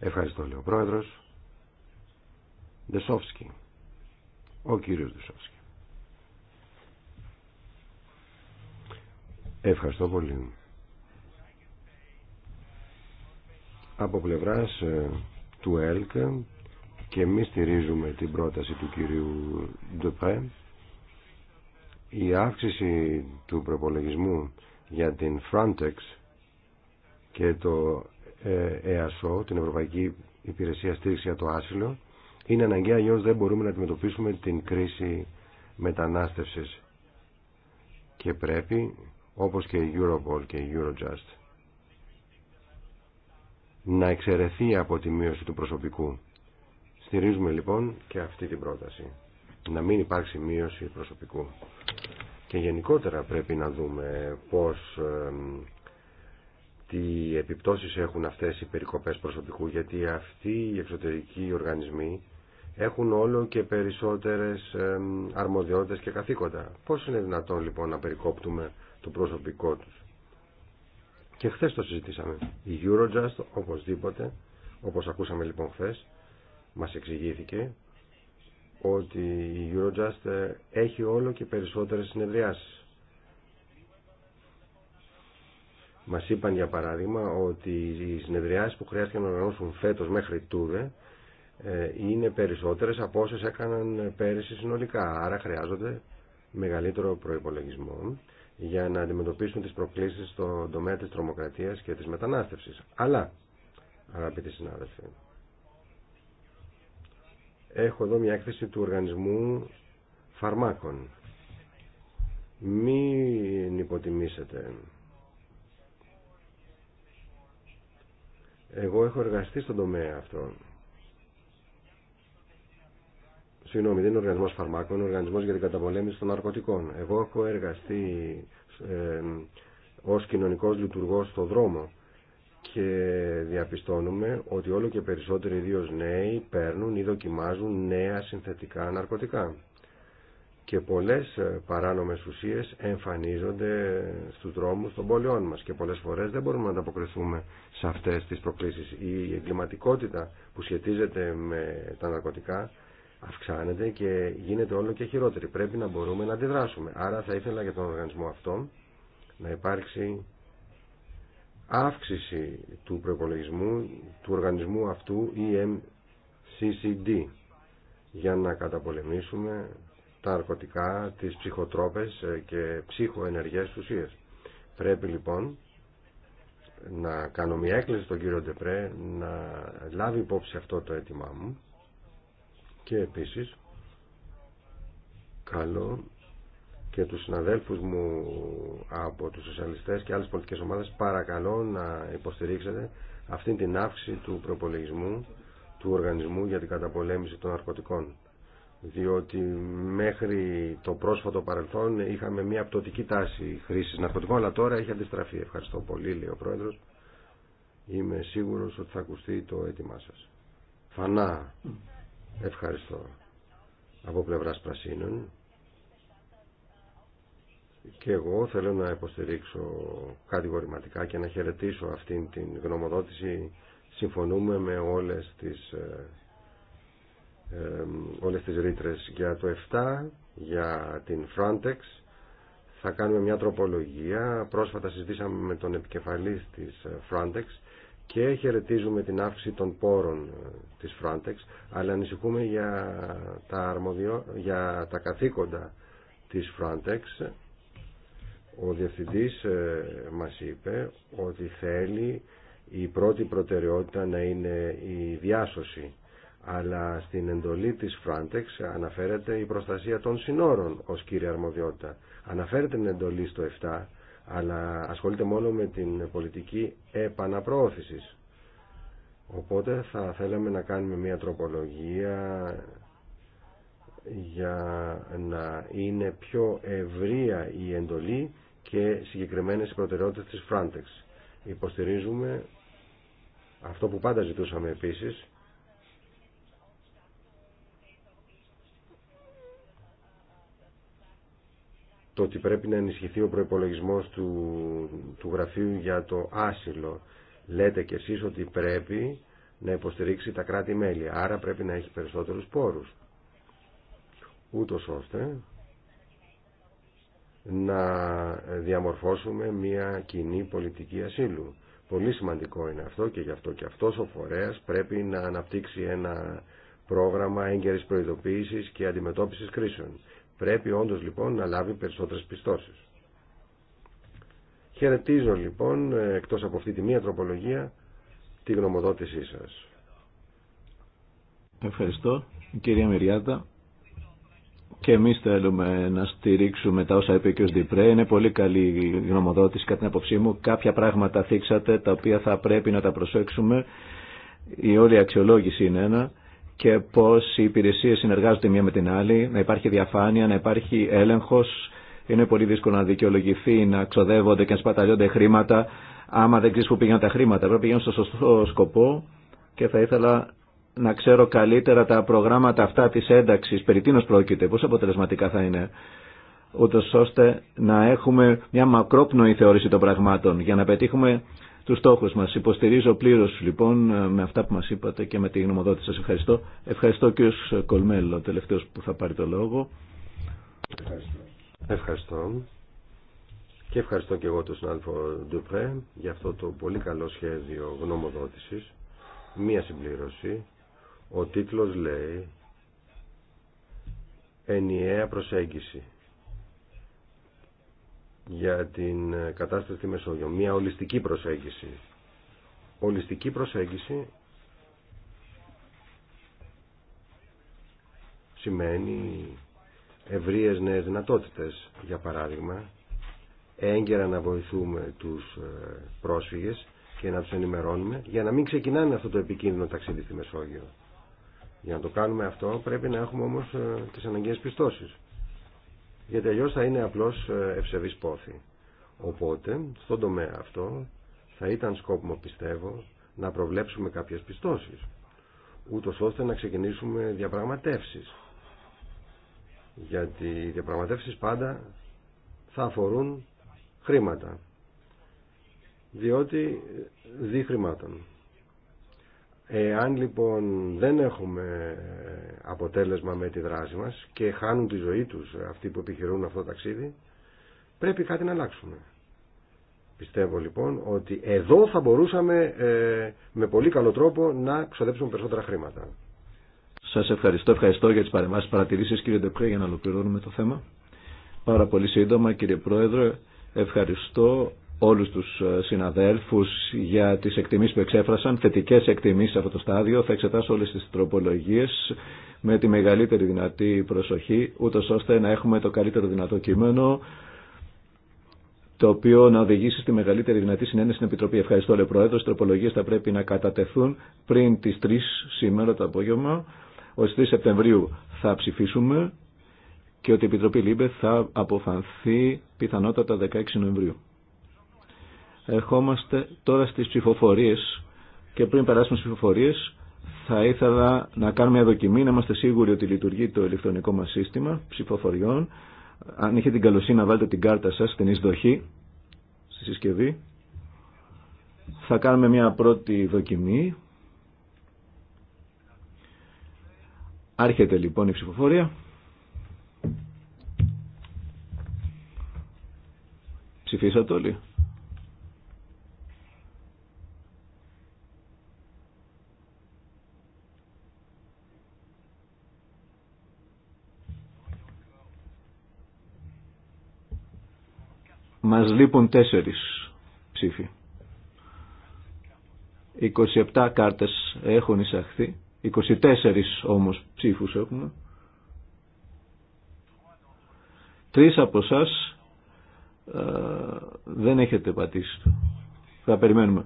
Ευχαριστώ, λέει ο Πρόεδρος. Δεσόφσκι. Ο κύριος Δεσόφσκι. Ευχαριστώ πολύ. Από πλευράς ε, του ΕΛΚ και εμεί στηρίζουμε την πρόταση του κυρίου Ντεπρέ. Η αύξηση του προπολογισμού για την Frontex και το ε, ΕΑΣΟ, την Ευρωπαϊκή Υπηρεσία Στήριξη για το Άσυλο, είναι αναγκαία, αλλιώ δεν μπορούμε να αντιμετωπίσουμε την κρίση μετανάστευσης και πρέπει, όπως και η Europol και η Eurojust, να εξαιρεθεί από τη μείωση του προσωπικού. Στηρίζουμε λοιπόν και αυτή την πρόταση. Να μην υπάρξει μείωση προσωπικού. Και γενικότερα πρέπει να δούμε πώς τι επιπτώσεις έχουν αυτές οι περικοπές προσωπικού γιατί αυτοί οι εξωτερικοί οργανισμοί έχουν όλο και περισσότερες αρμοδιότητες και καθήκοντα. Πώς είναι δυνατόν λοιπόν να περικόπτουμε το προσωπικό τους. Και χθε το συζητήσαμε. Η Eurojust οπωσδήποτε, όπως ακούσαμε λοιπόν χθε, μας εξηγήθηκε ότι η Eurojust ε, έχει όλο και περισσότερες συνεδριάσει. Μας είπαν για παράδειγμα ότι οι συνεδριάσει που χρειάστηκαν να οργανώσουν φέτος μέχρι τούδε ε, είναι περισσότερες από όσες έκαναν πέρυσι συνολικά. Άρα χρειάζονται μεγαλύτερο προπολογισμό για να αντιμετωπίσουν τις προκλήσεις στον τομέα της τρομοκρατίας και της μετανάστευσης. Αλλά, αγαπητοί συνάδελφοι, έχω εδώ μια έκθεση του οργανισμού φαρμάκων. Μην υποτιμήσετε. Εγώ έχω εργαστεί στον τομέα αυτό Συγγνώμη, δεν είναι οργανισμό φαρμάκων, είναι οργανισμό για την καταπολέμηση των ναρκωτικών. Εγώ έχω εργαστεί ε, ω κοινωνικό λειτουργό στο δρόμο και διαπιστώνουμε ότι όλο και περισσότεροι ιδίω νέοι παίρνουν ή δοκιμάζουν νέα συνθετικά ναρκωτικά. Και πολλέ ε, παράνομε ουσίες εμφανίζονται στου δρόμου των πόλεων μα. και πολλέ φορέ δεν μπορούμε να ανταποκριθούμε σε αυτέ τι προκλήσει. Η εγκληματικότητα που σχετίζεται με τα ναρκωτικά αυξάνεται και γίνεται όλο και χειρότερη. Πρέπει να μπορούμε να αντιδράσουμε. Άρα θα ήθελα για τον οργανισμό αυτό να υπάρξει αύξηση του προπολογισμού του οργανισμού αυτού EMCCD για να καταπολεμήσουμε τα αρκωτικά, τις ψυχοτρόπες ε, και ψυχοενεργές ουσίες. Πρέπει λοιπόν να κάνω μια έκκληση στον κύριο Ντεπρέ να λάβει υπόψη αυτό το αίτημά μου και επίσης καλό και τους συναδέλφους μου από τους σοσιαλιστές και άλλες πολιτικές ομάδες παρακαλώ να υποστηρίξετε αυτήν την αύξηση του προπολογισμού του οργανισμού για την καταπολέμηση των ναρκωτικών. Διότι μέχρι το πρόσφατο παρελθόν είχαμε μια πτωτική τάση χρήσης ναρκωτικών, αλλά τώρα έχει αντιστραφεί. Ευχαριστώ πολύ, λέει ο Πρόεδρος. Είμαι σίγουρος ότι θα ακουστεί το έτοιμά σας. Φανά. Ευχαριστώ. Από πλευράς Πρασίνων και εγώ θέλω να υποστηρίξω κατηγορηματικά και να χαιρετήσω αυτήν την γνωμοδότηση. Συμφωνούμε με όλες τις, ε, όλες τις ρήτρες για το 7, για την Frontex. Θα κάνουμε μια τροπολογία. Πρόσφατα συζητήσαμε με τον επικεφαλής της ε, Frontex και χαιρετίζουμε την αύξηση των πόρων ε, της Frontex, αλλά ανησυχούμε για τα, αρμοδιο... για τα καθήκοντα της Frontex. Ο Διευθυντής ε, μας είπε ότι θέλει η πρώτη προτεραιότητα να είναι η διάσωση, αλλά στην εντολή της Frontex αναφέρεται η προστασία των συνόρων ως κύρια αρμοδιότητα. Αναφέρεται την εντολή στο 7, αλλά ασχολείται μόνο με την πολιτική επαναπροώθησης. Οπότε θα θέλαμε να κάνουμε μια τροπολογία για να είναι πιο ευρία η εντολή και συγκεκριμένες προτεραιότητες της Frontex. Υποστηρίζουμε αυτό που πάντα ζητούσαμε επίσης, το ότι πρέπει να ενισχυθεί ο προϋπολογισμός του, του γραφείου για το άσυλο. Λέτε κι εσείς ότι πρέπει να υποστηρίξει τα κράτη-μέλη, άρα πρέπει να έχει περισσότερους πόρους. Ούτως ώστε να διαμορφώσουμε μια κοινή πολιτική ασύλου. Πολύ σημαντικό είναι αυτό και γι' αυτό και αυτός ο φορέας πρέπει να αναπτύξει ένα πρόγραμμα έγκαιρης προειδοποίησης και αντιμετώπισης κρίσεων. Πρέπει όντω λοιπόν να λάβει περισσότερες πιστώσεις. Χαιρετίζω λοιπόν, ε, εκτός από αυτή τη μία τροπολογία, τη γνωμοδότησή σας. Ευχαριστώ, κυρία Μυριάτα. Και εμεί θέλουμε να στηρίξουμε τα όσα είπε και ο Σντιπρέ. Είναι πολύ καλή η γνωμοδότηση κατά την άποψή μου. Κάποια πράγματα θίξατε τα οποία θα πρέπει να τα προσέξουμε. Η όλη αξιολόγηση είναι ένα και πώς οι υπηρεσίες συνεργάζονται μία με την άλλη, να υπάρχει διαφάνεια, να υπάρχει έλεγχος. Είναι πολύ δύσκολο να δικαιολογηθεί, να ξοδεύονται και να σπαταλιώνται χρήματα άμα δεν ξέρει που πήγαιναν τα χρήματα. Πρέπει να πηγαίνουν στο σωστό σκοπό και θα ήθελα να ξέρω καλύτερα τα προγράμματα αυτά της ένταξης, περί τίνος πρόκειται, πόσο αποτελεσματικά θα είναι, ούτως ώστε να έχουμε μια μακρόπνοη θεώρηση των πραγμάτων για να πετύχουμε τους στόχου μας. Υποστηρίζω πλήρως λοιπόν ε, με αυτά που μας είπατε και με τη γνωμοδότηση σα Ευχαριστώ. Ευχαριστώ και ω Κολμέλο, τελευταίο που θα πάρει το λόγο. Ευχαριστώ. ευχαριστώ. Και ευχαριστώ και εγώ τον συνάδελφο Ντουπρέ για αυτό το πολύ καλό σχέδιο γνωμοδότησης. Μία συμπλήρωση. Ο τίτλος λέει «Ενιαία προσέγγιση για την ε, κατάσταση στη Μεσόγειο. Μια ολιστική προσέγγιση. Ολιστική προσέγγιση σημαίνει ευρείες νέες δυνατότητες. Για παράδειγμα, έγκαιρα να βοηθούμε τους ε, πρόσφυγες και να τους ενημερώνουμε για να μην ξεκινάνε αυτό το επικίνδυνο ταξίδι στη Μεσόγειο. Για να το κάνουμε αυτό πρέπει να έχουμε όμως ε, τις αναγκαίες πιστώσεις γιατί αλλιώ θα είναι απλώς ε, ευσεβής πόθη. Οπότε, στον τομέα αυτό, θα ήταν σκόπιμο, πιστεύω, να προβλέψουμε κάποιες πιστώσεις, ούτω ώστε να ξεκινήσουμε διαπραγματεύσεις. Γιατί οι διαπραγματεύσεις πάντα θα αφορούν χρήματα, διότι ε, δι χρημάτων. Εάν λοιπόν δεν έχουμε αποτέλεσμα με τη δράση μας και χάνουν τη ζωή τους αυτοί που επιχειρούν αυτό το ταξίδι, πρέπει κάτι να αλλάξουμε. Πιστεύω λοιπόν ότι εδώ θα μπορούσαμε ε, με πολύ καλό τρόπο να ξοδέψουμε περισσότερα χρήματα. Σας ευχαριστώ, ευχαριστώ για τις παρεμβάσεις παρατηρήσεις κύριε Ντεπρέ για να ολοκληρώνουμε το θέμα. Πάρα πολύ σύντομα κύριε Πρόεδρε, ευχαριστώ όλους τους ε, συναδέλφους για τις εκτιμήσεις που εξέφρασαν, θετικές εκτιμήσεις σε αυτό το στάδιο. Θα εξετάσω όλες τις τροπολογίες με τη μεγαλύτερη δυνατή προσοχή, ούτως ώστε να έχουμε το καλύτερο δυνατό κείμενο, το οποίο να οδηγήσει στη μεγαλύτερη δυνατή συνένεση στην Επιτροπή. Ευχαριστώ, Λε Πρόεδρος. Τροπολογίες θα πρέπει να κατατεθούν πριν τις 3 σήμερα το απόγευμα. Ως 3 Σεπτεμβρίου θα ψηφίσουμε και ότι η Επιτροπή Λίμπε θα αποφανθεί πιθανότατα 16 Νοεμβρίου. Ερχόμαστε τώρα στις ψηφοφορίες και πριν περάσουμε στις ψηφοφορίες θα ήθελα να κάνουμε μια δοκιμή, να είμαστε σίγουροι ότι λειτουργεί το ηλεκτρονικό μας σύστημα ψηφοφοριών. Αν έχετε την καλοσύνη να βάλετε την κάρτα σας στην εισδοχή, στη συσκευή, θα κάνουμε μια πρώτη δοκιμή. Άρχεται λοιπόν η ψηφοφορία. Ψηφίσατε όλοι. Μας λείπουν τέσσερις ψήφοι. 27 κάρτες έχουν εισαχθεί. 24 όμως ψήφους έχουμε. Τρεις από εσά ε, δεν έχετε πατήσει. Θα περιμένουμε.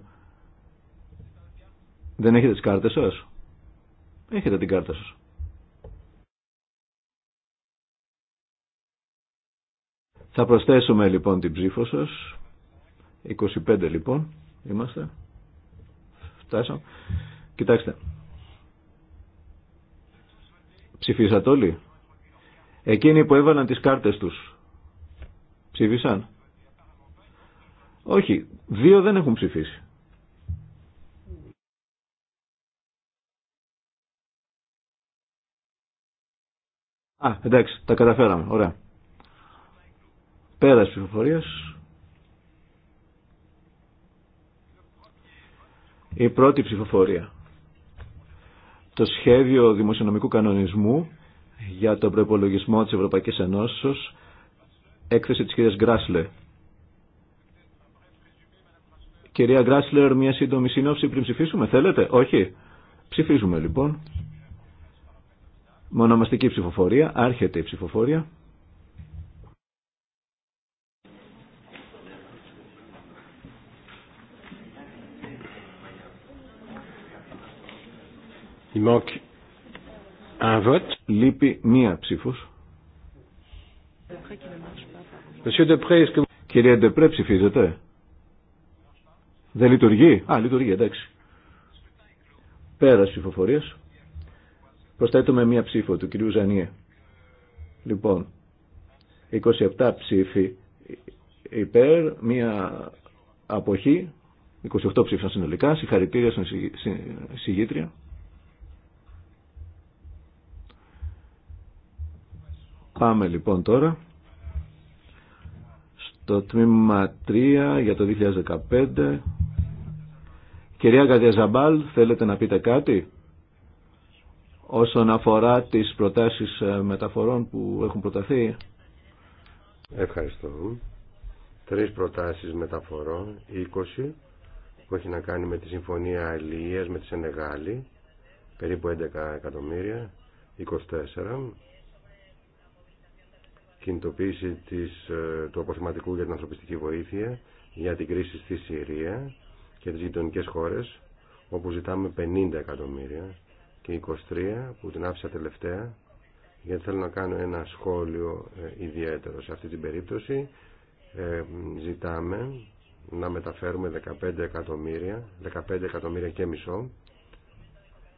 Δεν έχετε τις κάρτες σας. Έχετε την κάρτα σας. Θα προσθέσουμε λοιπόν την ψήφο σας. 25 λοιπόν είμαστε. Φτάσαμε. Κοιτάξτε. Ψηφίσατε όλοι. Εκείνοι που έβαλαν τις κάρτες τους. Ψήφισαν. Όχι. Δύο δεν έχουν ψηφίσει. Α, εντάξει, τα καταφέραμε. Ωραία. Πέρας ψηφοφορίας. Η πρώτη ψηφοφορία. Το σχέδιο δημοσιονομικού κανονισμού για τον προπολογισμό της Ευρωπαϊκής Ενώσης έκθεση της κυρίας Γκράσλε. Κυρία Γκράσλε, μια σύντομη σύνοψη πριν ψηφίσουμε, θέλετε, όχι. Ψηφίζουμε λοιπόν. Μονομαστική ψηφοφορία, άρχεται η ψηφοφορία. Il un vote. Λείπει μία ψήφος. Κυρία Ντεπρέ, ψηφίζετε. Δεν λειτουργεί. Α, λειτουργεί, εντάξει. Πέρας ψηφοφορίας. Προσθέτουμε μία ψήφο του κυρίου Ζανιέ. Λοιπόν, 27 ψήφοι υπέρ, μία αποχή, 28 ψήφισαν συνολικά. Συγχαρητήρια στην συγγήτρια. Πάμε λοιπόν τώρα στο τμήμα 3 για το 2015. Κυρία Καδιαζαμπάλ, θέλετε να πείτε κάτι όσον αφορά τις προτάσεις ε, μεταφορών που έχουν προταθεί. Ευχαριστώ. Τρεις προτάσεις μεταφορών, 20, που έχει να κάνει με τη Συμφωνία Αλληλείας με τη Σενεγάλη, περίπου 11 εκατομμύρια, 24, κινητοποίηση της, ε, του αποθεματικού για την ανθρωπιστική βοήθεια για την κρίση στη Συρία και τις γειτονικέ χώρες όπου ζητάμε 50 εκατομμύρια και 23 που την άφησα τελευταία γιατί θέλω να κάνω ένα σχόλιο ε, ιδιαίτερο σε αυτή την περίπτωση ε, ζητάμε να μεταφέρουμε 15 εκατομμύρια 15 εκατομμύρια και μισό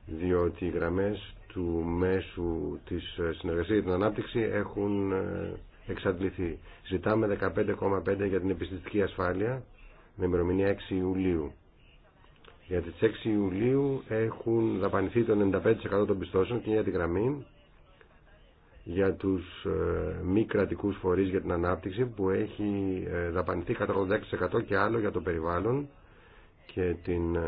διότι οι γραμμές του μέσου της ε, συνεργασίας για την ανάπτυξη έχουν ε, εξαντληθεί. Ζητάμε 15,5 για την επιστημιστική ασφάλεια με ημερομηνία 6 Ιουλίου. Για τις 6 Ιουλίου έχουν δαπανηθεί το 95% των πιστώσεων και για τη γραμμή για τους ε, μη κρατικού φορείς για την ανάπτυξη που έχει δαπανηθεί 186% και άλλο για το περιβάλλον και την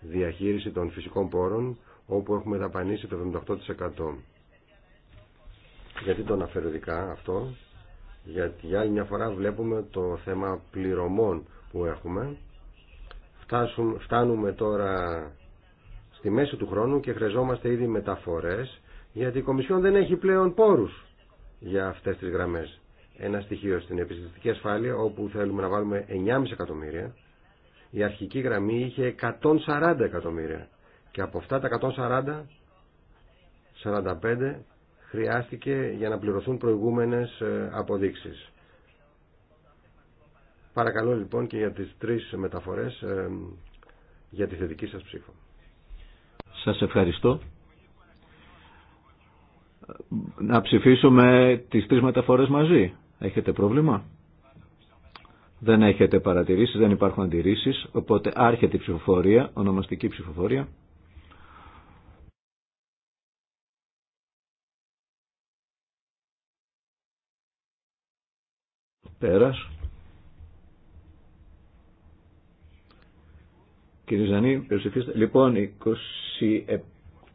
διαχείριση των φυσικών πόρων όπου έχουμε δαπανίσει το 78%. Γιατί το αναφέρω αυτό, γιατί για άλλη μια φορά βλέπουμε το θέμα πληρωμών που έχουμε. φτάνουμε τώρα στη μέση του χρόνου και χρειαζόμαστε ήδη μεταφορές, γιατί η Κομισιόν δεν έχει πλέον πόρους για αυτές τις γραμμές. Ένα στοιχείο στην επιστημιστική ασφάλεια, όπου θέλουμε να βάλουμε 9,5 εκατομμύρια, η αρχική γραμμή είχε 140 εκατομμύρια. Και από αυτά τα 140, 45 χρειάστηκε για να πληρωθούν προηγούμενες ε, αποδείξεις. Παρακαλώ λοιπόν και για τις τρεις μεταφορές ε, για τη θετική σας ψήφο. Σας ευχαριστώ. Να ψηφίσουμε τις τρεις μεταφορές μαζί. Έχετε πρόβλημα. Δεν έχετε παρατηρήσεις, δεν υπάρχουν αντιρρήσεις, οπότε άρχεται η ψηφοφορία, ονομαστική ψηφοφορία. Πέρας. Κύριε Ζανή, Λοιπόν,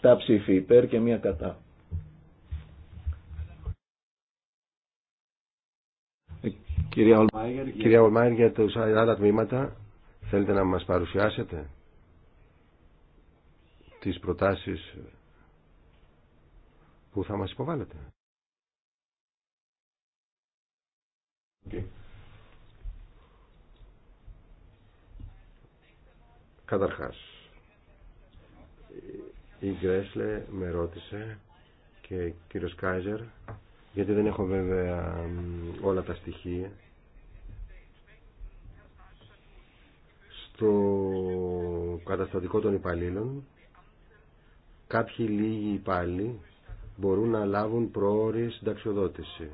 27 ψήφοι υπέρ και μία κατά. Κυρία Ολμάιερ, Κυρία Ολμάιερ, για τους άλλα τμήματα θέλετε να μας παρουσιάσετε τις προτάσεις που θα μας υποβάλλετε. Καταρχάς, η Γκρέσλε με ρώτησε και ο κύριος Κάιζερ, γιατί δεν έχω βέβαια όλα τα στοιχεία, στο καταστατικό των υπαλλήλων, κάποιοι λίγοι υπάλληλοι μπορούν να λάβουν προώρη συνταξιοδότηση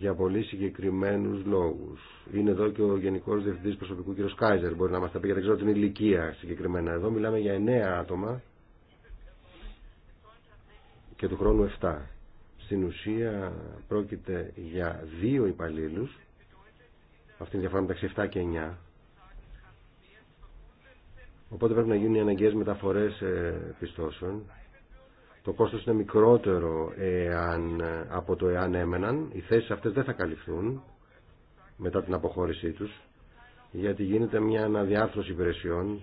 για πολύ συγκεκριμένου λόγους. Είναι εδώ και ο Γενικό Διευθυντής Προσωπικού κ. Κάιζερ, μπορεί να μας τα πει, γιατί δεν ξέρω την ηλικία συγκεκριμένα. Εδώ μιλάμε για 9 άτομα και του χρόνου 7. Στην ουσία πρόκειται για δύο υπαλλήλου, αυτή είναι η διαφορά μεταξύ 7 και 9, Οπότε πρέπει να γίνουν οι αναγκαίες μεταφορές ε, πιστώσεων το κόστος είναι μικρότερο εάν, από το εάν έμεναν. Οι θέσεις αυτές δεν θα καλυφθούν μετά την αποχώρησή τους γιατί γίνεται μια αναδιάρθρωση υπηρεσιών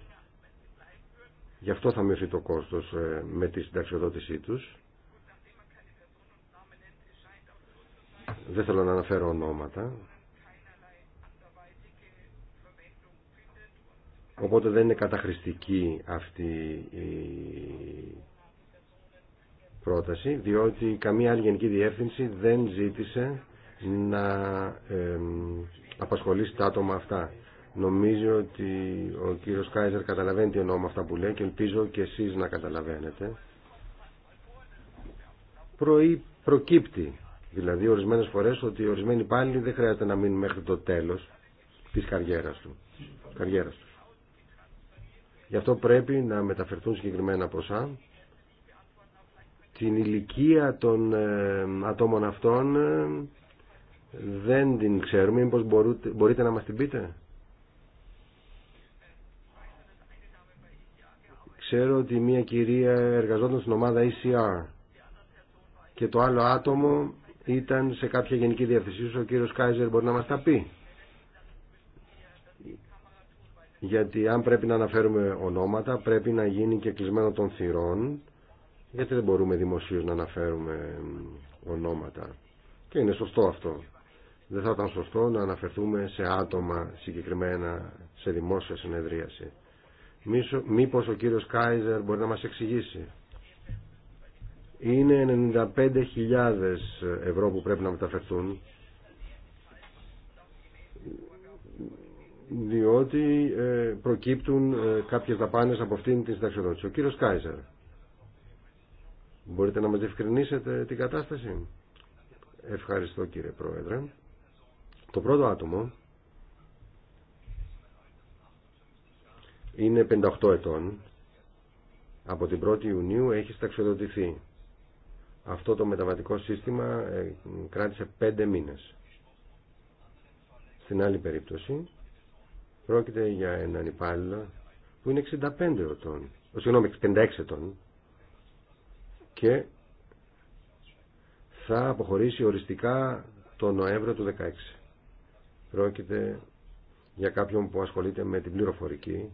γι' αυτό θα μειωθεί το κόστος ε, με τη συνταξιοδότησή τους δεν θέλω να αναφέρω ονόματα οπότε δεν είναι καταχρηστική αυτή η πρόταση, διότι καμία άλλη γενική διεύθυνση δεν ζήτησε να απασχολήσει τα άτομα αυτά. Νομίζω ότι ο κύριος Κάιζερ καταλαβαίνει τι εννοώ με αυτά που λέει και ελπίζω και εσείς να καταλαβαίνετε. προκύπτει δηλαδή ορισμένες φορές ότι ορισμένοι πάλι δεν χρειάζεται να μείνουν μέχρι το τέλος της καριέρας, του, καριέρας του. Γι' αυτό πρέπει να μεταφερθούν συγκεκριμένα ποσά την ηλικία των ε, ατόμων αυτών ε, δεν την ξέρουμε. Μήπως μπορείτε, μπορείτε να μας την πείτε. Ξέρω ότι μία κυρία εργαζόταν στην ομάδα ECR και το άλλο άτομο ήταν σε κάποια γενική διευθυνσή. Ο κύριος Κάιζερ μπορεί να μας τα πει. Γιατί αν πρέπει να αναφέρουμε ονόματα πρέπει να γίνει και κλεισμένο των θυρών γιατί δεν μπορούμε δημοσίως να αναφέρουμε ονόματα. Και είναι σωστό αυτό. Δεν θα ήταν σωστό να αναφερθούμε σε άτομα συγκεκριμένα σε δημόσια συνεδρίαση. Μήπως ο κύριος Κάιζερ μπορεί να μας εξηγήσει. Είναι 95.000 ευρώ που πρέπει να μεταφερθούν διότι ε, προκύπτουν ε, κάποιες δαπάνε από αυτήν την συνταξιοδότηση. Ο κύριος Κάιζερ. Μπορείτε να μας διευκρινίσετε την κατάσταση. Ευχαριστώ κύριε Πρόεδρε. Το πρώτο άτομο είναι 58 ετών. Από την 1η Ιουνίου έχει σταξιοδοτηθεί. Αυτό το μεταβατικό σύστημα ε, κράτησε 5 μήνες. Στην άλλη περίπτωση πρόκειται για έναν υπάλληλο που είναι 65 ετών. Ε, συγγνώμη, 56 ετών και θα αποχωρήσει οριστικά το Νοέμβριο του 2016. Πρόκειται για κάποιον που ασχολείται με την πληροφορική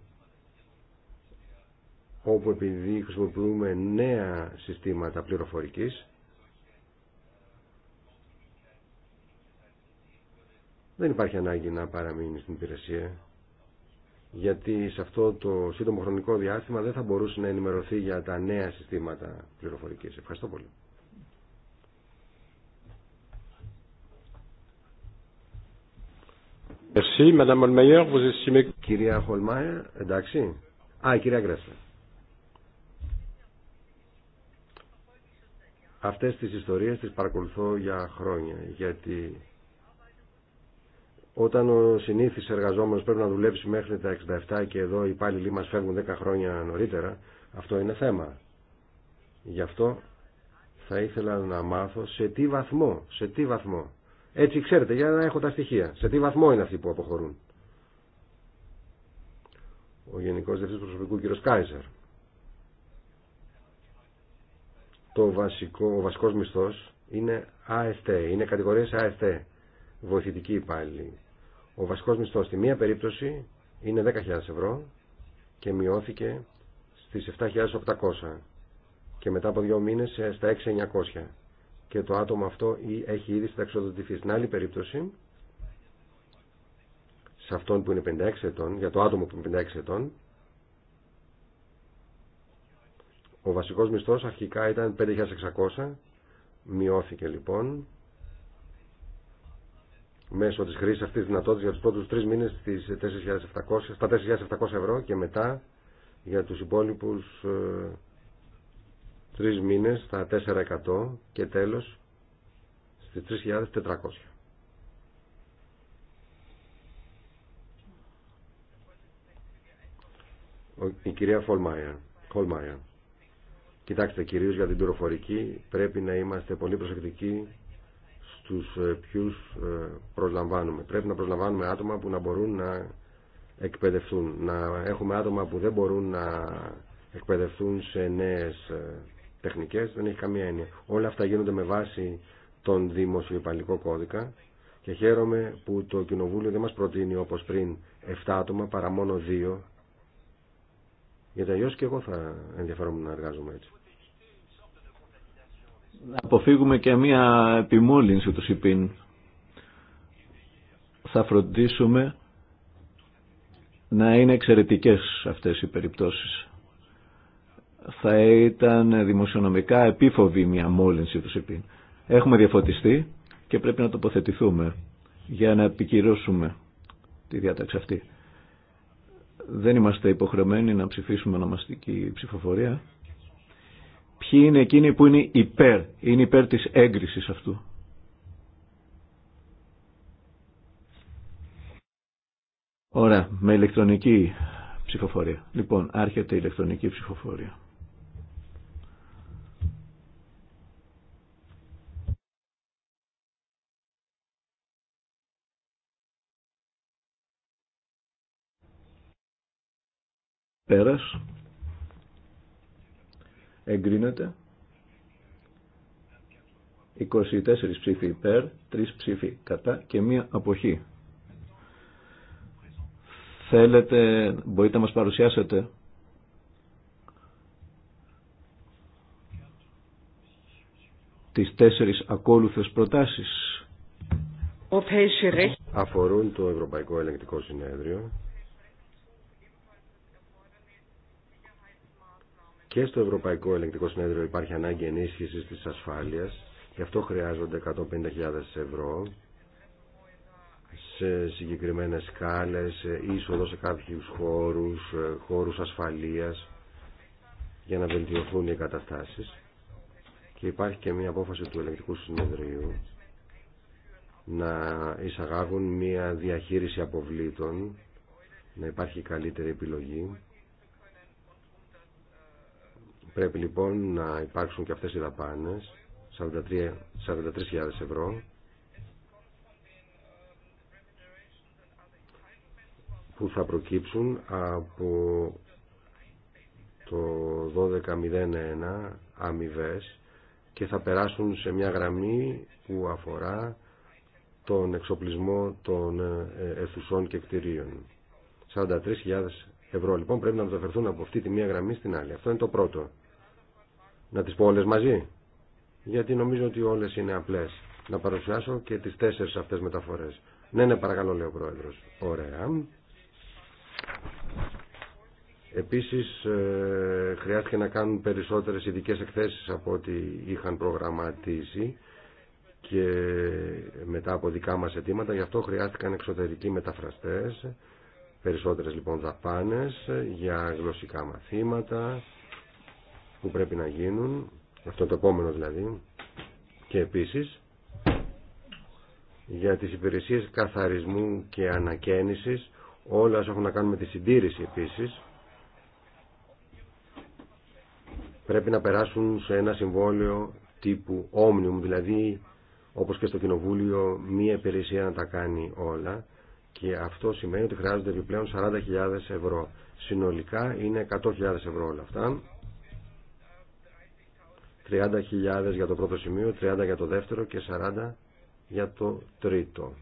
όπου επειδή χρησιμοποιούμε νέα συστήματα πληροφορικής δεν υπάρχει ανάγκη να παραμείνει στην υπηρεσία γιατί σε αυτό το σύντομο χρονικό διάστημα δεν θα μπορούσε να ενημερωθεί για τα νέα συστήματα πληροφορικής. Ευχαριστώ πολύ. Merci, Madame vous estimez... Κυρία Χολμάιερ, εντάξει. Α, κυρία Αυτές τις ιστορίες τις παρακολουθώ για χρόνια, γιατί όταν ο συνήθις εργαζόμενο πρέπει να δουλέψει μέχρι τα 67 και εδώ οι υπάλληλοι μα φεύγουν 10 χρόνια νωρίτερα, αυτό είναι θέμα. Γι' αυτό θα ήθελα να μάθω σε τι βαθμό, σε τι βαθμό. Έτσι ξέρετε, για να έχω τα στοιχεία. Σε τι βαθμό είναι αυτοί που αποχωρούν. Ο Γενικός Διευθυντής Προσωπικού κ. Κάιζερ. Το βασικό, ο βασικός μισθός είναι AST, είναι κατηγορίες AST βοηθητικοί υπάλληλοι. Ο βασικός μισθός στη μία περίπτωση είναι 10.000 ευρώ και μειώθηκε στις 7.800 και μετά από δύο μήνες ε, στα 6.900 και το άτομο αυτό έχει ήδη συνταξιοδοτηθεί. Στην άλλη περίπτωση, σε αυτόν που είναι 56 ετών, για το άτομο που είναι 56 ετών, ο βασικός μισθός αρχικά ήταν 5.600, μειώθηκε λοιπόν μέσω τη χρήση αυτή τη δυνατότητα για του πρώτου τρει μήνε στα 4.700 ευρώ και μετά για του υπόλοιπου ε, τρεις μήνες στα 4.100 και τέλο στι 3.400. Η κυρία Φολμάια. Κοιτάξτε, κυρίως για την πληροφορική πρέπει να είμαστε πολύ προσεκτικοί στους ε, ποιους ε, προσλαμβάνουμε. Πρέπει να προσλαμβάνουμε άτομα που να μπορούν να εκπαιδευτούν. Να έχουμε άτομα που δεν μπορούν να εκπαιδευτούν σε νέες ε, τεχνικές, δεν έχει καμία έννοια. Όλα αυτά γίνονται με βάση τον δημοσιοπαλικό κώδικα και χαίρομαι που το Κοινοβούλιο δεν μας προτείνει όπως πριν 7 άτομα παρά μόνο 2 γιατί αλλιώ και εγώ θα ενδιαφέρομαι να εργάζομαι έτσι να αποφύγουμε και μία επιμόλυνση του ΣΥΠΗΝ. Θα φροντίσουμε να είναι εξαιρετικές αυτές οι περιπτώσεις. Θα ήταν δημοσιονομικά επίφοβη μια μόλυνση του ΣΥΠΗΝ. Έχουμε διαφωτιστεί και πρέπει να τοποθετηθούμε για να επικυρώσουμε τη διάταξη αυτή. Δεν είμαστε υποχρεωμένοι να ψηφίσουμε ονομαστική ψηφοφορία ποιοι είναι εκείνοι που είναι υπέρ, είναι υπέρ της έγκρισης αυτού. Ωραία, με ηλεκτρονική ψηφοφορία. Λοιπόν, άρχεται η ηλεκτρονική ψηφοφορία. Πέρας εγκρίνεται 24 ψήφοι υπέρ, 3 ψήφοι κατά και μία αποχή. Θέλετε, μπορείτε να μας παρουσιάσετε τις τέσσερις ακόλουθες προτάσεις. Αφορούν το Ευρωπαϊκό Ελεγκτικό Συνέδριο Και στο Ευρωπαϊκό Ελεγκτικό Συνέδριο υπάρχει ανάγκη ενίσχυση της ασφάλειας. Γι' αυτό χρειάζονται 150.000 ευρώ σε συγκεκριμένες σκάλες, είσοδο σε κάποιους χώρους, ε, χώρους ασφαλείας για να βελτιωθούν οι καταστάσεις. Και υπάρχει και μια απόφαση του Ελεκτικού Συνεδρίου να εισαγάγουν μια διαχείριση αποβλήτων, να υπάρχει καλύτερη επιλογή Πρέπει λοιπόν να υπάρξουν και αυτές οι δαπάνες, 43.000 ευρώ, που θα προκύψουν από το 12.01 αμοιβέ και θα περάσουν σε μια γραμμή που αφορά τον εξοπλισμό των ε, αιθουσών και κτηρίων. 43.000 ευρώ λοιπόν πρέπει να μεταφερθούν από αυτή τη μία γραμμή στην άλλη. Αυτό είναι το πρώτο. Να τις πω όλες μαζί. Γιατί νομίζω ότι όλες είναι απλές. Να παρουσιάσω και τις τέσσερις αυτές μεταφορές. Ναι, ναι, παρακαλώ, λέει ο Πρόεδρος. Ωραία. Επίσης, ε, χρειάστηκε να κάνουν περισσότερες ειδικέ εκθέσεις από ό,τι είχαν προγραμματίσει και μετά από δικά μας αιτήματα. Γι' αυτό χρειάστηκαν εξωτερικοί μεταφραστές, περισσότερες λοιπόν δαπάνες για γλωσσικά μαθήματα, που πρέπει να γίνουν, αυτό το επόμενο δηλαδή, και επίσης για τις υπηρεσίες καθαρισμού και ανακαίνησης, όλα όσα έχουν να κάνουν με τη συντήρηση επίσης, πρέπει να περάσουν σε ένα συμβόλαιο τύπου Omnium, δηλαδή όπως και στο Κοινοβούλιο μία υπηρεσία να τα κάνει όλα και αυτό σημαίνει ότι χρειάζονται επιπλέον 40.000 ευρώ. Συνολικά είναι 100.000 ευρώ όλα αυτά. 30.000 για το πρώτο σημείο, 30 για το δεύτερο και 40 για το τρίτο.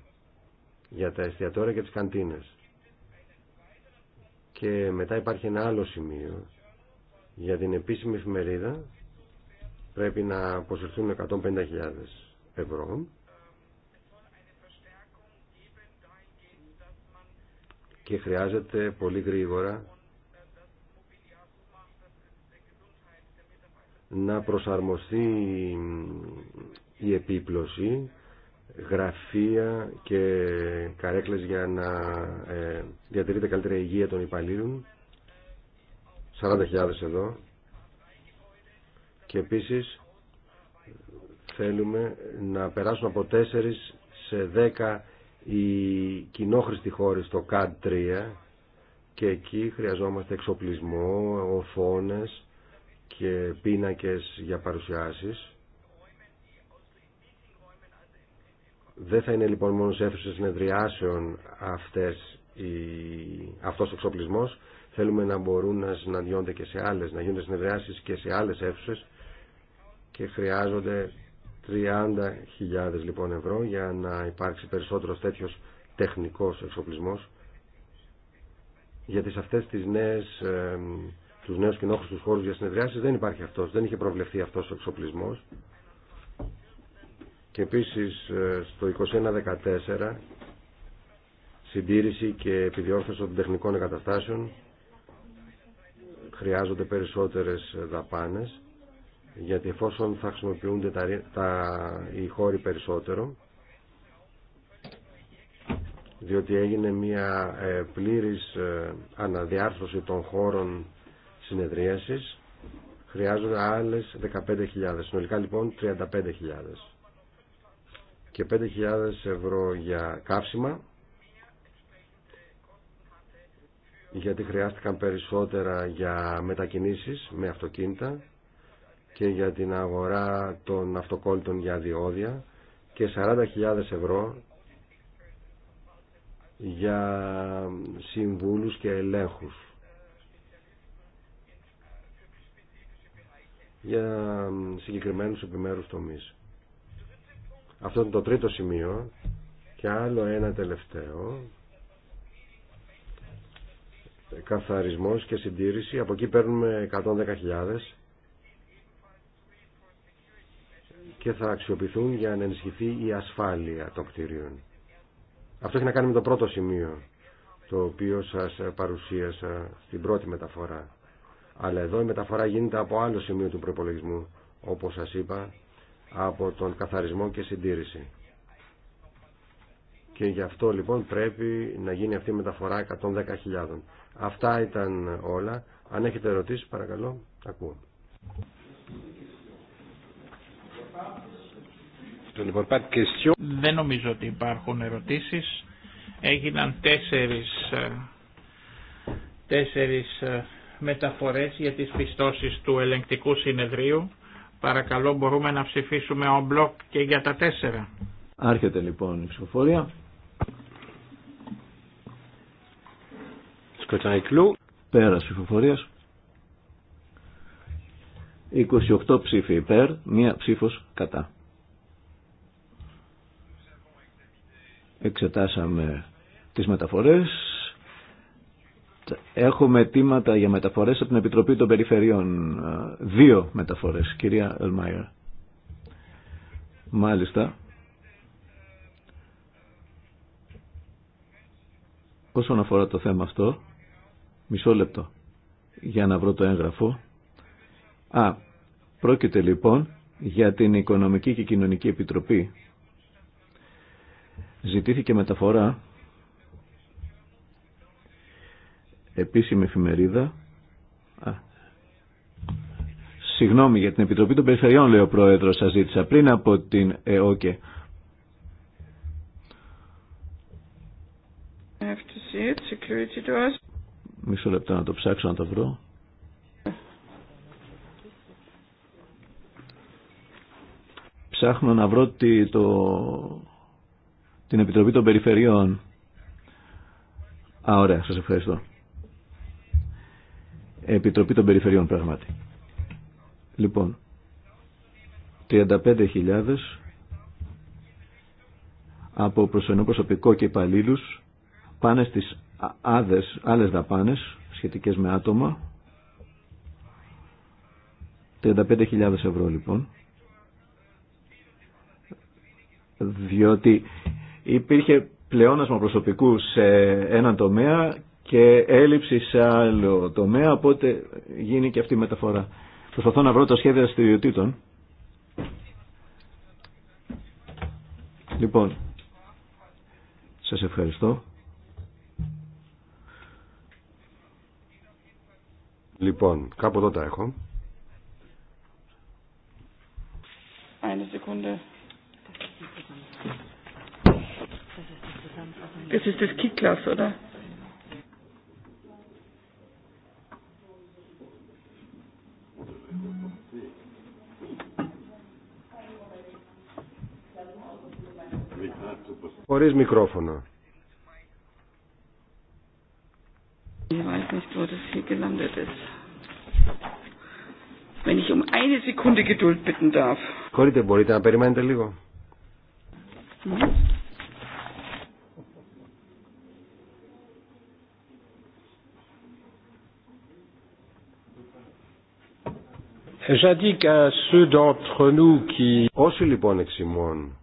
Για τα εστιατόρια και τις καντίνες. Και μετά υπάρχει ένα άλλο σημείο για την επίσημη εφημερίδα πρέπει να αποσυρθούν 150.000 ευρώ και χρειάζεται πολύ γρήγορα να προσαρμοστεί η επίπλωση γραφεία και καρέκλες για να ε, διατηρείται καλύτερη υγεία των υπαλλήλων 40.000 εδώ και επίσης θέλουμε να περάσουν από 4 σε 10 οι κοινόχρηστοι χώροι στο CAD 3 και εκεί χρειαζόμαστε εξοπλισμό, οθόνες και πίνακες για παρουσιάσεις. Δεν θα είναι λοιπόν μόνο σε αίθουσες συνεδριάσεων αυτές αυτός ο εξοπλισμός. Θέλουμε να μπορούν να συναντιόνται και σε άλλες, να γίνονται συνεδριάσεις και σε άλλες αίθουσες και χρειάζονται 30.000 λοιπόν ευρώ για να υπάρξει περισσότερο τέτοιος τεχνικός εξοπλισμός γιατί σε αυτές τις νέες τους νέους του χώρους για συνεδριάσει δεν υπάρχει αυτός, δεν είχε προβλεφθεί αυτός ο εξοπλισμός. Και επίση ε, στο 2114 συντήρηση και επιδιόρθωση των τεχνικών εγκαταστάσεων χρειάζονται περισσότερες δαπάνες γιατί εφόσον θα χρησιμοποιούνται τα, οι χώροι περισσότερο διότι έγινε μια ε, πλήρης ε, αναδιάρθρωση των χώρων συνεδρίασης χρειάζονται άλλες 15.000. Συνολικά λοιπόν 35.000. Και 5.000 ευρώ για καύσιμα γιατί χρειάστηκαν περισσότερα για μετακινήσεις με αυτοκίνητα και για την αγορά των αυτοκόλλητων για διόδια και 40.000 ευρώ για συμβούλους και ελέγχους για συγκεκριμένους επιμέρους τομείς. Αυτό είναι το τρίτο σημείο και άλλο ένα τελευταίο καθαρισμός και συντήρηση από εκεί παίρνουμε 110.000 και θα αξιοποιηθούν για να ενισχυθεί η ασφάλεια των κτίριων. Αυτό έχει να κάνει με το πρώτο σημείο το οποίο σας παρουσίασα στην πρώτη μεταφορά αλλά εδώ η μεταφορά γίνεται από άλλο σημείο του προπολογισμού, όπως σας είπα, από τον καθαρισμό και συντήρηση. Και γι' αυτό λοιπόν πρέπει να γίνει αυτή η μεταφορά 110.000. Αυτά ήταν όλα. Αν έχετε ερωτήσεις παρακαλώ, ακούω. Δεν νομίζω ότι υπάρχουν ερωτήσεις. Έγιναν τέσσερις, ε, τέσσερις ε, μεταφορές για τις πιστώσεις του ελεγκτικού συνεδρίου. Παρακαλώ μπορούμε να ψηφίσουμε ο μπλοκ και για τα τέσσερα. Άρχεται λοιπόν η ψηφοφορία. Σκοτάει κλού. Πέρα ψηφοφορίας. 28 ψήφοι υπέρ, μία ψήφος κατά. Εξετάσαμε τις μεταφορές Έχουμε αιτήματα για μεταφορές από την Επιτροπή των Περιφερειών. Ε, δύο μεταφορές, κυρία Ελμάιερ. Μάλιστα. Όσον αφορά το θέμα αυτό, μισό λεπτό για να βρω το έγγραφο. Α, πρόκειται λοιπόν για την Οικονομική και Κοινωνική Επιτροπή. Ζητήθηκε μεταφορά επίσημη εφημερίδα. Α. Συγγνώμη για την Επιτροπή των Περιφερειών, λέει ο Πρόεδρος, σας ζήτησα πριν από την ΕΟΚΕ. Μισό λεπτό να το ψάξω να το βρω. Ψάχνω να βρω το, την Επιτροπή των Περιφερειών. Α, ωραία, σας ευχαριστώ. Επιτροπή των Περιφερειών πράγματι. Λοιπόν, 35.000 από προσωπικό και υπαλλήλου πάνε στις άδες, άλλες δαπάνες σχετικές με άτομα. 35.000 ευρώ λοιπόν. Διότι υπήρχε πλεόνασμα προσωπικού σε έναν τομέα και έλλειψη σε άλλο τομέα, οπότε γίνει και αυτή η μεταφορά. Προσπαθώ να βρω τα σχέδια δραστηριοτήτων. Λοιπόν, σας ευχαριστώ. Λοιπόν, κάπου εδώ τα έχω. Eine Sekunde. Das ist das Kicklass, oder? Χωρίς μικρόφωνο. Ich weiß nicht, wo das hier gelandet ist. Wenn ich um eine Sekunde Geduld bitten darf. Χωρίτε, μπορείτε να περιμένετε λίγο. J'indique à ceux d'entre nous qui... Όσοι λοιπόν εξημών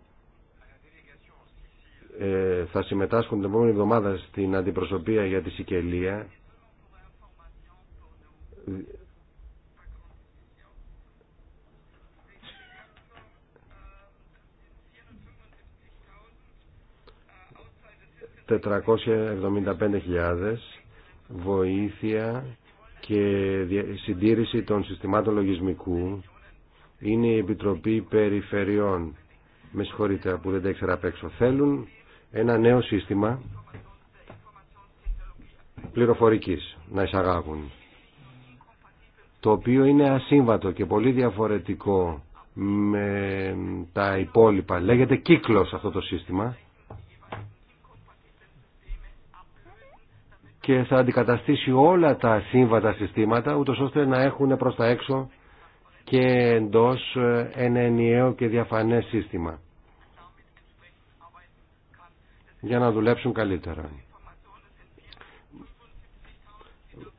ε, θα συμμετάσχουν την επόμενη εβδομάδα στην αντιπροσωπεία για τη Σικελία ...475.000 βοήθεια και συντήρηση των συστημάτων λογισμικού είναι η Επιτροπή Περιφερειών. Με συγχωρείτε που δεν τα ήξερα απ' έξω. Θέλουν ένα νέο σύστημα πληροφορικής να εισαγάγουν το οποίο είναι ασύμβατο και πολύ διαφορετικό με τα υπόλοιπα. Λέγεται κύκλος αυτό το σύστημα και θα αντικαταστήσει όλα τα ασύμβατα συστήματα ούτως ώστε να έχουν προς τα έξω και εντός ε, ένα ενιαίο και διαφανές σύστημα για να δουλέψουν καλύτερα.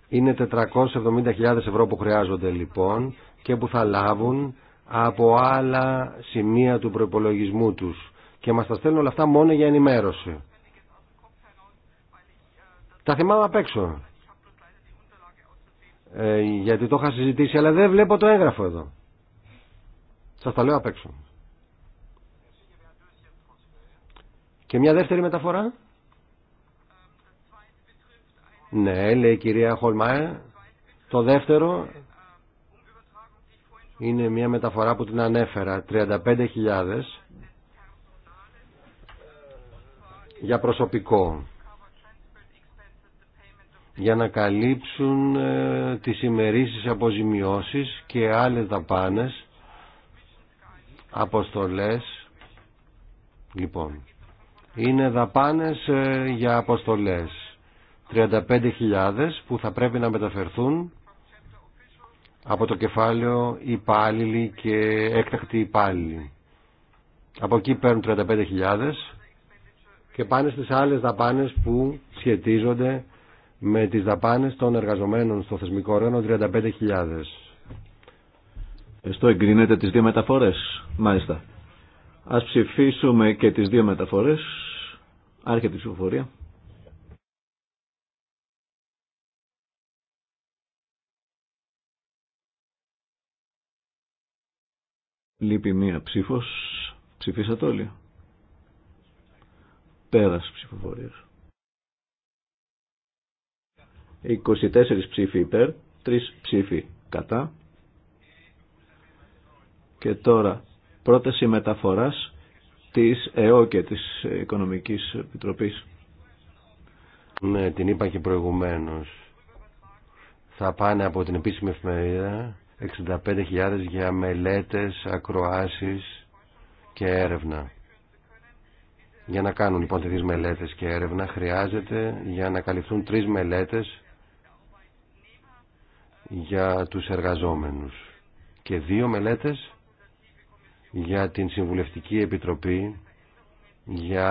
Είναι 470.000 ευρώ που χρειάζονται λοιπόν και που θα λάβουν από άλλα σημεία του προπολογισμού τους και μας τα στέλνουν όλα αυτά μόνο για ενημέρωση. Τα θυμάμαι απ' έξω. Ε, γιατί το είχα συζητήσει αλλά δεν βλέπω το έγγραφο εδώ. Σας τα λέω απ' έξω. Και μια δεύτερη μεταφορά. Ναι, λέει η κυρία Χολμάε Το δεύτερο είναι μια μεταφορά που την ανέφερα. 35.000 για προσωπικό για να καλύψουν ε, τις ημερήσεις αποζημιώσεις και άλλες δαπάνες αποστολές λοιπόν είναι δαπάνες ε, για αποστολές 35.000 που θα πρέπει να μεταφερθούν από το κεφάλαιο υπάλληλοι και έκτακτοι υπάλληλοι. Από εκεί παίρνουν 35.000 και πάνε στις άλλες δαπάνες που σχετίζονται με τις δαπάνες των εργαζομένων στο θεσμικό ρένο 35.000. Εστώ εγκρίνεται τις δύο μεταφορές, μάλιστα. Ας ψηφίσουμε και τις δύο μεταφορές. Άρχεται η ψηφοφορία. Λείπει μία ψήφος. Ψηφίσατε όλοι. Πέρας ψηφοφορίας. 24 ψήφοι υπέρ, 3 ψήφοι κατά. Και τώρα πρόταση μεταφοράς της ΕΟ και της Οικονομικής Επιτροπής. Ναι, την είπα και προηγουμένως. Θα πάνε από την επίσημη εφημερίδα 65.000 για μελέτες, ακροάσεις και έρευνα. Για να κάνουν λοιπόν τέτοιες μελέτες και έρευνα χρειάζεται για να καλυφθούν τρεις μελέτες για τους εργαζόμενους και δύο μελέτες για την Συμβουλευτική Επιτροπή για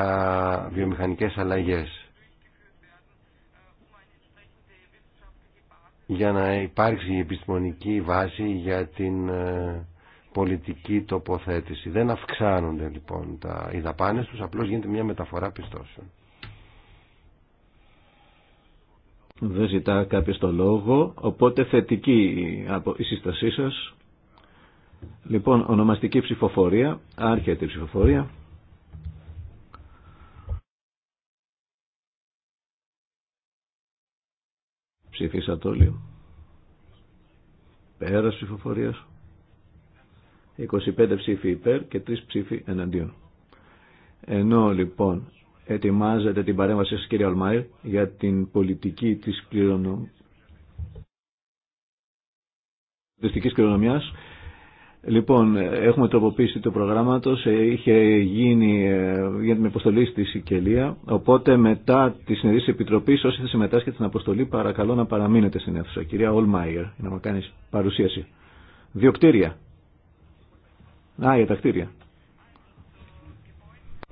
βιομηχανικές αλλαγές για να υπάρξει η επιστημονική βάση για την ε, πολιτική τοποθέτηση. Δεν αυξάνονται λοιπόν τα, οι δαπάνες τους, απλώς γίνεται μια μεταφορά πιστώσεων. Δεν ζητά κάποιος το λόγο, οπότε θετική η σύστασή σας. Λοιπόν, ονομαστική ψηφοφορία, άρχεται η ψηφοφορία. το όλοι. Πέρας ψηφοφορίας. 25 ψήφοι υπέρ και 3 ψήφοι εναντίον. Ενώ λοιπόν ετοιμάζεται την παρέμβαση σας κύριε αλμαίρ για την πολιτική της κληρονομιάς Λοιπόν, έχουμε τροποποίησει το προγράμματος, είχε γίνει ε, για την αποστολή στη Σικελία, οπότε μετά τη συνεδρίαση επιτροπής, όσοι θα συμμετάσχετε στην αποστολή, παρακαλώ να παραμείνετε στην αίθουσα. Κυρία Ολμάιερ, να μου κάνεις παρουσίαση. Δύο κτίρια. Α, για τα κτίρια.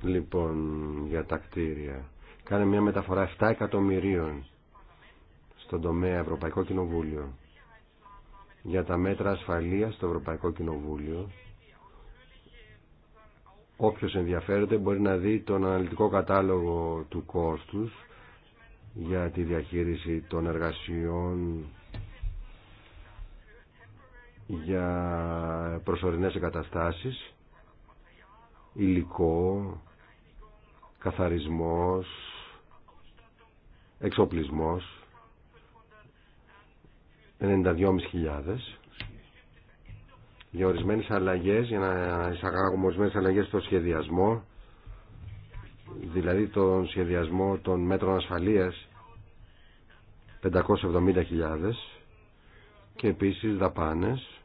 Λοιπόν, για τα κτίρια. Κάνε μια μεταφορά 7 εκατομμυρίων στον τομέα Ευρωπαϊκό Κοινοβούλιο για τα μέτρα ασφαλείας στο Ευρωπαϊκό Κοινοβούλιο. Όποιος ενδιαφέρεται μπορεί να δει τον αναλυτικό κατάλογο του κόστους για τη διαχείριση των εργασιών για προσωρινές εγκαταστάσεις, υλικό, καθαρισμός, εξοπλισμός 92.500 για ορισμένες αλλαγές, για να εισαγάγουμε ορισμένες αλλαγές στο σχεδιασμό, δηλαδή τον σχεδιασμό των μέτρων ασφαλείας 570.000 και επίσης δαπάνες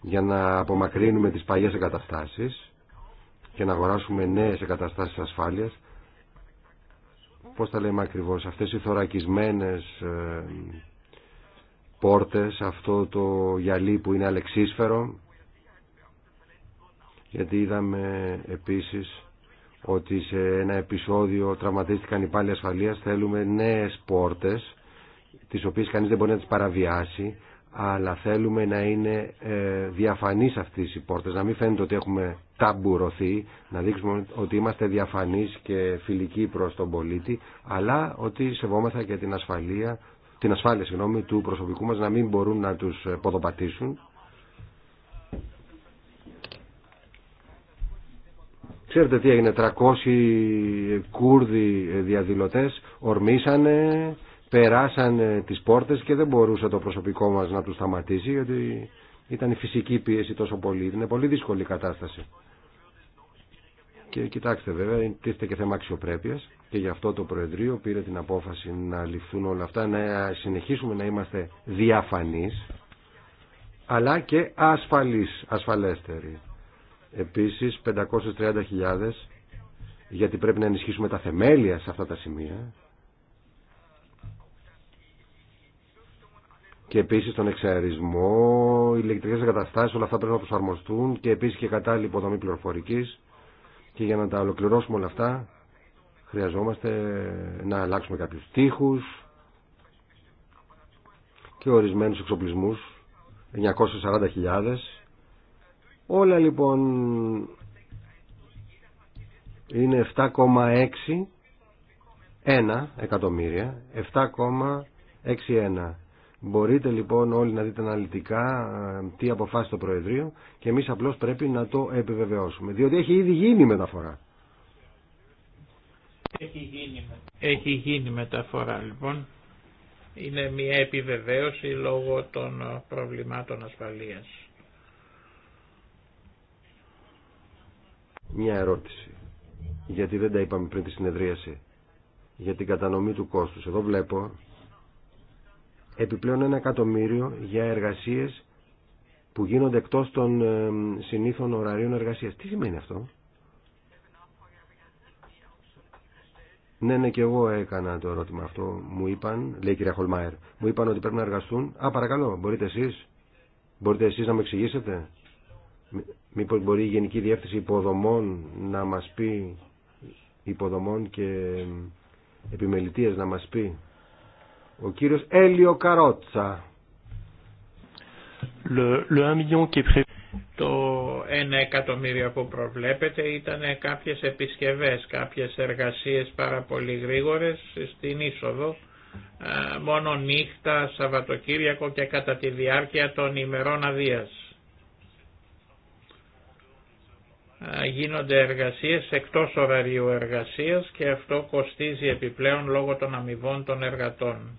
για να απομακρύνουμε τις παλιές εγκαταστάσεις και να αγοράσουμε νέες εγκαταστάσεις ασφάλειας πώς τα λέμε ακριβώς, αυτές οι θωρακισμένες ε, πόρτες, αυτό το γυαλί που είναι αλεξίσφαιρο, γιατί είδαμε επίσης ότι σε ένα επεισόδιο τραυματίστηκαν οι πάλι ασφαλείας, θέλουμε νέες πόρτες, τις οποίες κανείς δεν μπορεί να τις παραβιάσει, αλλά θέλουμε να είναι ε, διαφανείς αυτές οι πόρτες, να μην φαίνεται ότι έχουμε ταμπουρωθεί, να δείξουμε ότι είμαστε διαφανείς και φιλικοί προς τον πολίτη, αλλά ότι σεβόμαστε και την, ασφαλεία, την ασφάλεια συγγνώμη, του προσωπικού μας να μην μπορούν να τους ποδοπατήσουν. Ξέρετε τι έγινε, 300 Κούρδοι διαδηλωτές ορμήσανε, περάσαν τις πόρτες και δεν μπορούσε το προσωπικό μας να τους σταματήσει γιατί ήταν η φυσική πίεση τόσο πολύ. Είναι πολύ δύσκολη η κατάσταση. Και κοιτάξτε βέβαια, τίθεται και θέμα αξιοπρέπεια και γι' αυτό το Προεδρείο πήρε την απόφαση να ληφθούν όλα αυτά, να συνεχίσουμε να είμαστε διαφανείς αλλά και ασφαλείς, ασφαλέστεροι. Επίσης 530.000 γιατί πρέπει να ενισχύσουμε τα θεμέλια σε αυτά τα σημεία και επίση τον εξαερισμό, οι ηλεκτρικές εγκαταστάσεις, όλα αυτά πρέπει να προσαρμοστούν και επίσης και κατάλληλη υποδομή πληροφορική. και για να τα ολοκληρώσουμε όλα αυτά χρειαζόμαστε να αλλάξουμε κάποιους τείχους και ορισμένου εξοπλισμού 940.000. Όλα λοιπόν είναι 7,61 εκατομμύρια, 7,61 Μπορείτε λοιπόν όλοι να δείτε αναλυτικά ε, τι αποφάσισε το Προεδρείο και εμείς απλώς πρέπει να το επιβεβαιώσουμε. Διότι έχει ήδη γίνει μεταφορά. Έχει γίνει, έχει γίνει μεταφορά λοιπόν. Είναι μια επιβεβαίωση λόγω των ε, προβλημάτων ασφαλείας. Μια ερώτηση. Γιατί δεν τα είπαμε πριν τη συνεδρίαση. Για την κατανομή του κόστους. Εδώ βλέπω επιπλέον ένα εκατομμύριο για εργασίες που γίνονται εκτός των ε, συνήθων ωραρίων εργασίας. Τι σημαίνει αυτό? Ναι, ναι, και εγώ έκανα το ερώτημα αυτό. Μου είπαν, λέει η κυρία Χολμάερ, μου είπαν ότι πρέπει να εργαστούν. Α, παρακαλώ, μπορείτε εσείς, μπορείτε εσείς να με εξηγήσετε. Μήπως μπορεί η Γενική Διεύθυνση Υποδομών να μας πει, υποδομών και επιμελητίας να μας πει ο κύριος Έλιο Καρότσα. το 1 εκατομμύριο που προβλέπετε ήταν κάποιες επισκευές, κάποιες εργασίες πάρα πολύ στην είσοδο, ε, μόνο νύχτα, Σαββατοκύριακο και κατά τη διάρκεια των ημερών αδείας. Ε, γίνονται εργασίες εκτός ωραρίου εργασίας και αυτό κοστίζει επιπλέον λόγω των αμοιβών των εργατών.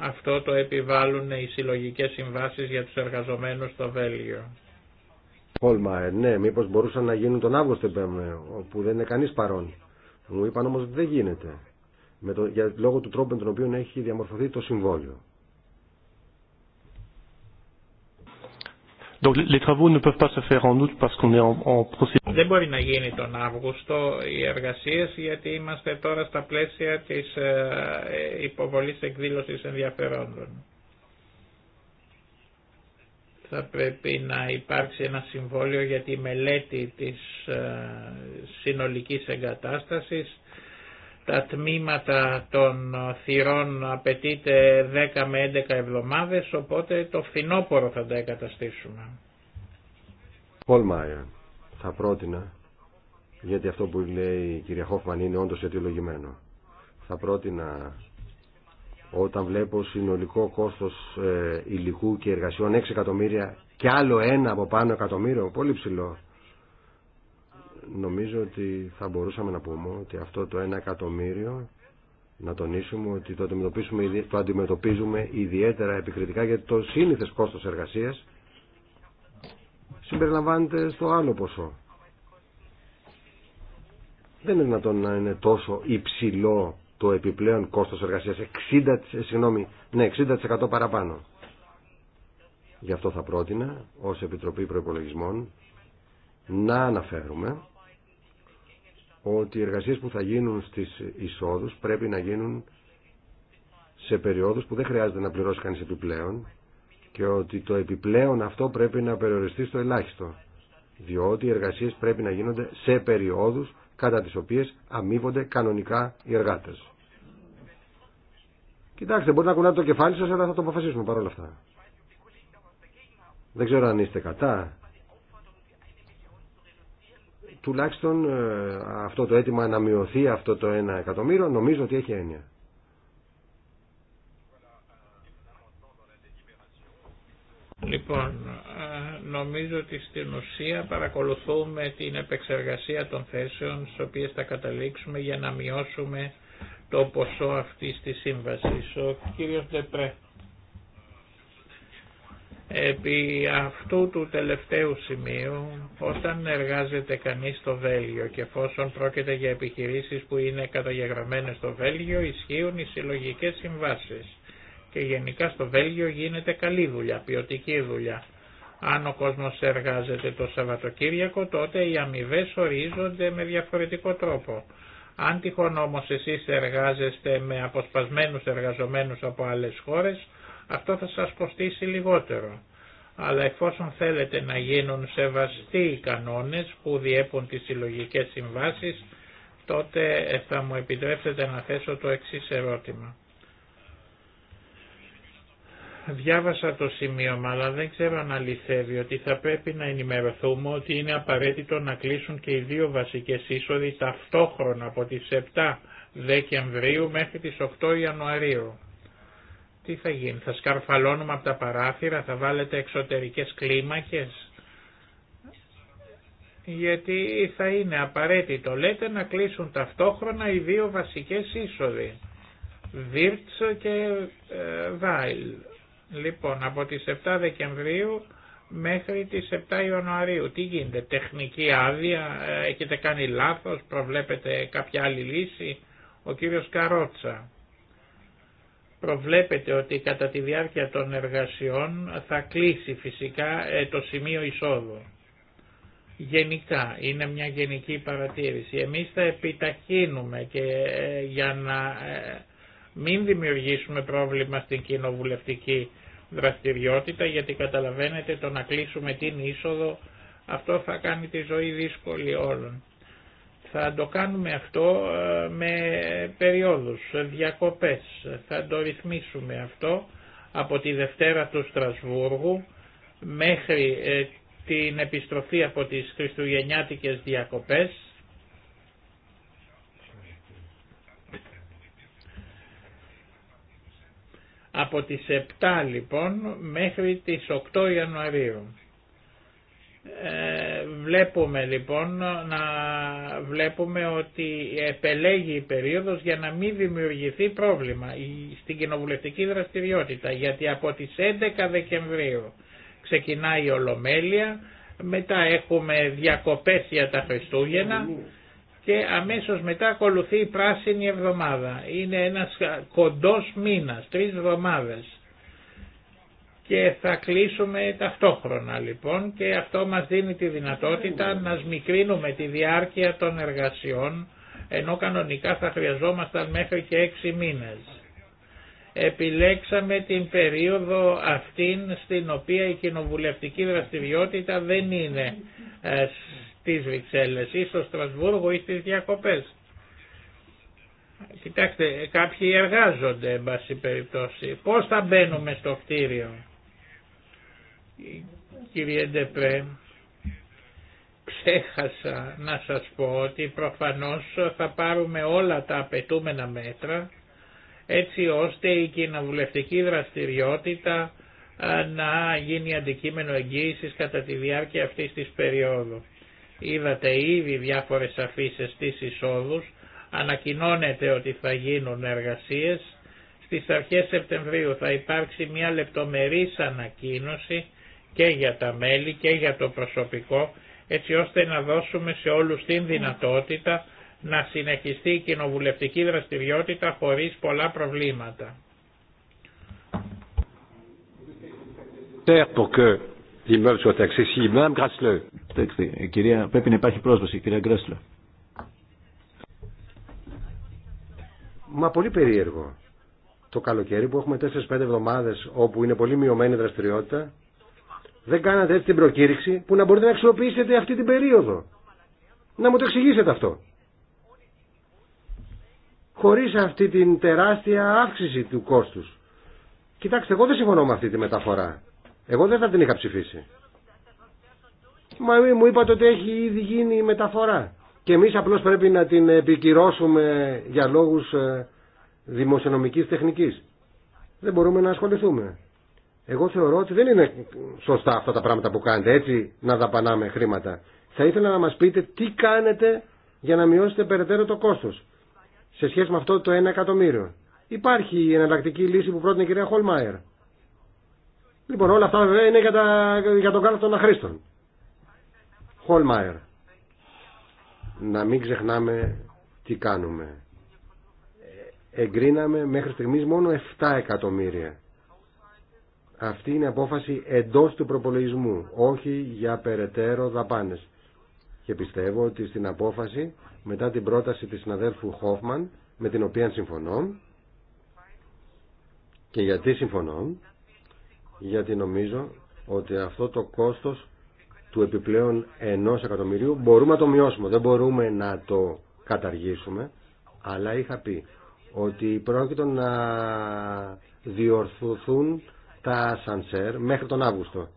Αυτό το επιβάλλουν οι συλλογικές συμβάσεις για τους εργαζομένους στο Βέλγιο. Όλμα, ε, ναι, μήπως μπορούσαν να γίνουν τον Αύγουστο, είπαμε, όπου δεν είναι κανείς παρόν. Μου είπαν όμως ότι δεν γίνεται, με το, για, λόγω του τρόπου με τον οποίο έχει διαμορφωθεί το συμβόλιο. les travaux ne pas faire en août parce qu'on est en, Δεν μπορεί να γίνει τον Αύγουστο οι εργασίες γιατί είμαστε τώρα στα πλαίσια της ε, υποβολής εκδήλωση ενδιαφερόντων. Θα πρέπει να υπάρξει ένα συμβόλαιο για τη μελέτη της ε, συνολικής εγκατάστασης τα τμήματα των θυρών απαιτείται 10 με 11 εβδομάδες, οπότε το φινόπορο θα τα εγκαταστήσουμε. Πολ Μάια, θα πρότεινα, γιατί αυτό που λέει η κυρία Χόφμαν είναι όντως αιτιολογημένο, θα πρότεινα όταν βλέπω συνολικό κόστος ε, υλικού και εργασιών 6 εκατομμύρια και άλλο ένα από πάνω εκατομμύριο, πολύ ψηλό, νομίζω ότι θα μπορούσαμε να πούμε ότι αυτό το ένα εκατομμύριο να τονίσουμε ότι το αντιμετωπίζουμε, αντιμετωπίζουμε ιδιαίτερα επικριτικά γιατί το σύνηθες κόστος εργασίας συμπεριλαμβάνεται στο άλλο ποσό. Δεν είναι δυνατόν να είναι τόσο υψηλό το επιπλέον κόστος εργασίας, 60, συγγνώμη, ναι, 60% παραπάνω. Γι' αυτό θα πρότεινα ως Επιτροπή Προϋπολογισμών να αναφέρουμε ότι οι εργασίες που θα γίνουν στις εισόδους πρέπει να γίνουν σε περιόδους που δεν χρειάζεται να πληρώσει κανείς επιπλέον και ότι το επιπλέον αυτό πρέπει να περιοριστεί στο ελάχιστο διότι οι εργασίες πρέπει να γίνονται σε περιόδους κατά τις οποίες αμείβονται κανονικά οι εργάτες. Κοιτάξτε, μπορεί να κουνάτε το κεφάλι σας, αλλά θα το αποφασίσουμε παρόλα αυτά. Δεν ξέρω αν είστε κατά τουλάχιστον ε, αυτό το αίτημα να μειωθεί αυτό το ένα εκατομμύριο νομίζω ότι έχει έννοια. Λοιπόν, ε, νομίζω ότι στην ουσία παρακολουθούμε την επεξεργασία των θέσεων στις οποίες θα καταλήξουμε για να μειώσουμε το ποσό αυτής της σύμβασης. Ο κύριος Δεπρέ. Επί αυτού του τελευταίου σημείου, όταν εργάζεται κανείς στο Βέλγιο και εφόσον πρόκειται για επιχειρήσεις που είναι καταγεγραμμένες στο Βέλγιο, ισχύουν οι συλλογικές συμβάσεις. Και γενικά στο Βέλγιο γίνεται καλή δουλειά, ποιοτική δουλειά. Αν ο κόσμος εργάζεται το Σαββατοκύριακο, τότε οι αμοιβέ ορίζονται με διαφορετικό τρόπο. Αν τυχόν όμως εσείς εργάζεστε με αποσπασμένους εργαζομένους από άλλες χώρες, αυτό θα σας κοστίσει λιγότερο. Αλλά εφόσον θέλετε να γίνουν σεβαστοί οι κανόνες που διέπουν τις συλλογικέ συμβάσεις, τότε θα μου επιτρέψετε να θέσω το εξής ερώτημα. Διάβασα το σημείωμα, αλλά δεν ξέρω αν αληθεύει ότι θα πρέπει να ενημερωθούμε ότι είναι απαραίτητο να κλείσουν και οι δύο βασικές είσοδοι ταυτόχρονα από τις 7 Δεκεμβρίου μέχρι τις 8 Ιανουαρίου. Τι θα γίνει, θα σκαρφαλώνουμε από τα παράθυρα, θα βάλετε εξωτερικές κλίμακες. Γιατί θα είναι απαραίτητο, λέτε, να κλείσουν ταυτόχρονα οι δύο βασικές είσοδοι. Βίρτς και Βάιλ. Ε, λοιπόν, από τις 7 Δεκεμβρίου μέχρι τις 7 Ιανουαρίου. Τι γίνεται, τεχνική άδεια, ε, έχετε κάνει λάθος, προβλέπετε κάποια άλλη λύση. Ο κύριος Καρότσα προβλέπεται ότι κατά τη διάρκεια των εργασιών θα κλείσει φυσικά ε, το σημείο εισόδου. Γενικά, είναι μια γενική παρατήρηση. Εμείς θα επιταχύνουμε και ε, για να ε, μην δημιουργήσουμε πρόβλημα στην κοινοβουλευτική δραστηριότητα γιατί καταλαβαίνετε το να κλείσουμε την είσοδο αυτό θα κάνει τη ζωή δύσκολη όλων. Θα το κάνουμε αυτό ε, με περιόδους, ε, διακοπές. Θα το ρυθμίσουμε αυτό από τη Δευτέρα του Στρασβούργου μέχρι ε, την επιστροφή από τις Χριστουγεννιάτικες διακοπές από τις 7 λοιπόν μέχρι τις 8 Ιανουαρίου. Ε, βλέπουμε λοιπόν να βλέπουμε ότι επελέγει η περίοδος για να μην δημιουργηθεί πρόβλημα στην κοινοβουλευτική δραστηριότητα γιατί από τις 11 Δεκεμβρίου ξεκινάει η Ολομέλεια μετά έχουμε διακοπές για τα Χριστούγεννα και αμέσως μετά ακολουθεί η Πράσινη Εβδομάδα. Είναι ένας κοντός μήνας, τρεις εβδομάδες και θα κλείσουμε ταυτόχρονα λοιπόν και αυτό μας δίνει τη δυνατότητα να σμικρύνουμε τη διάρκεια των εργασιών ενώ κανονικά θα χρειαζόμασταν μέχρι και έξι μήνες. Επιλέξαμε την περίοδο αυτήν στην οποία η κοινοβουλευτική δραστηριότητα δεν είναι ε, στις Βιξέλλες ή στο Στρασβούργο ή στις διακοπές. Κοιτάξτε, κάποιοι εργάζονται, εν πάση περιπτώσει. Πώς θα μπαίνουμε στο κτίριο. Κύριε Ντεπρέ, ξέχασα να σας πω ότι προφανώς θα πάρουμε όλα τα απαιτούμενα μέτρα έτσι ώστε η κοινοβουλευτική δραστηριότητα να γίνει αντικείμενο εγγύησης κατά τη διάρκεια αυτής της περίοδου. Είδατε ήδη διάφορες αφήσεις της εισόδους, ανακοινώνεται ότι θα γίνουν εργασίες. Στις αρχές Σεπτεμβρίου θα υπάρξει μια λεπτομερής ανακοίνωση και για τα μέλη και για το προσωπικό έτσι ώστε να δώσουμε σε όλους την δυνατότητα να συνεχιστεί η κοινοβουλευτική δραστηριότητα χωρίς πολλά προβλήματα. Ε, πρέπει να υπάρχει πρόσβαση, κυρία Γκρέσλε. Μα πολύ περίεργο. Το καλοκαίρι που έχουμε 4-5 εβδομάδες όπου είναι πολύ μειωμένη δραστηριότητα δεν κάνατε έτσι την προκήρυξη που να μπορείτε να αξιοποιήσετε αυτή την περίοδο. Να μου το εξηγήσετε αυτό. Χωρίς αυτή την τεράστια αύξηση του κόστους. Κοιτάξτε, εγώ δεν συμφωνώ με αυτή τη μεταφορά. Εγώ δεν θα την είχα ψηφίσει. Μα μου είπατε ότι έχει ήδη γίνει η μεταφορά. Και εμείς απλώς πρέπει να την επικυρώσουμε για λόγους ε, δημοσιονομικής τεχνικής. Δεν μπορούμε να ασχοληθούμε. Εγώ θεωρώ ότι δεν είναι σωστά αυτά τα πράγματα που κάνετε, έτσι να δαπανάμε χρήματα. Θα ήθελα να μας πείτε τι κάνετε για να μειώσετε περαιτέρω το κόστος σε σχέση με αυτό το 1 εκατομμύριο. Υπάρχει η εναλλακτική λύση που πρότεινε η κυρία Χολμάιερ. Λοιπόν, όλα αυτά βέβαια είναι για, τα, για τον κάρτο των αχρήστων. Χολμάιερ. Να μην ξεχνάμε τι κάνουμε. Ε, εγκρίναμε μέχρι στιγμής μόνο 7 εκατομμύρια αυτή είναι απόφαση εντός του προπολογισμού, όχι για περαιτέρω δαπάνες. Και πιστεύω ότι στην απόφαση, μετά την πρόταση της συναδέλφου Χόφμαν, με την οποία συμφωνώ, και γιατί συμφωνώ, γιατί νομίζω ότι αυτό το κόστος του επιπλέον ενός εκατομμυρίου μπορούμε να το μειώσουμε, δεν μπορούμε να το καταργήσουμε, αλλά είχα πει ότι πρόκειται να διορθωθούν τα σανσέρ μέχρι τον Αύγουστο.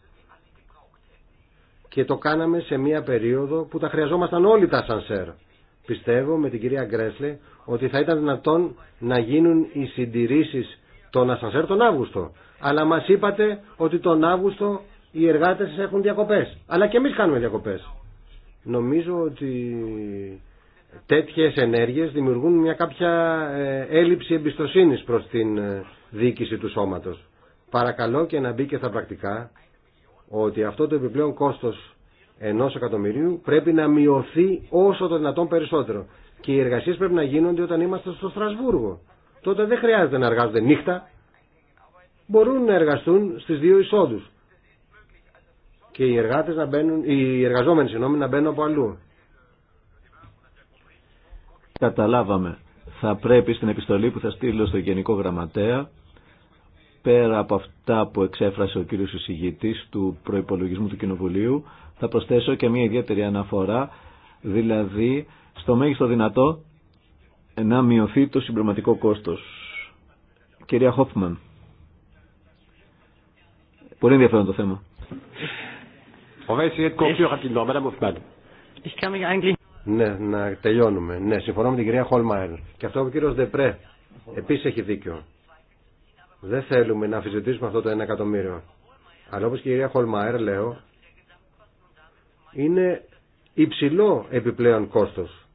Και το κάναμε σε μια περίοδο που τα χρειαζόμασταν όλοι τα σανσέρ. Πιστεύω με την κυρία Γκρέσλε ότι θα ήταν δυνατόν να γίνουν οι συντηρήσεις των ασανσέρ τον Αύγουστο. Αλλά μας είπατε ότι τον Αύγουστο οι εργάτες έχουν διακοπές. Αλλά και εμείς κάνουμε διακοπές. Νομίζω ότι τέτοιες ενέργειες δημιουργούν μια κάποια ε, έλλειψη εμπιστοσύνης προς την ε, διοίκηση του σώματος. Παρακαλώ και να μπει και στα πρακτικά ότι αυτό το επιπλέον κόστος ενός εκατομμυρίου πρέπει να μειωθεί όσο το δυνατόν περισσότερο. Και οι εργασίες πρέπει να γίνονται όταν είμαστε στο Στρασβούργο. Τότε δεν χρειάζεται να εργάζονται νύχτα. Μπορούν να εργαστούν στις δύο εισόδους. Και οι, εργάτες να μπαίνουν, οι εργαζόμενοι να μπαίνουν από αλλού. Καταλάβαμε. Θα πρέπει στην επιστολή που θα στείλω στο Γενικό Γραμματέα πέρα από αυτά που εξέφρασε ο κύριος εισηγητής του προϋπολογισμού του Κοινοβουλίου, θα προσθέσω και μια ιδιαίτερη αναφορά, δηλαδή στο μέγιστο δυνατό να μειωθεί το συμπληρωματικό κόστος. Κυρία Χόφμαν. Πολύ ενδιαφέρον το θέμα. Ναι, να τελειώνουμε. Ναι, συμφωνώ με την κυρία Χόλμαν. Και αυτό ο κύριος Δεπρέ επίσης έχει δίκιο. Δεν θέλουμε να αφιζητήσουμε αυτό το 1 εκατομμύριο. Αλλά όπως και η κυρία Χολμαέρ λέω, είναι υψηλό επιπλέον κόστος.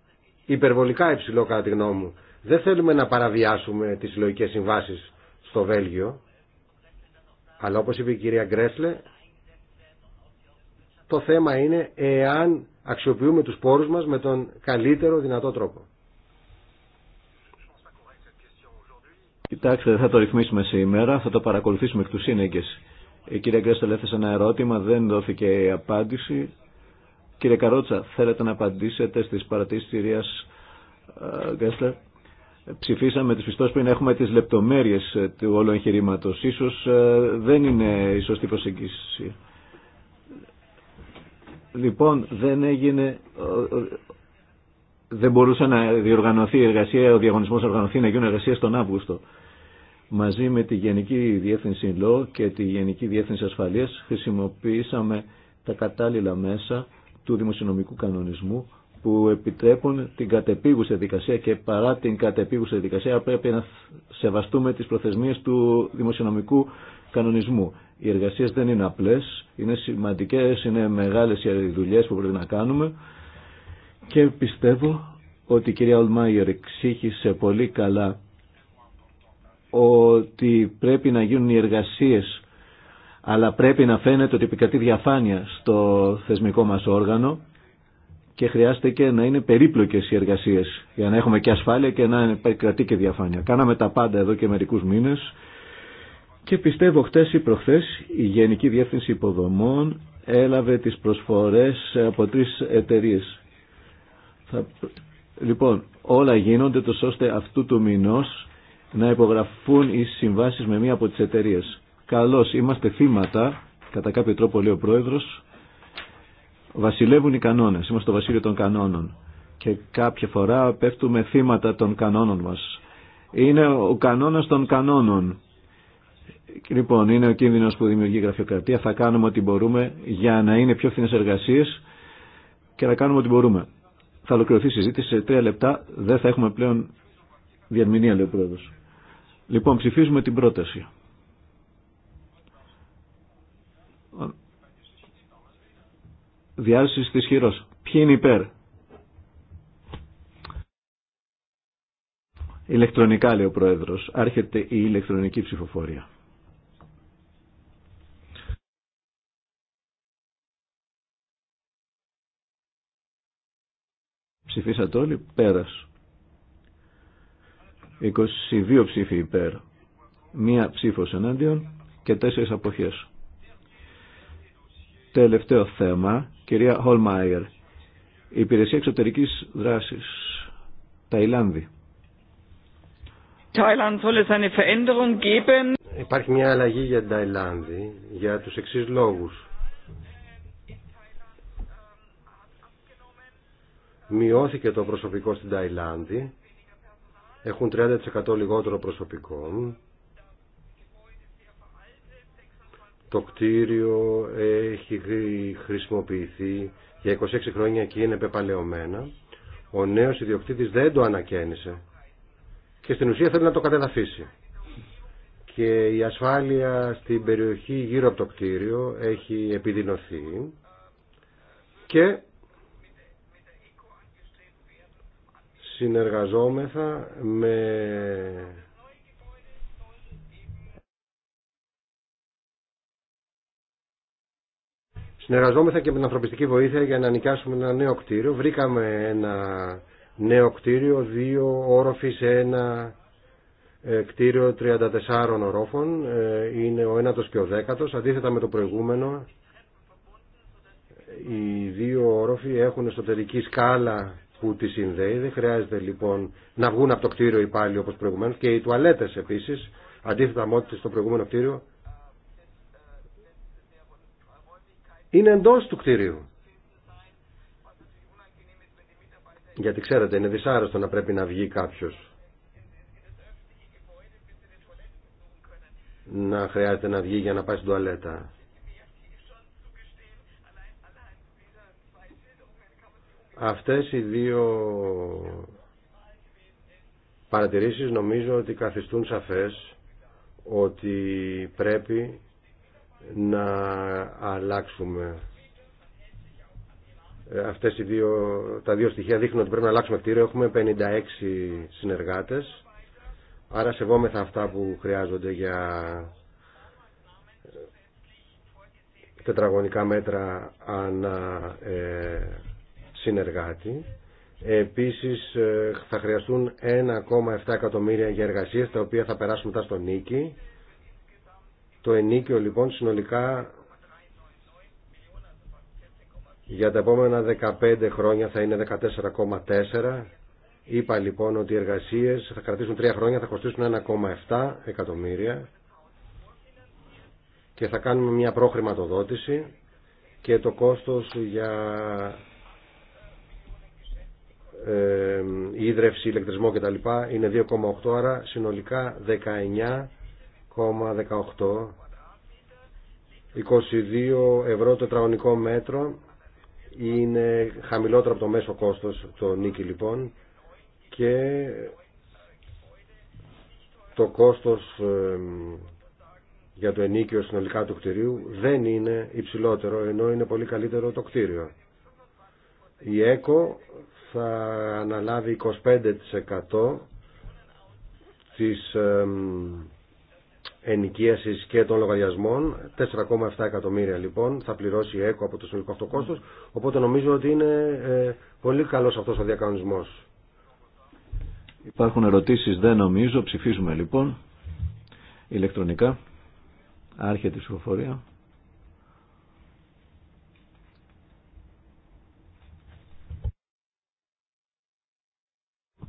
Υπερβολικά υψηλό κατά τη γνώμη μου. Δεν θέλουμε να παραβιάσουμε τις συλλογικέ συμβάσεις στο Βέλγιο. Αλλά όπως είπε η κυρία Γκρέσλε, το θέμα είναι εάν αξιοποιούμε τους πόρους μας με τον καλύτερο δυνατό τρόπο. Κοιτάξτε, θα το ρυθμίσουμε σήμερα, θα το παρακολουθήσουμε εκ του σύνεγγες. Η κυρία έθεσε ένα ερώτημα, δεν δόθηκε η απάντηση. Κύριε Καρότσα, θέλετε να απαντήσετε στις παρατήσεις της κυρίας ε, Γκρέστολ. Ψηφίσαμε τις πιστώσεις πριν έχουμε τις λεπτομέρειες ε, του όλου εγχειρήματο. Ίσως ε, δεν είναι η σωστή προσεγγίση. Λοιπόν, δεν έγινε δεν μπορούσε να διοργανωθεί η εργασία, ο διαγωνισμός οργανωθεί να γίνουν εργασίες τον Αύγουστο. Μαζί με τη Γενική Διεύθυνση ΛΟ και τη Γενική Διεύθυνση Ασφαλείας χρησιμοποιήσαμε τα κατάλληλα μέσα του δημοσιονομικού κανονισμού που επιτρέπουν την κατεπίγουσα δικασία και παρά την κατεπίγουσα δικασία πρέπει να σεβαστούμε τις προθεσμίες του δημοσιονομικού κανονισμού. Οι εργασίες δεν είναι απλές, είναι σημαντικές, είναι μεγάλες οι δουλειές που πρέπει να κάνουμε και πιστεύω ότι η κυρία Ολμάγερ εξήγησε πολύ καλά ότι πρέπει να γίνουν οι εργασίες αλλά πρέπει να φαίνεται ότι επικρατεί διαφάνεια στο θεσμικό μας όργανο και χρειάζεται να είναι περίπλοκες οι εργασίες για να έχουμε και ασφάλεια και να επικρατεί και διαφάνεια. Κάναμε τα πάντα εδώ και μερικούς μήνες και πιστεύω χτες ή προχθές η Γενική Διεύθυνση Υποδομών έλαβε τις προσφορές από τρεις εταιρείες Λοιπόν, όλα γίνονται τόσο ώστε αυτού του μηνός να υπογραφούν οι συμβάσεις με μία από τις εταιρείε. Καλώς, είμαστε θύματα, κατά κάποιο τρόπο λέει ο Πρόεδρος, βασιλεύουν οι κανόνες, είμαστε το βασίλειο των κανόνων και κάποια φορά πέφτουμε θύματα των κανόνων μας. Είναι ο κανόνας των κανόνων. Λοιπόν, είναι ο κίνδυνος που δημιουργεί η γραφειοκρατία. Θα κάνουμε ό,τι μπορούμε για να είναι πιο φθηνές εργασίες και να κάνουμε ό,τι μπορούμε. Θα ολοκληρωθεί η συζήτηση σε τρία λεπτά. Δεν θα έχουμε πλέον διαρμηνία, λέει ο πρόεδρος. Λοιπόν, ψηφίζουμε την πρόταση. Διάρση τη χειρό. Ποιοι είναι υπέρ. Ηλεκτρονικά, λέει ο Πρόεδρος, άρχεται η ηλεκτρονική ψηφοφορία. Ψηφίσατε όλοι. Πέρας. 22 ψήφοι υπέρ. Μία ψήφος ενάντιον και τέσσερις αποχές. Τελευταίο θέμα, κυρία Χολμάιερ. Η υπηρεσία εξωτερικής δράσης. Ταϊλάνδη. Υπάρχει μια αλλαγή για την Ταϊλάνδη για τους εξής λόγους. Μειώθηκε το προσωπικό στην Ταϊλάνδη. Έχουν 30% λιγότερο προσωπικό. Το κτίριο έχει χρησιμοποιηθεί για 26 χρόνια και είναι πεπαλαιωμένα. Ο νέος ιδιοκτήτης δεν το ανακαίνισε και στην ουσία θέλει να το κατεδαφίσει. Και η ασφάλεια στην περιοχή γύρω από το κτίριο έχει επιδεινωθεί και συνεργαζόμεθα με Συνεργαζόμεθα και με την ανθρωπιστική βοήθεια για να νοικιάσουμε ένα νέο κτίριο. Βρήκαμε ένα νέο κτίριο, δύο όροφοι σε ένα ε, κτίριο 34 ορόφων. Ε, είναι ο ένατος και ο δέκατος. Αντίθετα με το προηγούμενο, οι δύο όροφοι έχουν εσωτερική σκάλα που τη συνδέει. Δεν χρειάζεται λοιπόν να βγουν από το κτίριο οι πάλι όπως προηγουμένως και οι τουαλέτε επίσης, αντίθετα με ό,τι στο προηγούμενο κτίριο, είναι εντό του κτίριου. Γιατί ξέρετε, είναι δυσάρεστο να πρέπει να βγει κάποιο. Να χρειάζεται να βγει για να πάει στην τουαλέτα. Αυτές οι δύο παρατηρήσεις νομίζω ότι καθιστούν σαφές ότι πρέπει να αλλάξουμε αυτές οι δύο, τα δύο στοιχεία δείχνουν ότι πρέπει να αλλάξουμε κτίριο έχουμε 56 συνεργάτες άρα σεβόμεθα αυτά που χρειάζονται για τετραγωνικά μέτρα ανά ε, συνεργάτη. Επίσης ε, θα χρειαστούν 1,7 εκατομμύρια για εργασίες τα οποία θα περάσουν μετά στο νίκη. Το ενίκιο λοιπόν συνολικά για τα επόμενα 15 χρόνια θα είναι 14,4. Είπα λοιπόν ότι οι εργασίες θα κρατήσουν 3 χρόνια, θα κοστίσουν 1,7 εκατομμύρια και θα κάνουμε μια προχρηματοδότηση και το κόστος για ε, ίδρυυση, ηλεκτρισμό κτλ. είναι 2,8 άρα συνολικά 19,18 22 ευρώ τετραγωνικό μέτρο είναι χαμηλότερο από το μέσο κόστος το νίκη λοιπόν και το κόστος ε, για το ενίκιο συνολικά του κτηρίου δεν είναι υψηλότερο ενώ είναι πολύ καλύτερο το κτίριο. Η ΕΚΟ θα αναλάβει 25% της ενοικίασης και των λογαριασμών 4,7 εκατομμύρια λοιπόν θα πληρώσει η ΕΚΟ από το συνολικό αυτό κόστος οπότε νομίζω ότι είναι ε, πολύ καλός αυτός ο διακανονισμός Υπάρχουν ερωτήσεις δεν νομίζω ψηφίζουμε λοιπόν ηλεκτρονικά άρχεται η ψηφοφορία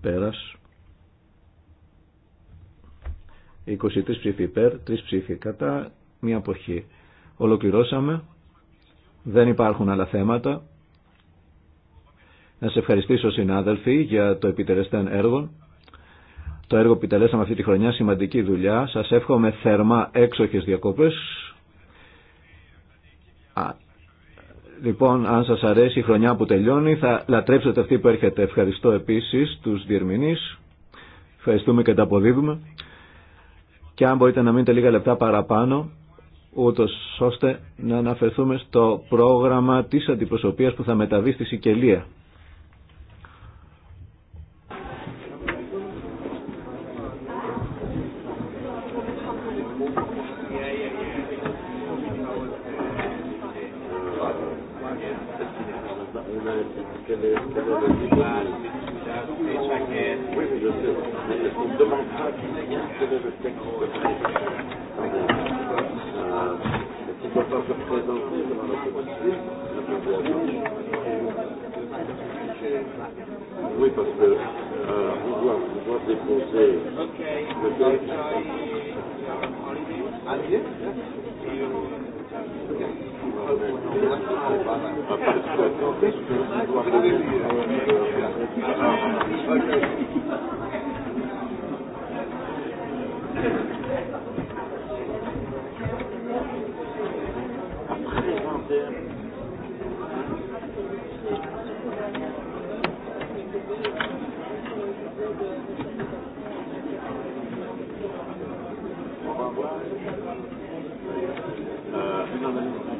Πέρας. 23 ψήφοι υπέρ, 3 ψήφοι κατά, μία αποχή. Ολοκληρώσαμε. Δεν υπάρχουν άλλα θέματα. Να σε ευχαριστήσω συνάδελφοι για το επιτελεστέν έργο. Το έργο που επιτελέσαμε αυτή τη χρονιά, σημαντική δουλειά. Σας εύχομαι θερμά έξοχες διακόπες. Λοιπόν, αν σας αρέσει η χρονιά που τελειώνει, θα λατρέψετε αυτή που έρχεται. Ευχαριστώ επίσης τους διερμηνείς. Ευχαριστούμε και τα αποδίδουμε. Και αν μπορείτε να μείνετε λίγα λεπτά παραπάνω, ούτω ώστε να αναφερθούμε στο πρόγραμμα της αντιπροσωπείας που θα μεταβεί στη Σικελία. que le Oui, je sais. Mais ne demande pas quel est texte présenter la Oui, parce que on, doit, on doit déposer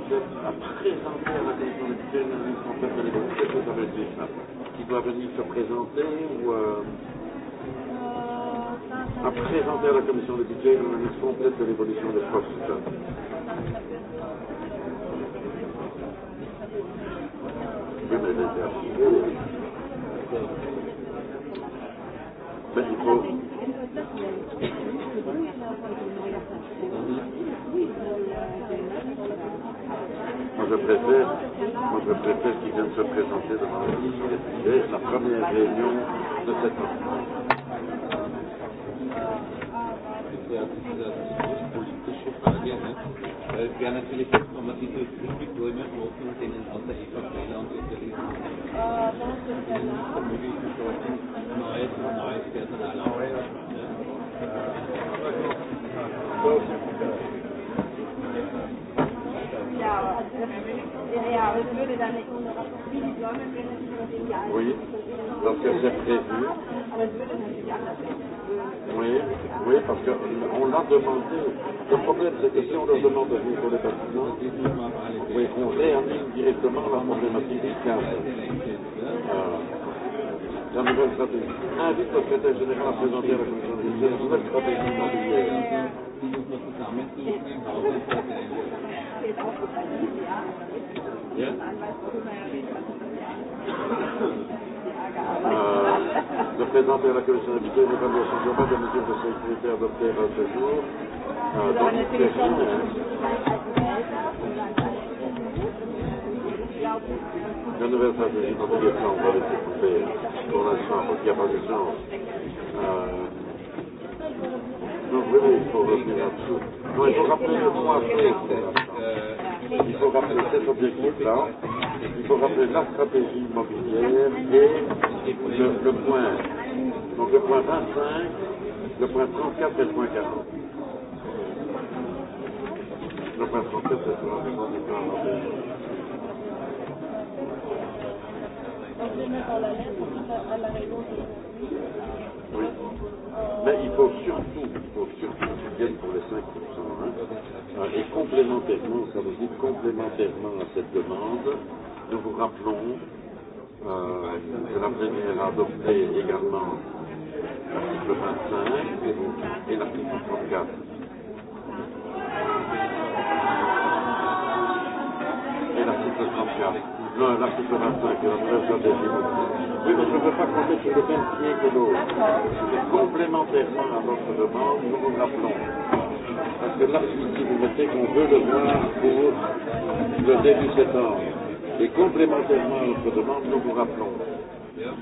peut-être après rentrer à la commission des budgets, une analyse complète de l'évolution quest qu'est-ce que Qui doit venir se présenter ou à présenter à la commission des budgets une analyse complète de l'évolution de postes. Mais il faut... Oui, Moi, je préfère, moi, je préfère qu'ils viennent se présenter devant la commission des la première réunion de cette année. natürlich Oui, parce que c'est prévu. Oui, oui, parce qu'on l'a demandé. Le problème, c'est que si on leur demande de venir pour les bâtiments, oui, on réanime directement la problématique du casque. La nouvelle stratégie. Invite le secrétaire général à présenter la commission la nouvelle stratégie Le président de la commission d'habitude ne conditions changement de mesures de sécurité adoptées à ce jour. a Donc oui, il faut revenir là-dessus. Non, il faut rappeler le point Il faut rappeler cet objectif-là. Il faut rappeler la stratégie immobilière et le, le point. Donc le point 25, le point 34 et le point 40. Le point 34, c'est sur la réponse Oui. Mais il faut surtout viennent pour les 5%. Hein. Et complémentairement, ça vous dire complémentairement à cette demande, nous vous rappelons euh, que la première a adopté également l'article 25 et, et l'article 34. Et l'article 34. Non, l'article 25 de la protection des immobiliers. Oui, mais je ne veux pas compter sur le même pied que l'autre. Complémentairement à notre demande, nous vous rappelons. Parce que l'article, vous mettez qu'on veut le voir pour le début septembre. Et complémentairement à notre demande, nous vous rappelons. à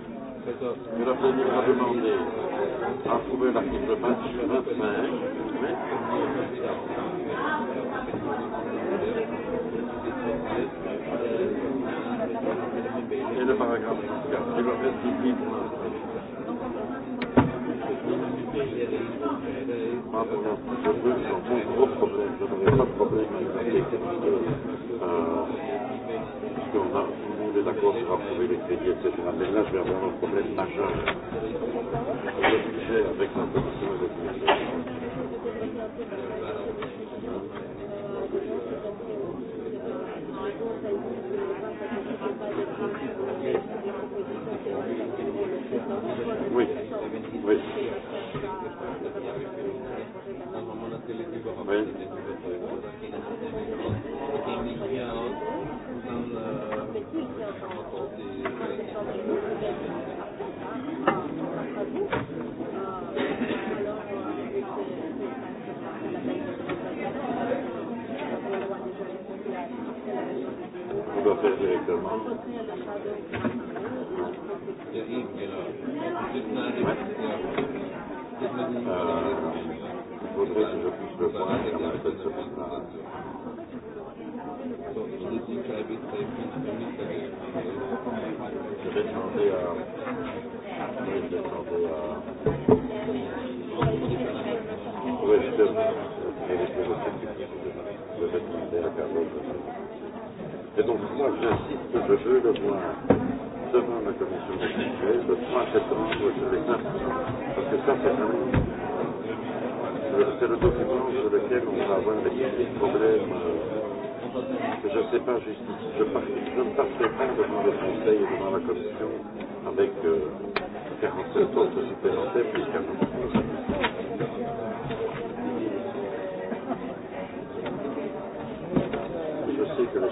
à trouver l'article 25. le paragraphe. Je vais faire tout gros problème, je pas de problème a tout les crédits, Mais là, je vais avoir un problème majeur. avec la doit faire directement. je puisse le voir et qu'on à. Et donc moi j'insiste que je veux le voir devant la commission spirituelle le 3 septembre sur les Parce que ça c'est un c'est le document sur lequel on va avoir des problèmes que je ne sais pas justifier. Je, je ne passerai pas devant le Conseil et devant la Commission avec euh, 47 autres supplémentaires puisqu'à mon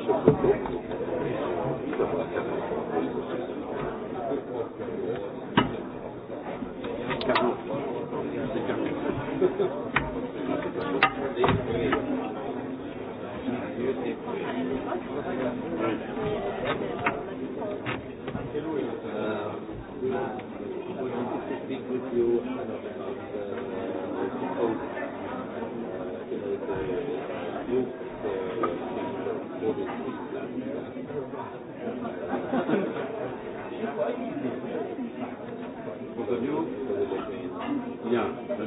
sur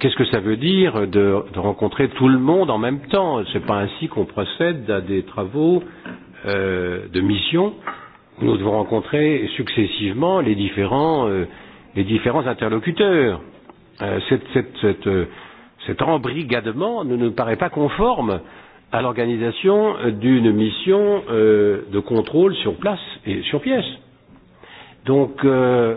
Qu'est-ce que ça veut dire de, de rencontrer tout le monde en même temps Ce n'est pas ainsi qu'on procède à des travaux euh, de mission où nous devons rencontrer successivement les différents, les différents interlocuteurs. Euh, cette, cette, cette, cet embrigadement ne nous paraît pas conforme à l'organisation d'une mission euh, de contrôle sur place et sur pièce. Donc, euh,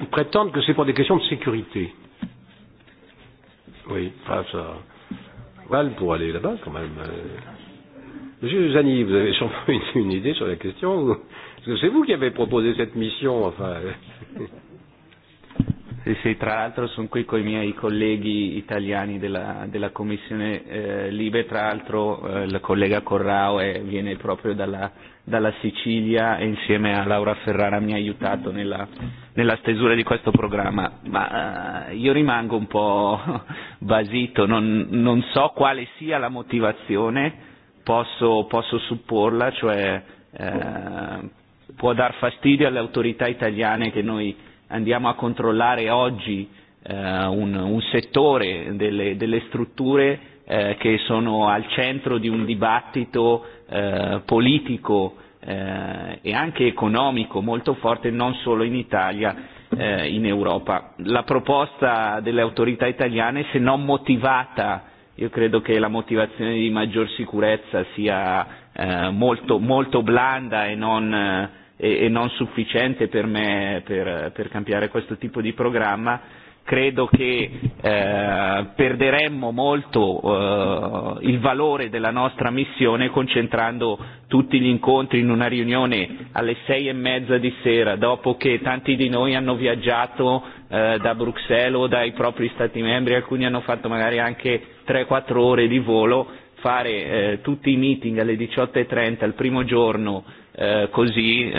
ils prétendent que c'est pour des questions de sécurité. Oui, enfin ça. Val pour aller là-bas quand même. Monsieur Zani, vous avez sûrement une, idée sur la question Parce que c'est vous qui avez proposé cette mission, enfin. Sì, sì, tra l'altro sono qui con i miei colleghi italiani della, della Commissione eh, Libe, tra l'altro eh, il collega Corrao è, viene proprio dalla, dalla Sicilia e insieme a Laura Ferrara mi ha aiutato nella, nella stesura di questo programma, ma eh, io rimango un po' basito, non, non so quale sia la motivazione, posso, posso supporla, cioè eh, può dar fastidio alle autorità italiane che noi andiamo a controllare oggi un un settore delle delle strutture che sono al centro di un dibattito politico e anche economico molto forte non solo in Italia in Europa. La proposta delle autorità italiane se non motivata io credo che la motivazione di maggior sicurezza sia molto molto blanda e non e non sufficiente per me per per cambiare questo tipo di programma credo che perderemmo molto il valore della nostra missione concentrando tutti gli incontri in una riunione alle sei e mezza di sera dopo che tanti di noi hanno viaggiato da Bruxelles o dai propri stati membri alcuni hanno fatto magari anche 3-4 ore di volo fare tutti i meeting alle 18:30 il primo giorno così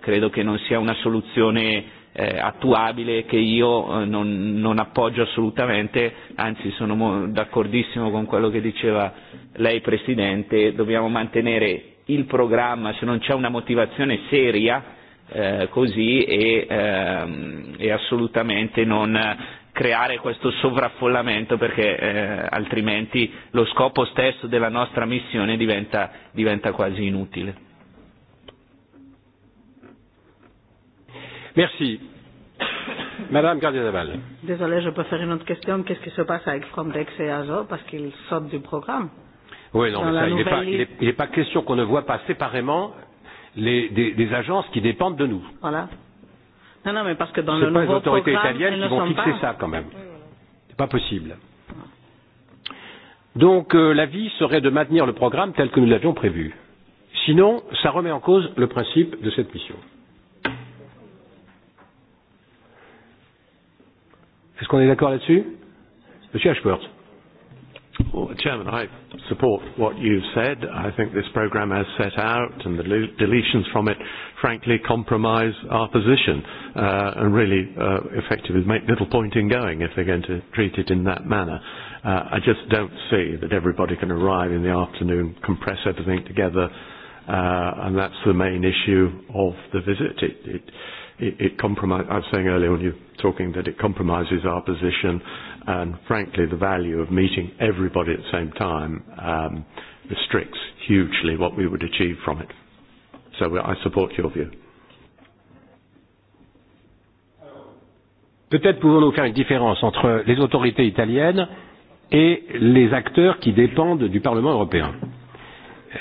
credo che non sia una soluzione attuabile che io non non appoggio assolutamente anzi sono d'accordissimo con quello che diceva lei presidente dobbiamo mantenere il programma se non c'è una motivazione seria così e e assolutamente non creare questo sovraffollamento perché altrimenti lo scopo stesso della nostra missione diventa diventa quasi inutile Merci. Madame Gardiazabal. Désolé, je peux faire une autre question. Qu'est-ce qui se passe avec Frontex et Azo Parce qu'ils sortent du programme. Oui, non, mais ça, il n'est pas, pas question qu'on ne voit pas séparément les, des, agences qui dépendent de nous. Voilà. Non, non, mais parce que dans le nouveau pas les autorités italiennes qui vont fixer ça quand même. n'est pas possible. Donc euh, l'avis serait de maintenir le programme tel que nous l'avions prévu. Sinon, ça remet en cause le principe de cette mission. Est-ce qu'on est d'accord là-dessus Monsieur Ashworth. Well, Chairman, I support what you've said. I think this programme has set out and the deletions from it, frankly, compromise our position uh, and really uh, effectively make little point in going if they're going to treat it in that manner. Uh, I just don't see that everybody can arrive in the afternoon, compress everything together, uh, and that's the main issue of the visit. It, it, it compromise I was saying earlier when you were talking that it compromises our position and frankly the value of meeting everybody at the same time um restricts hugely what we would achieve from it. So I support your view. Peut-être pouvons-nous faire une différence entre les autorités italiennes et les acteurs qui dépendent du Parlement européen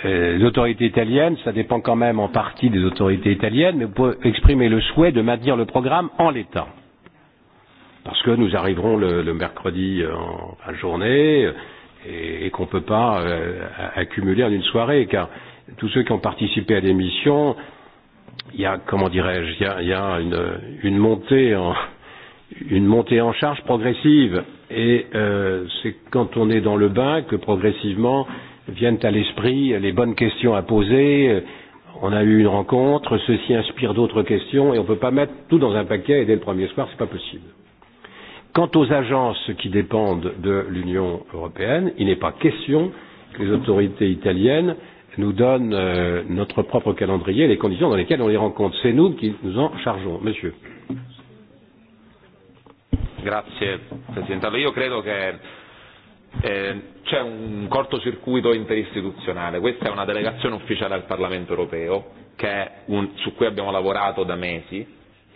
les autorités italiennes, ça dépend quand même en partie des autorités italiennes, mais vous pouvez exprimer le souhait de maintenir le programme en l'état. Parce que nous arriverons le, mercredi en fin de journée et, qu'on ne peut pas accumuler en une soirée, car tous ceux qui ont participé à l'émission, il y a, comment dirais-je, il y a, y a une, une, montée en, une montée en charge progressive. Et c'est quand on est dans le bain que progressivement viennent à l'esprit les bonnes questions à poser. On a eu une rencontre, ceci inspire d'autres questions et on ne peut pas mettre tout dans un paquet et dès le premier soir, ce n'est pas possible. Quant aux agences qui dépendent de l'Union européenne, il n'est pas question que les autorités italiennes nous donnent notre propre calendrier et les conditions dans lesquelles on les rencontre. C'est nous qui nous en chargeons. Monsieur. Grazie, Presidente. Io credo che c'è un cortocircuito interistituzionale, questa è una delegazione ufficiale al Parlamento europeo che su cui abbiamo lavorato da mesi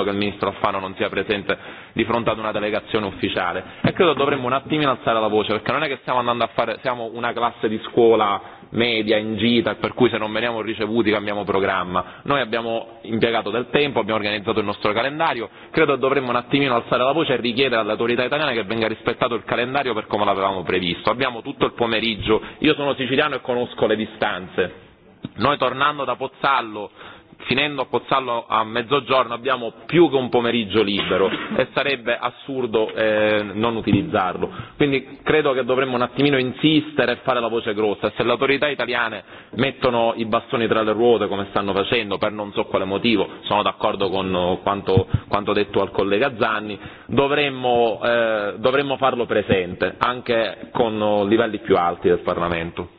assurdo che il ministro Alfano non sia presente di fronte ad una delegazione ufficiale e credo dovremmo un attimino alzare la voce perché non è che stiamo andando a fare siamo una classe di scuola media in gita per cui se non veniamo ricevuti cambiamo programma noi abbiamo impiegato del tempo abbiamo organizzato il nostro calendario credo dovremmo un attimino alzare la voce e richiedere all'autorità italiana che venga rispettato il calendario per come l'avevamo previsto abbiamo tutto il pomeriggio io sono siciliano e conosco le distanze noi tornando da Pozzallo finendo a Pozzallo a mezzogiorno abbiamo più che un pomeriggio libero e sarebbe assurdo non utilizzarlo. Quindi credo che dovremmo un attimino insistere e fare la voce grossa. Se le autorità italiane mettono i bastoni tra le ruote come stanno facendo per non so quale motivo, sono d'accordo con quanto, quanto detto al collega Zanni, dovremmo, dovremmo farlo presente anche con livelli più alti del Parlamento.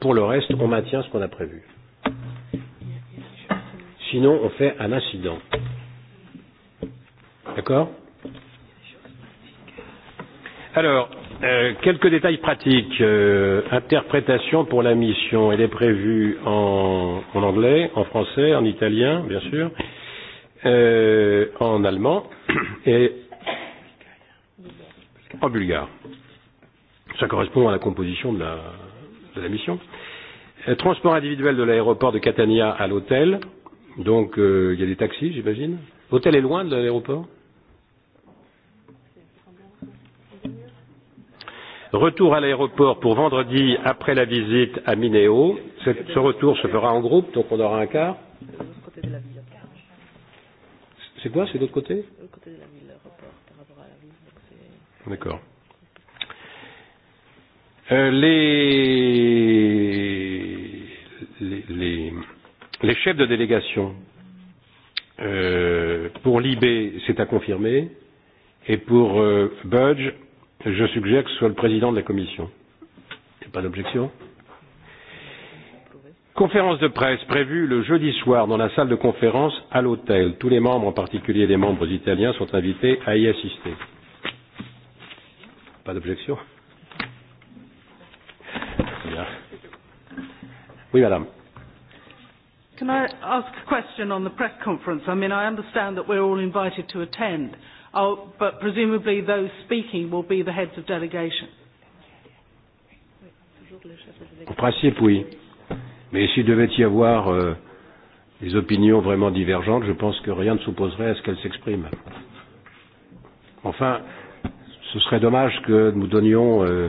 Pour le reste, on maintient ce qu'on a prévu. Sinon, on fait un incident. D'accord Alors, quelques détails pratiques. Interprétation pour la mission, elle est prévue en en anglais, en français, en italien, bien sûr, en allemand et en bulgare. Ça correspond à la composition de la de la mission. Transport individuel de l'aéroport de Catania à l'hôtel. Donc, il y a des taxis, j'imagine. L'hôtel est loin de l'aéroport Retour à l'aéroport pour vendredi après la visite à Mineo. Ce retour se fera en groupe, donc on aura un quart. C'est quoi C'est de l'autre côté D'accord les, les, les, chefs de délégation pour l'IB, c'est à confirmer. Et pour Budge, je suggère que ce soit le président de la commission. Il pas d'objection Conférence de presse prévue le jeudi soir dans la salle de conférence à l'hôtel. Tous les membres, en particulier les membres italiens, sont invités à y assister. Pas d'objection Oui, madame. Can I ask a question on the press conference? I mean, I understand that we're all invited to attend, but presumably those speaking will be the heads of delegation. En principe, oui. Mais s'il devait y avoir euh, des opinions vraiment divergentes, je pense que rien ne s'opposerait à ce qu'elles s'expriment. Enfin, ce serait dommage que nous donnions euh,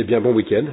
Eh bien, bon week-end.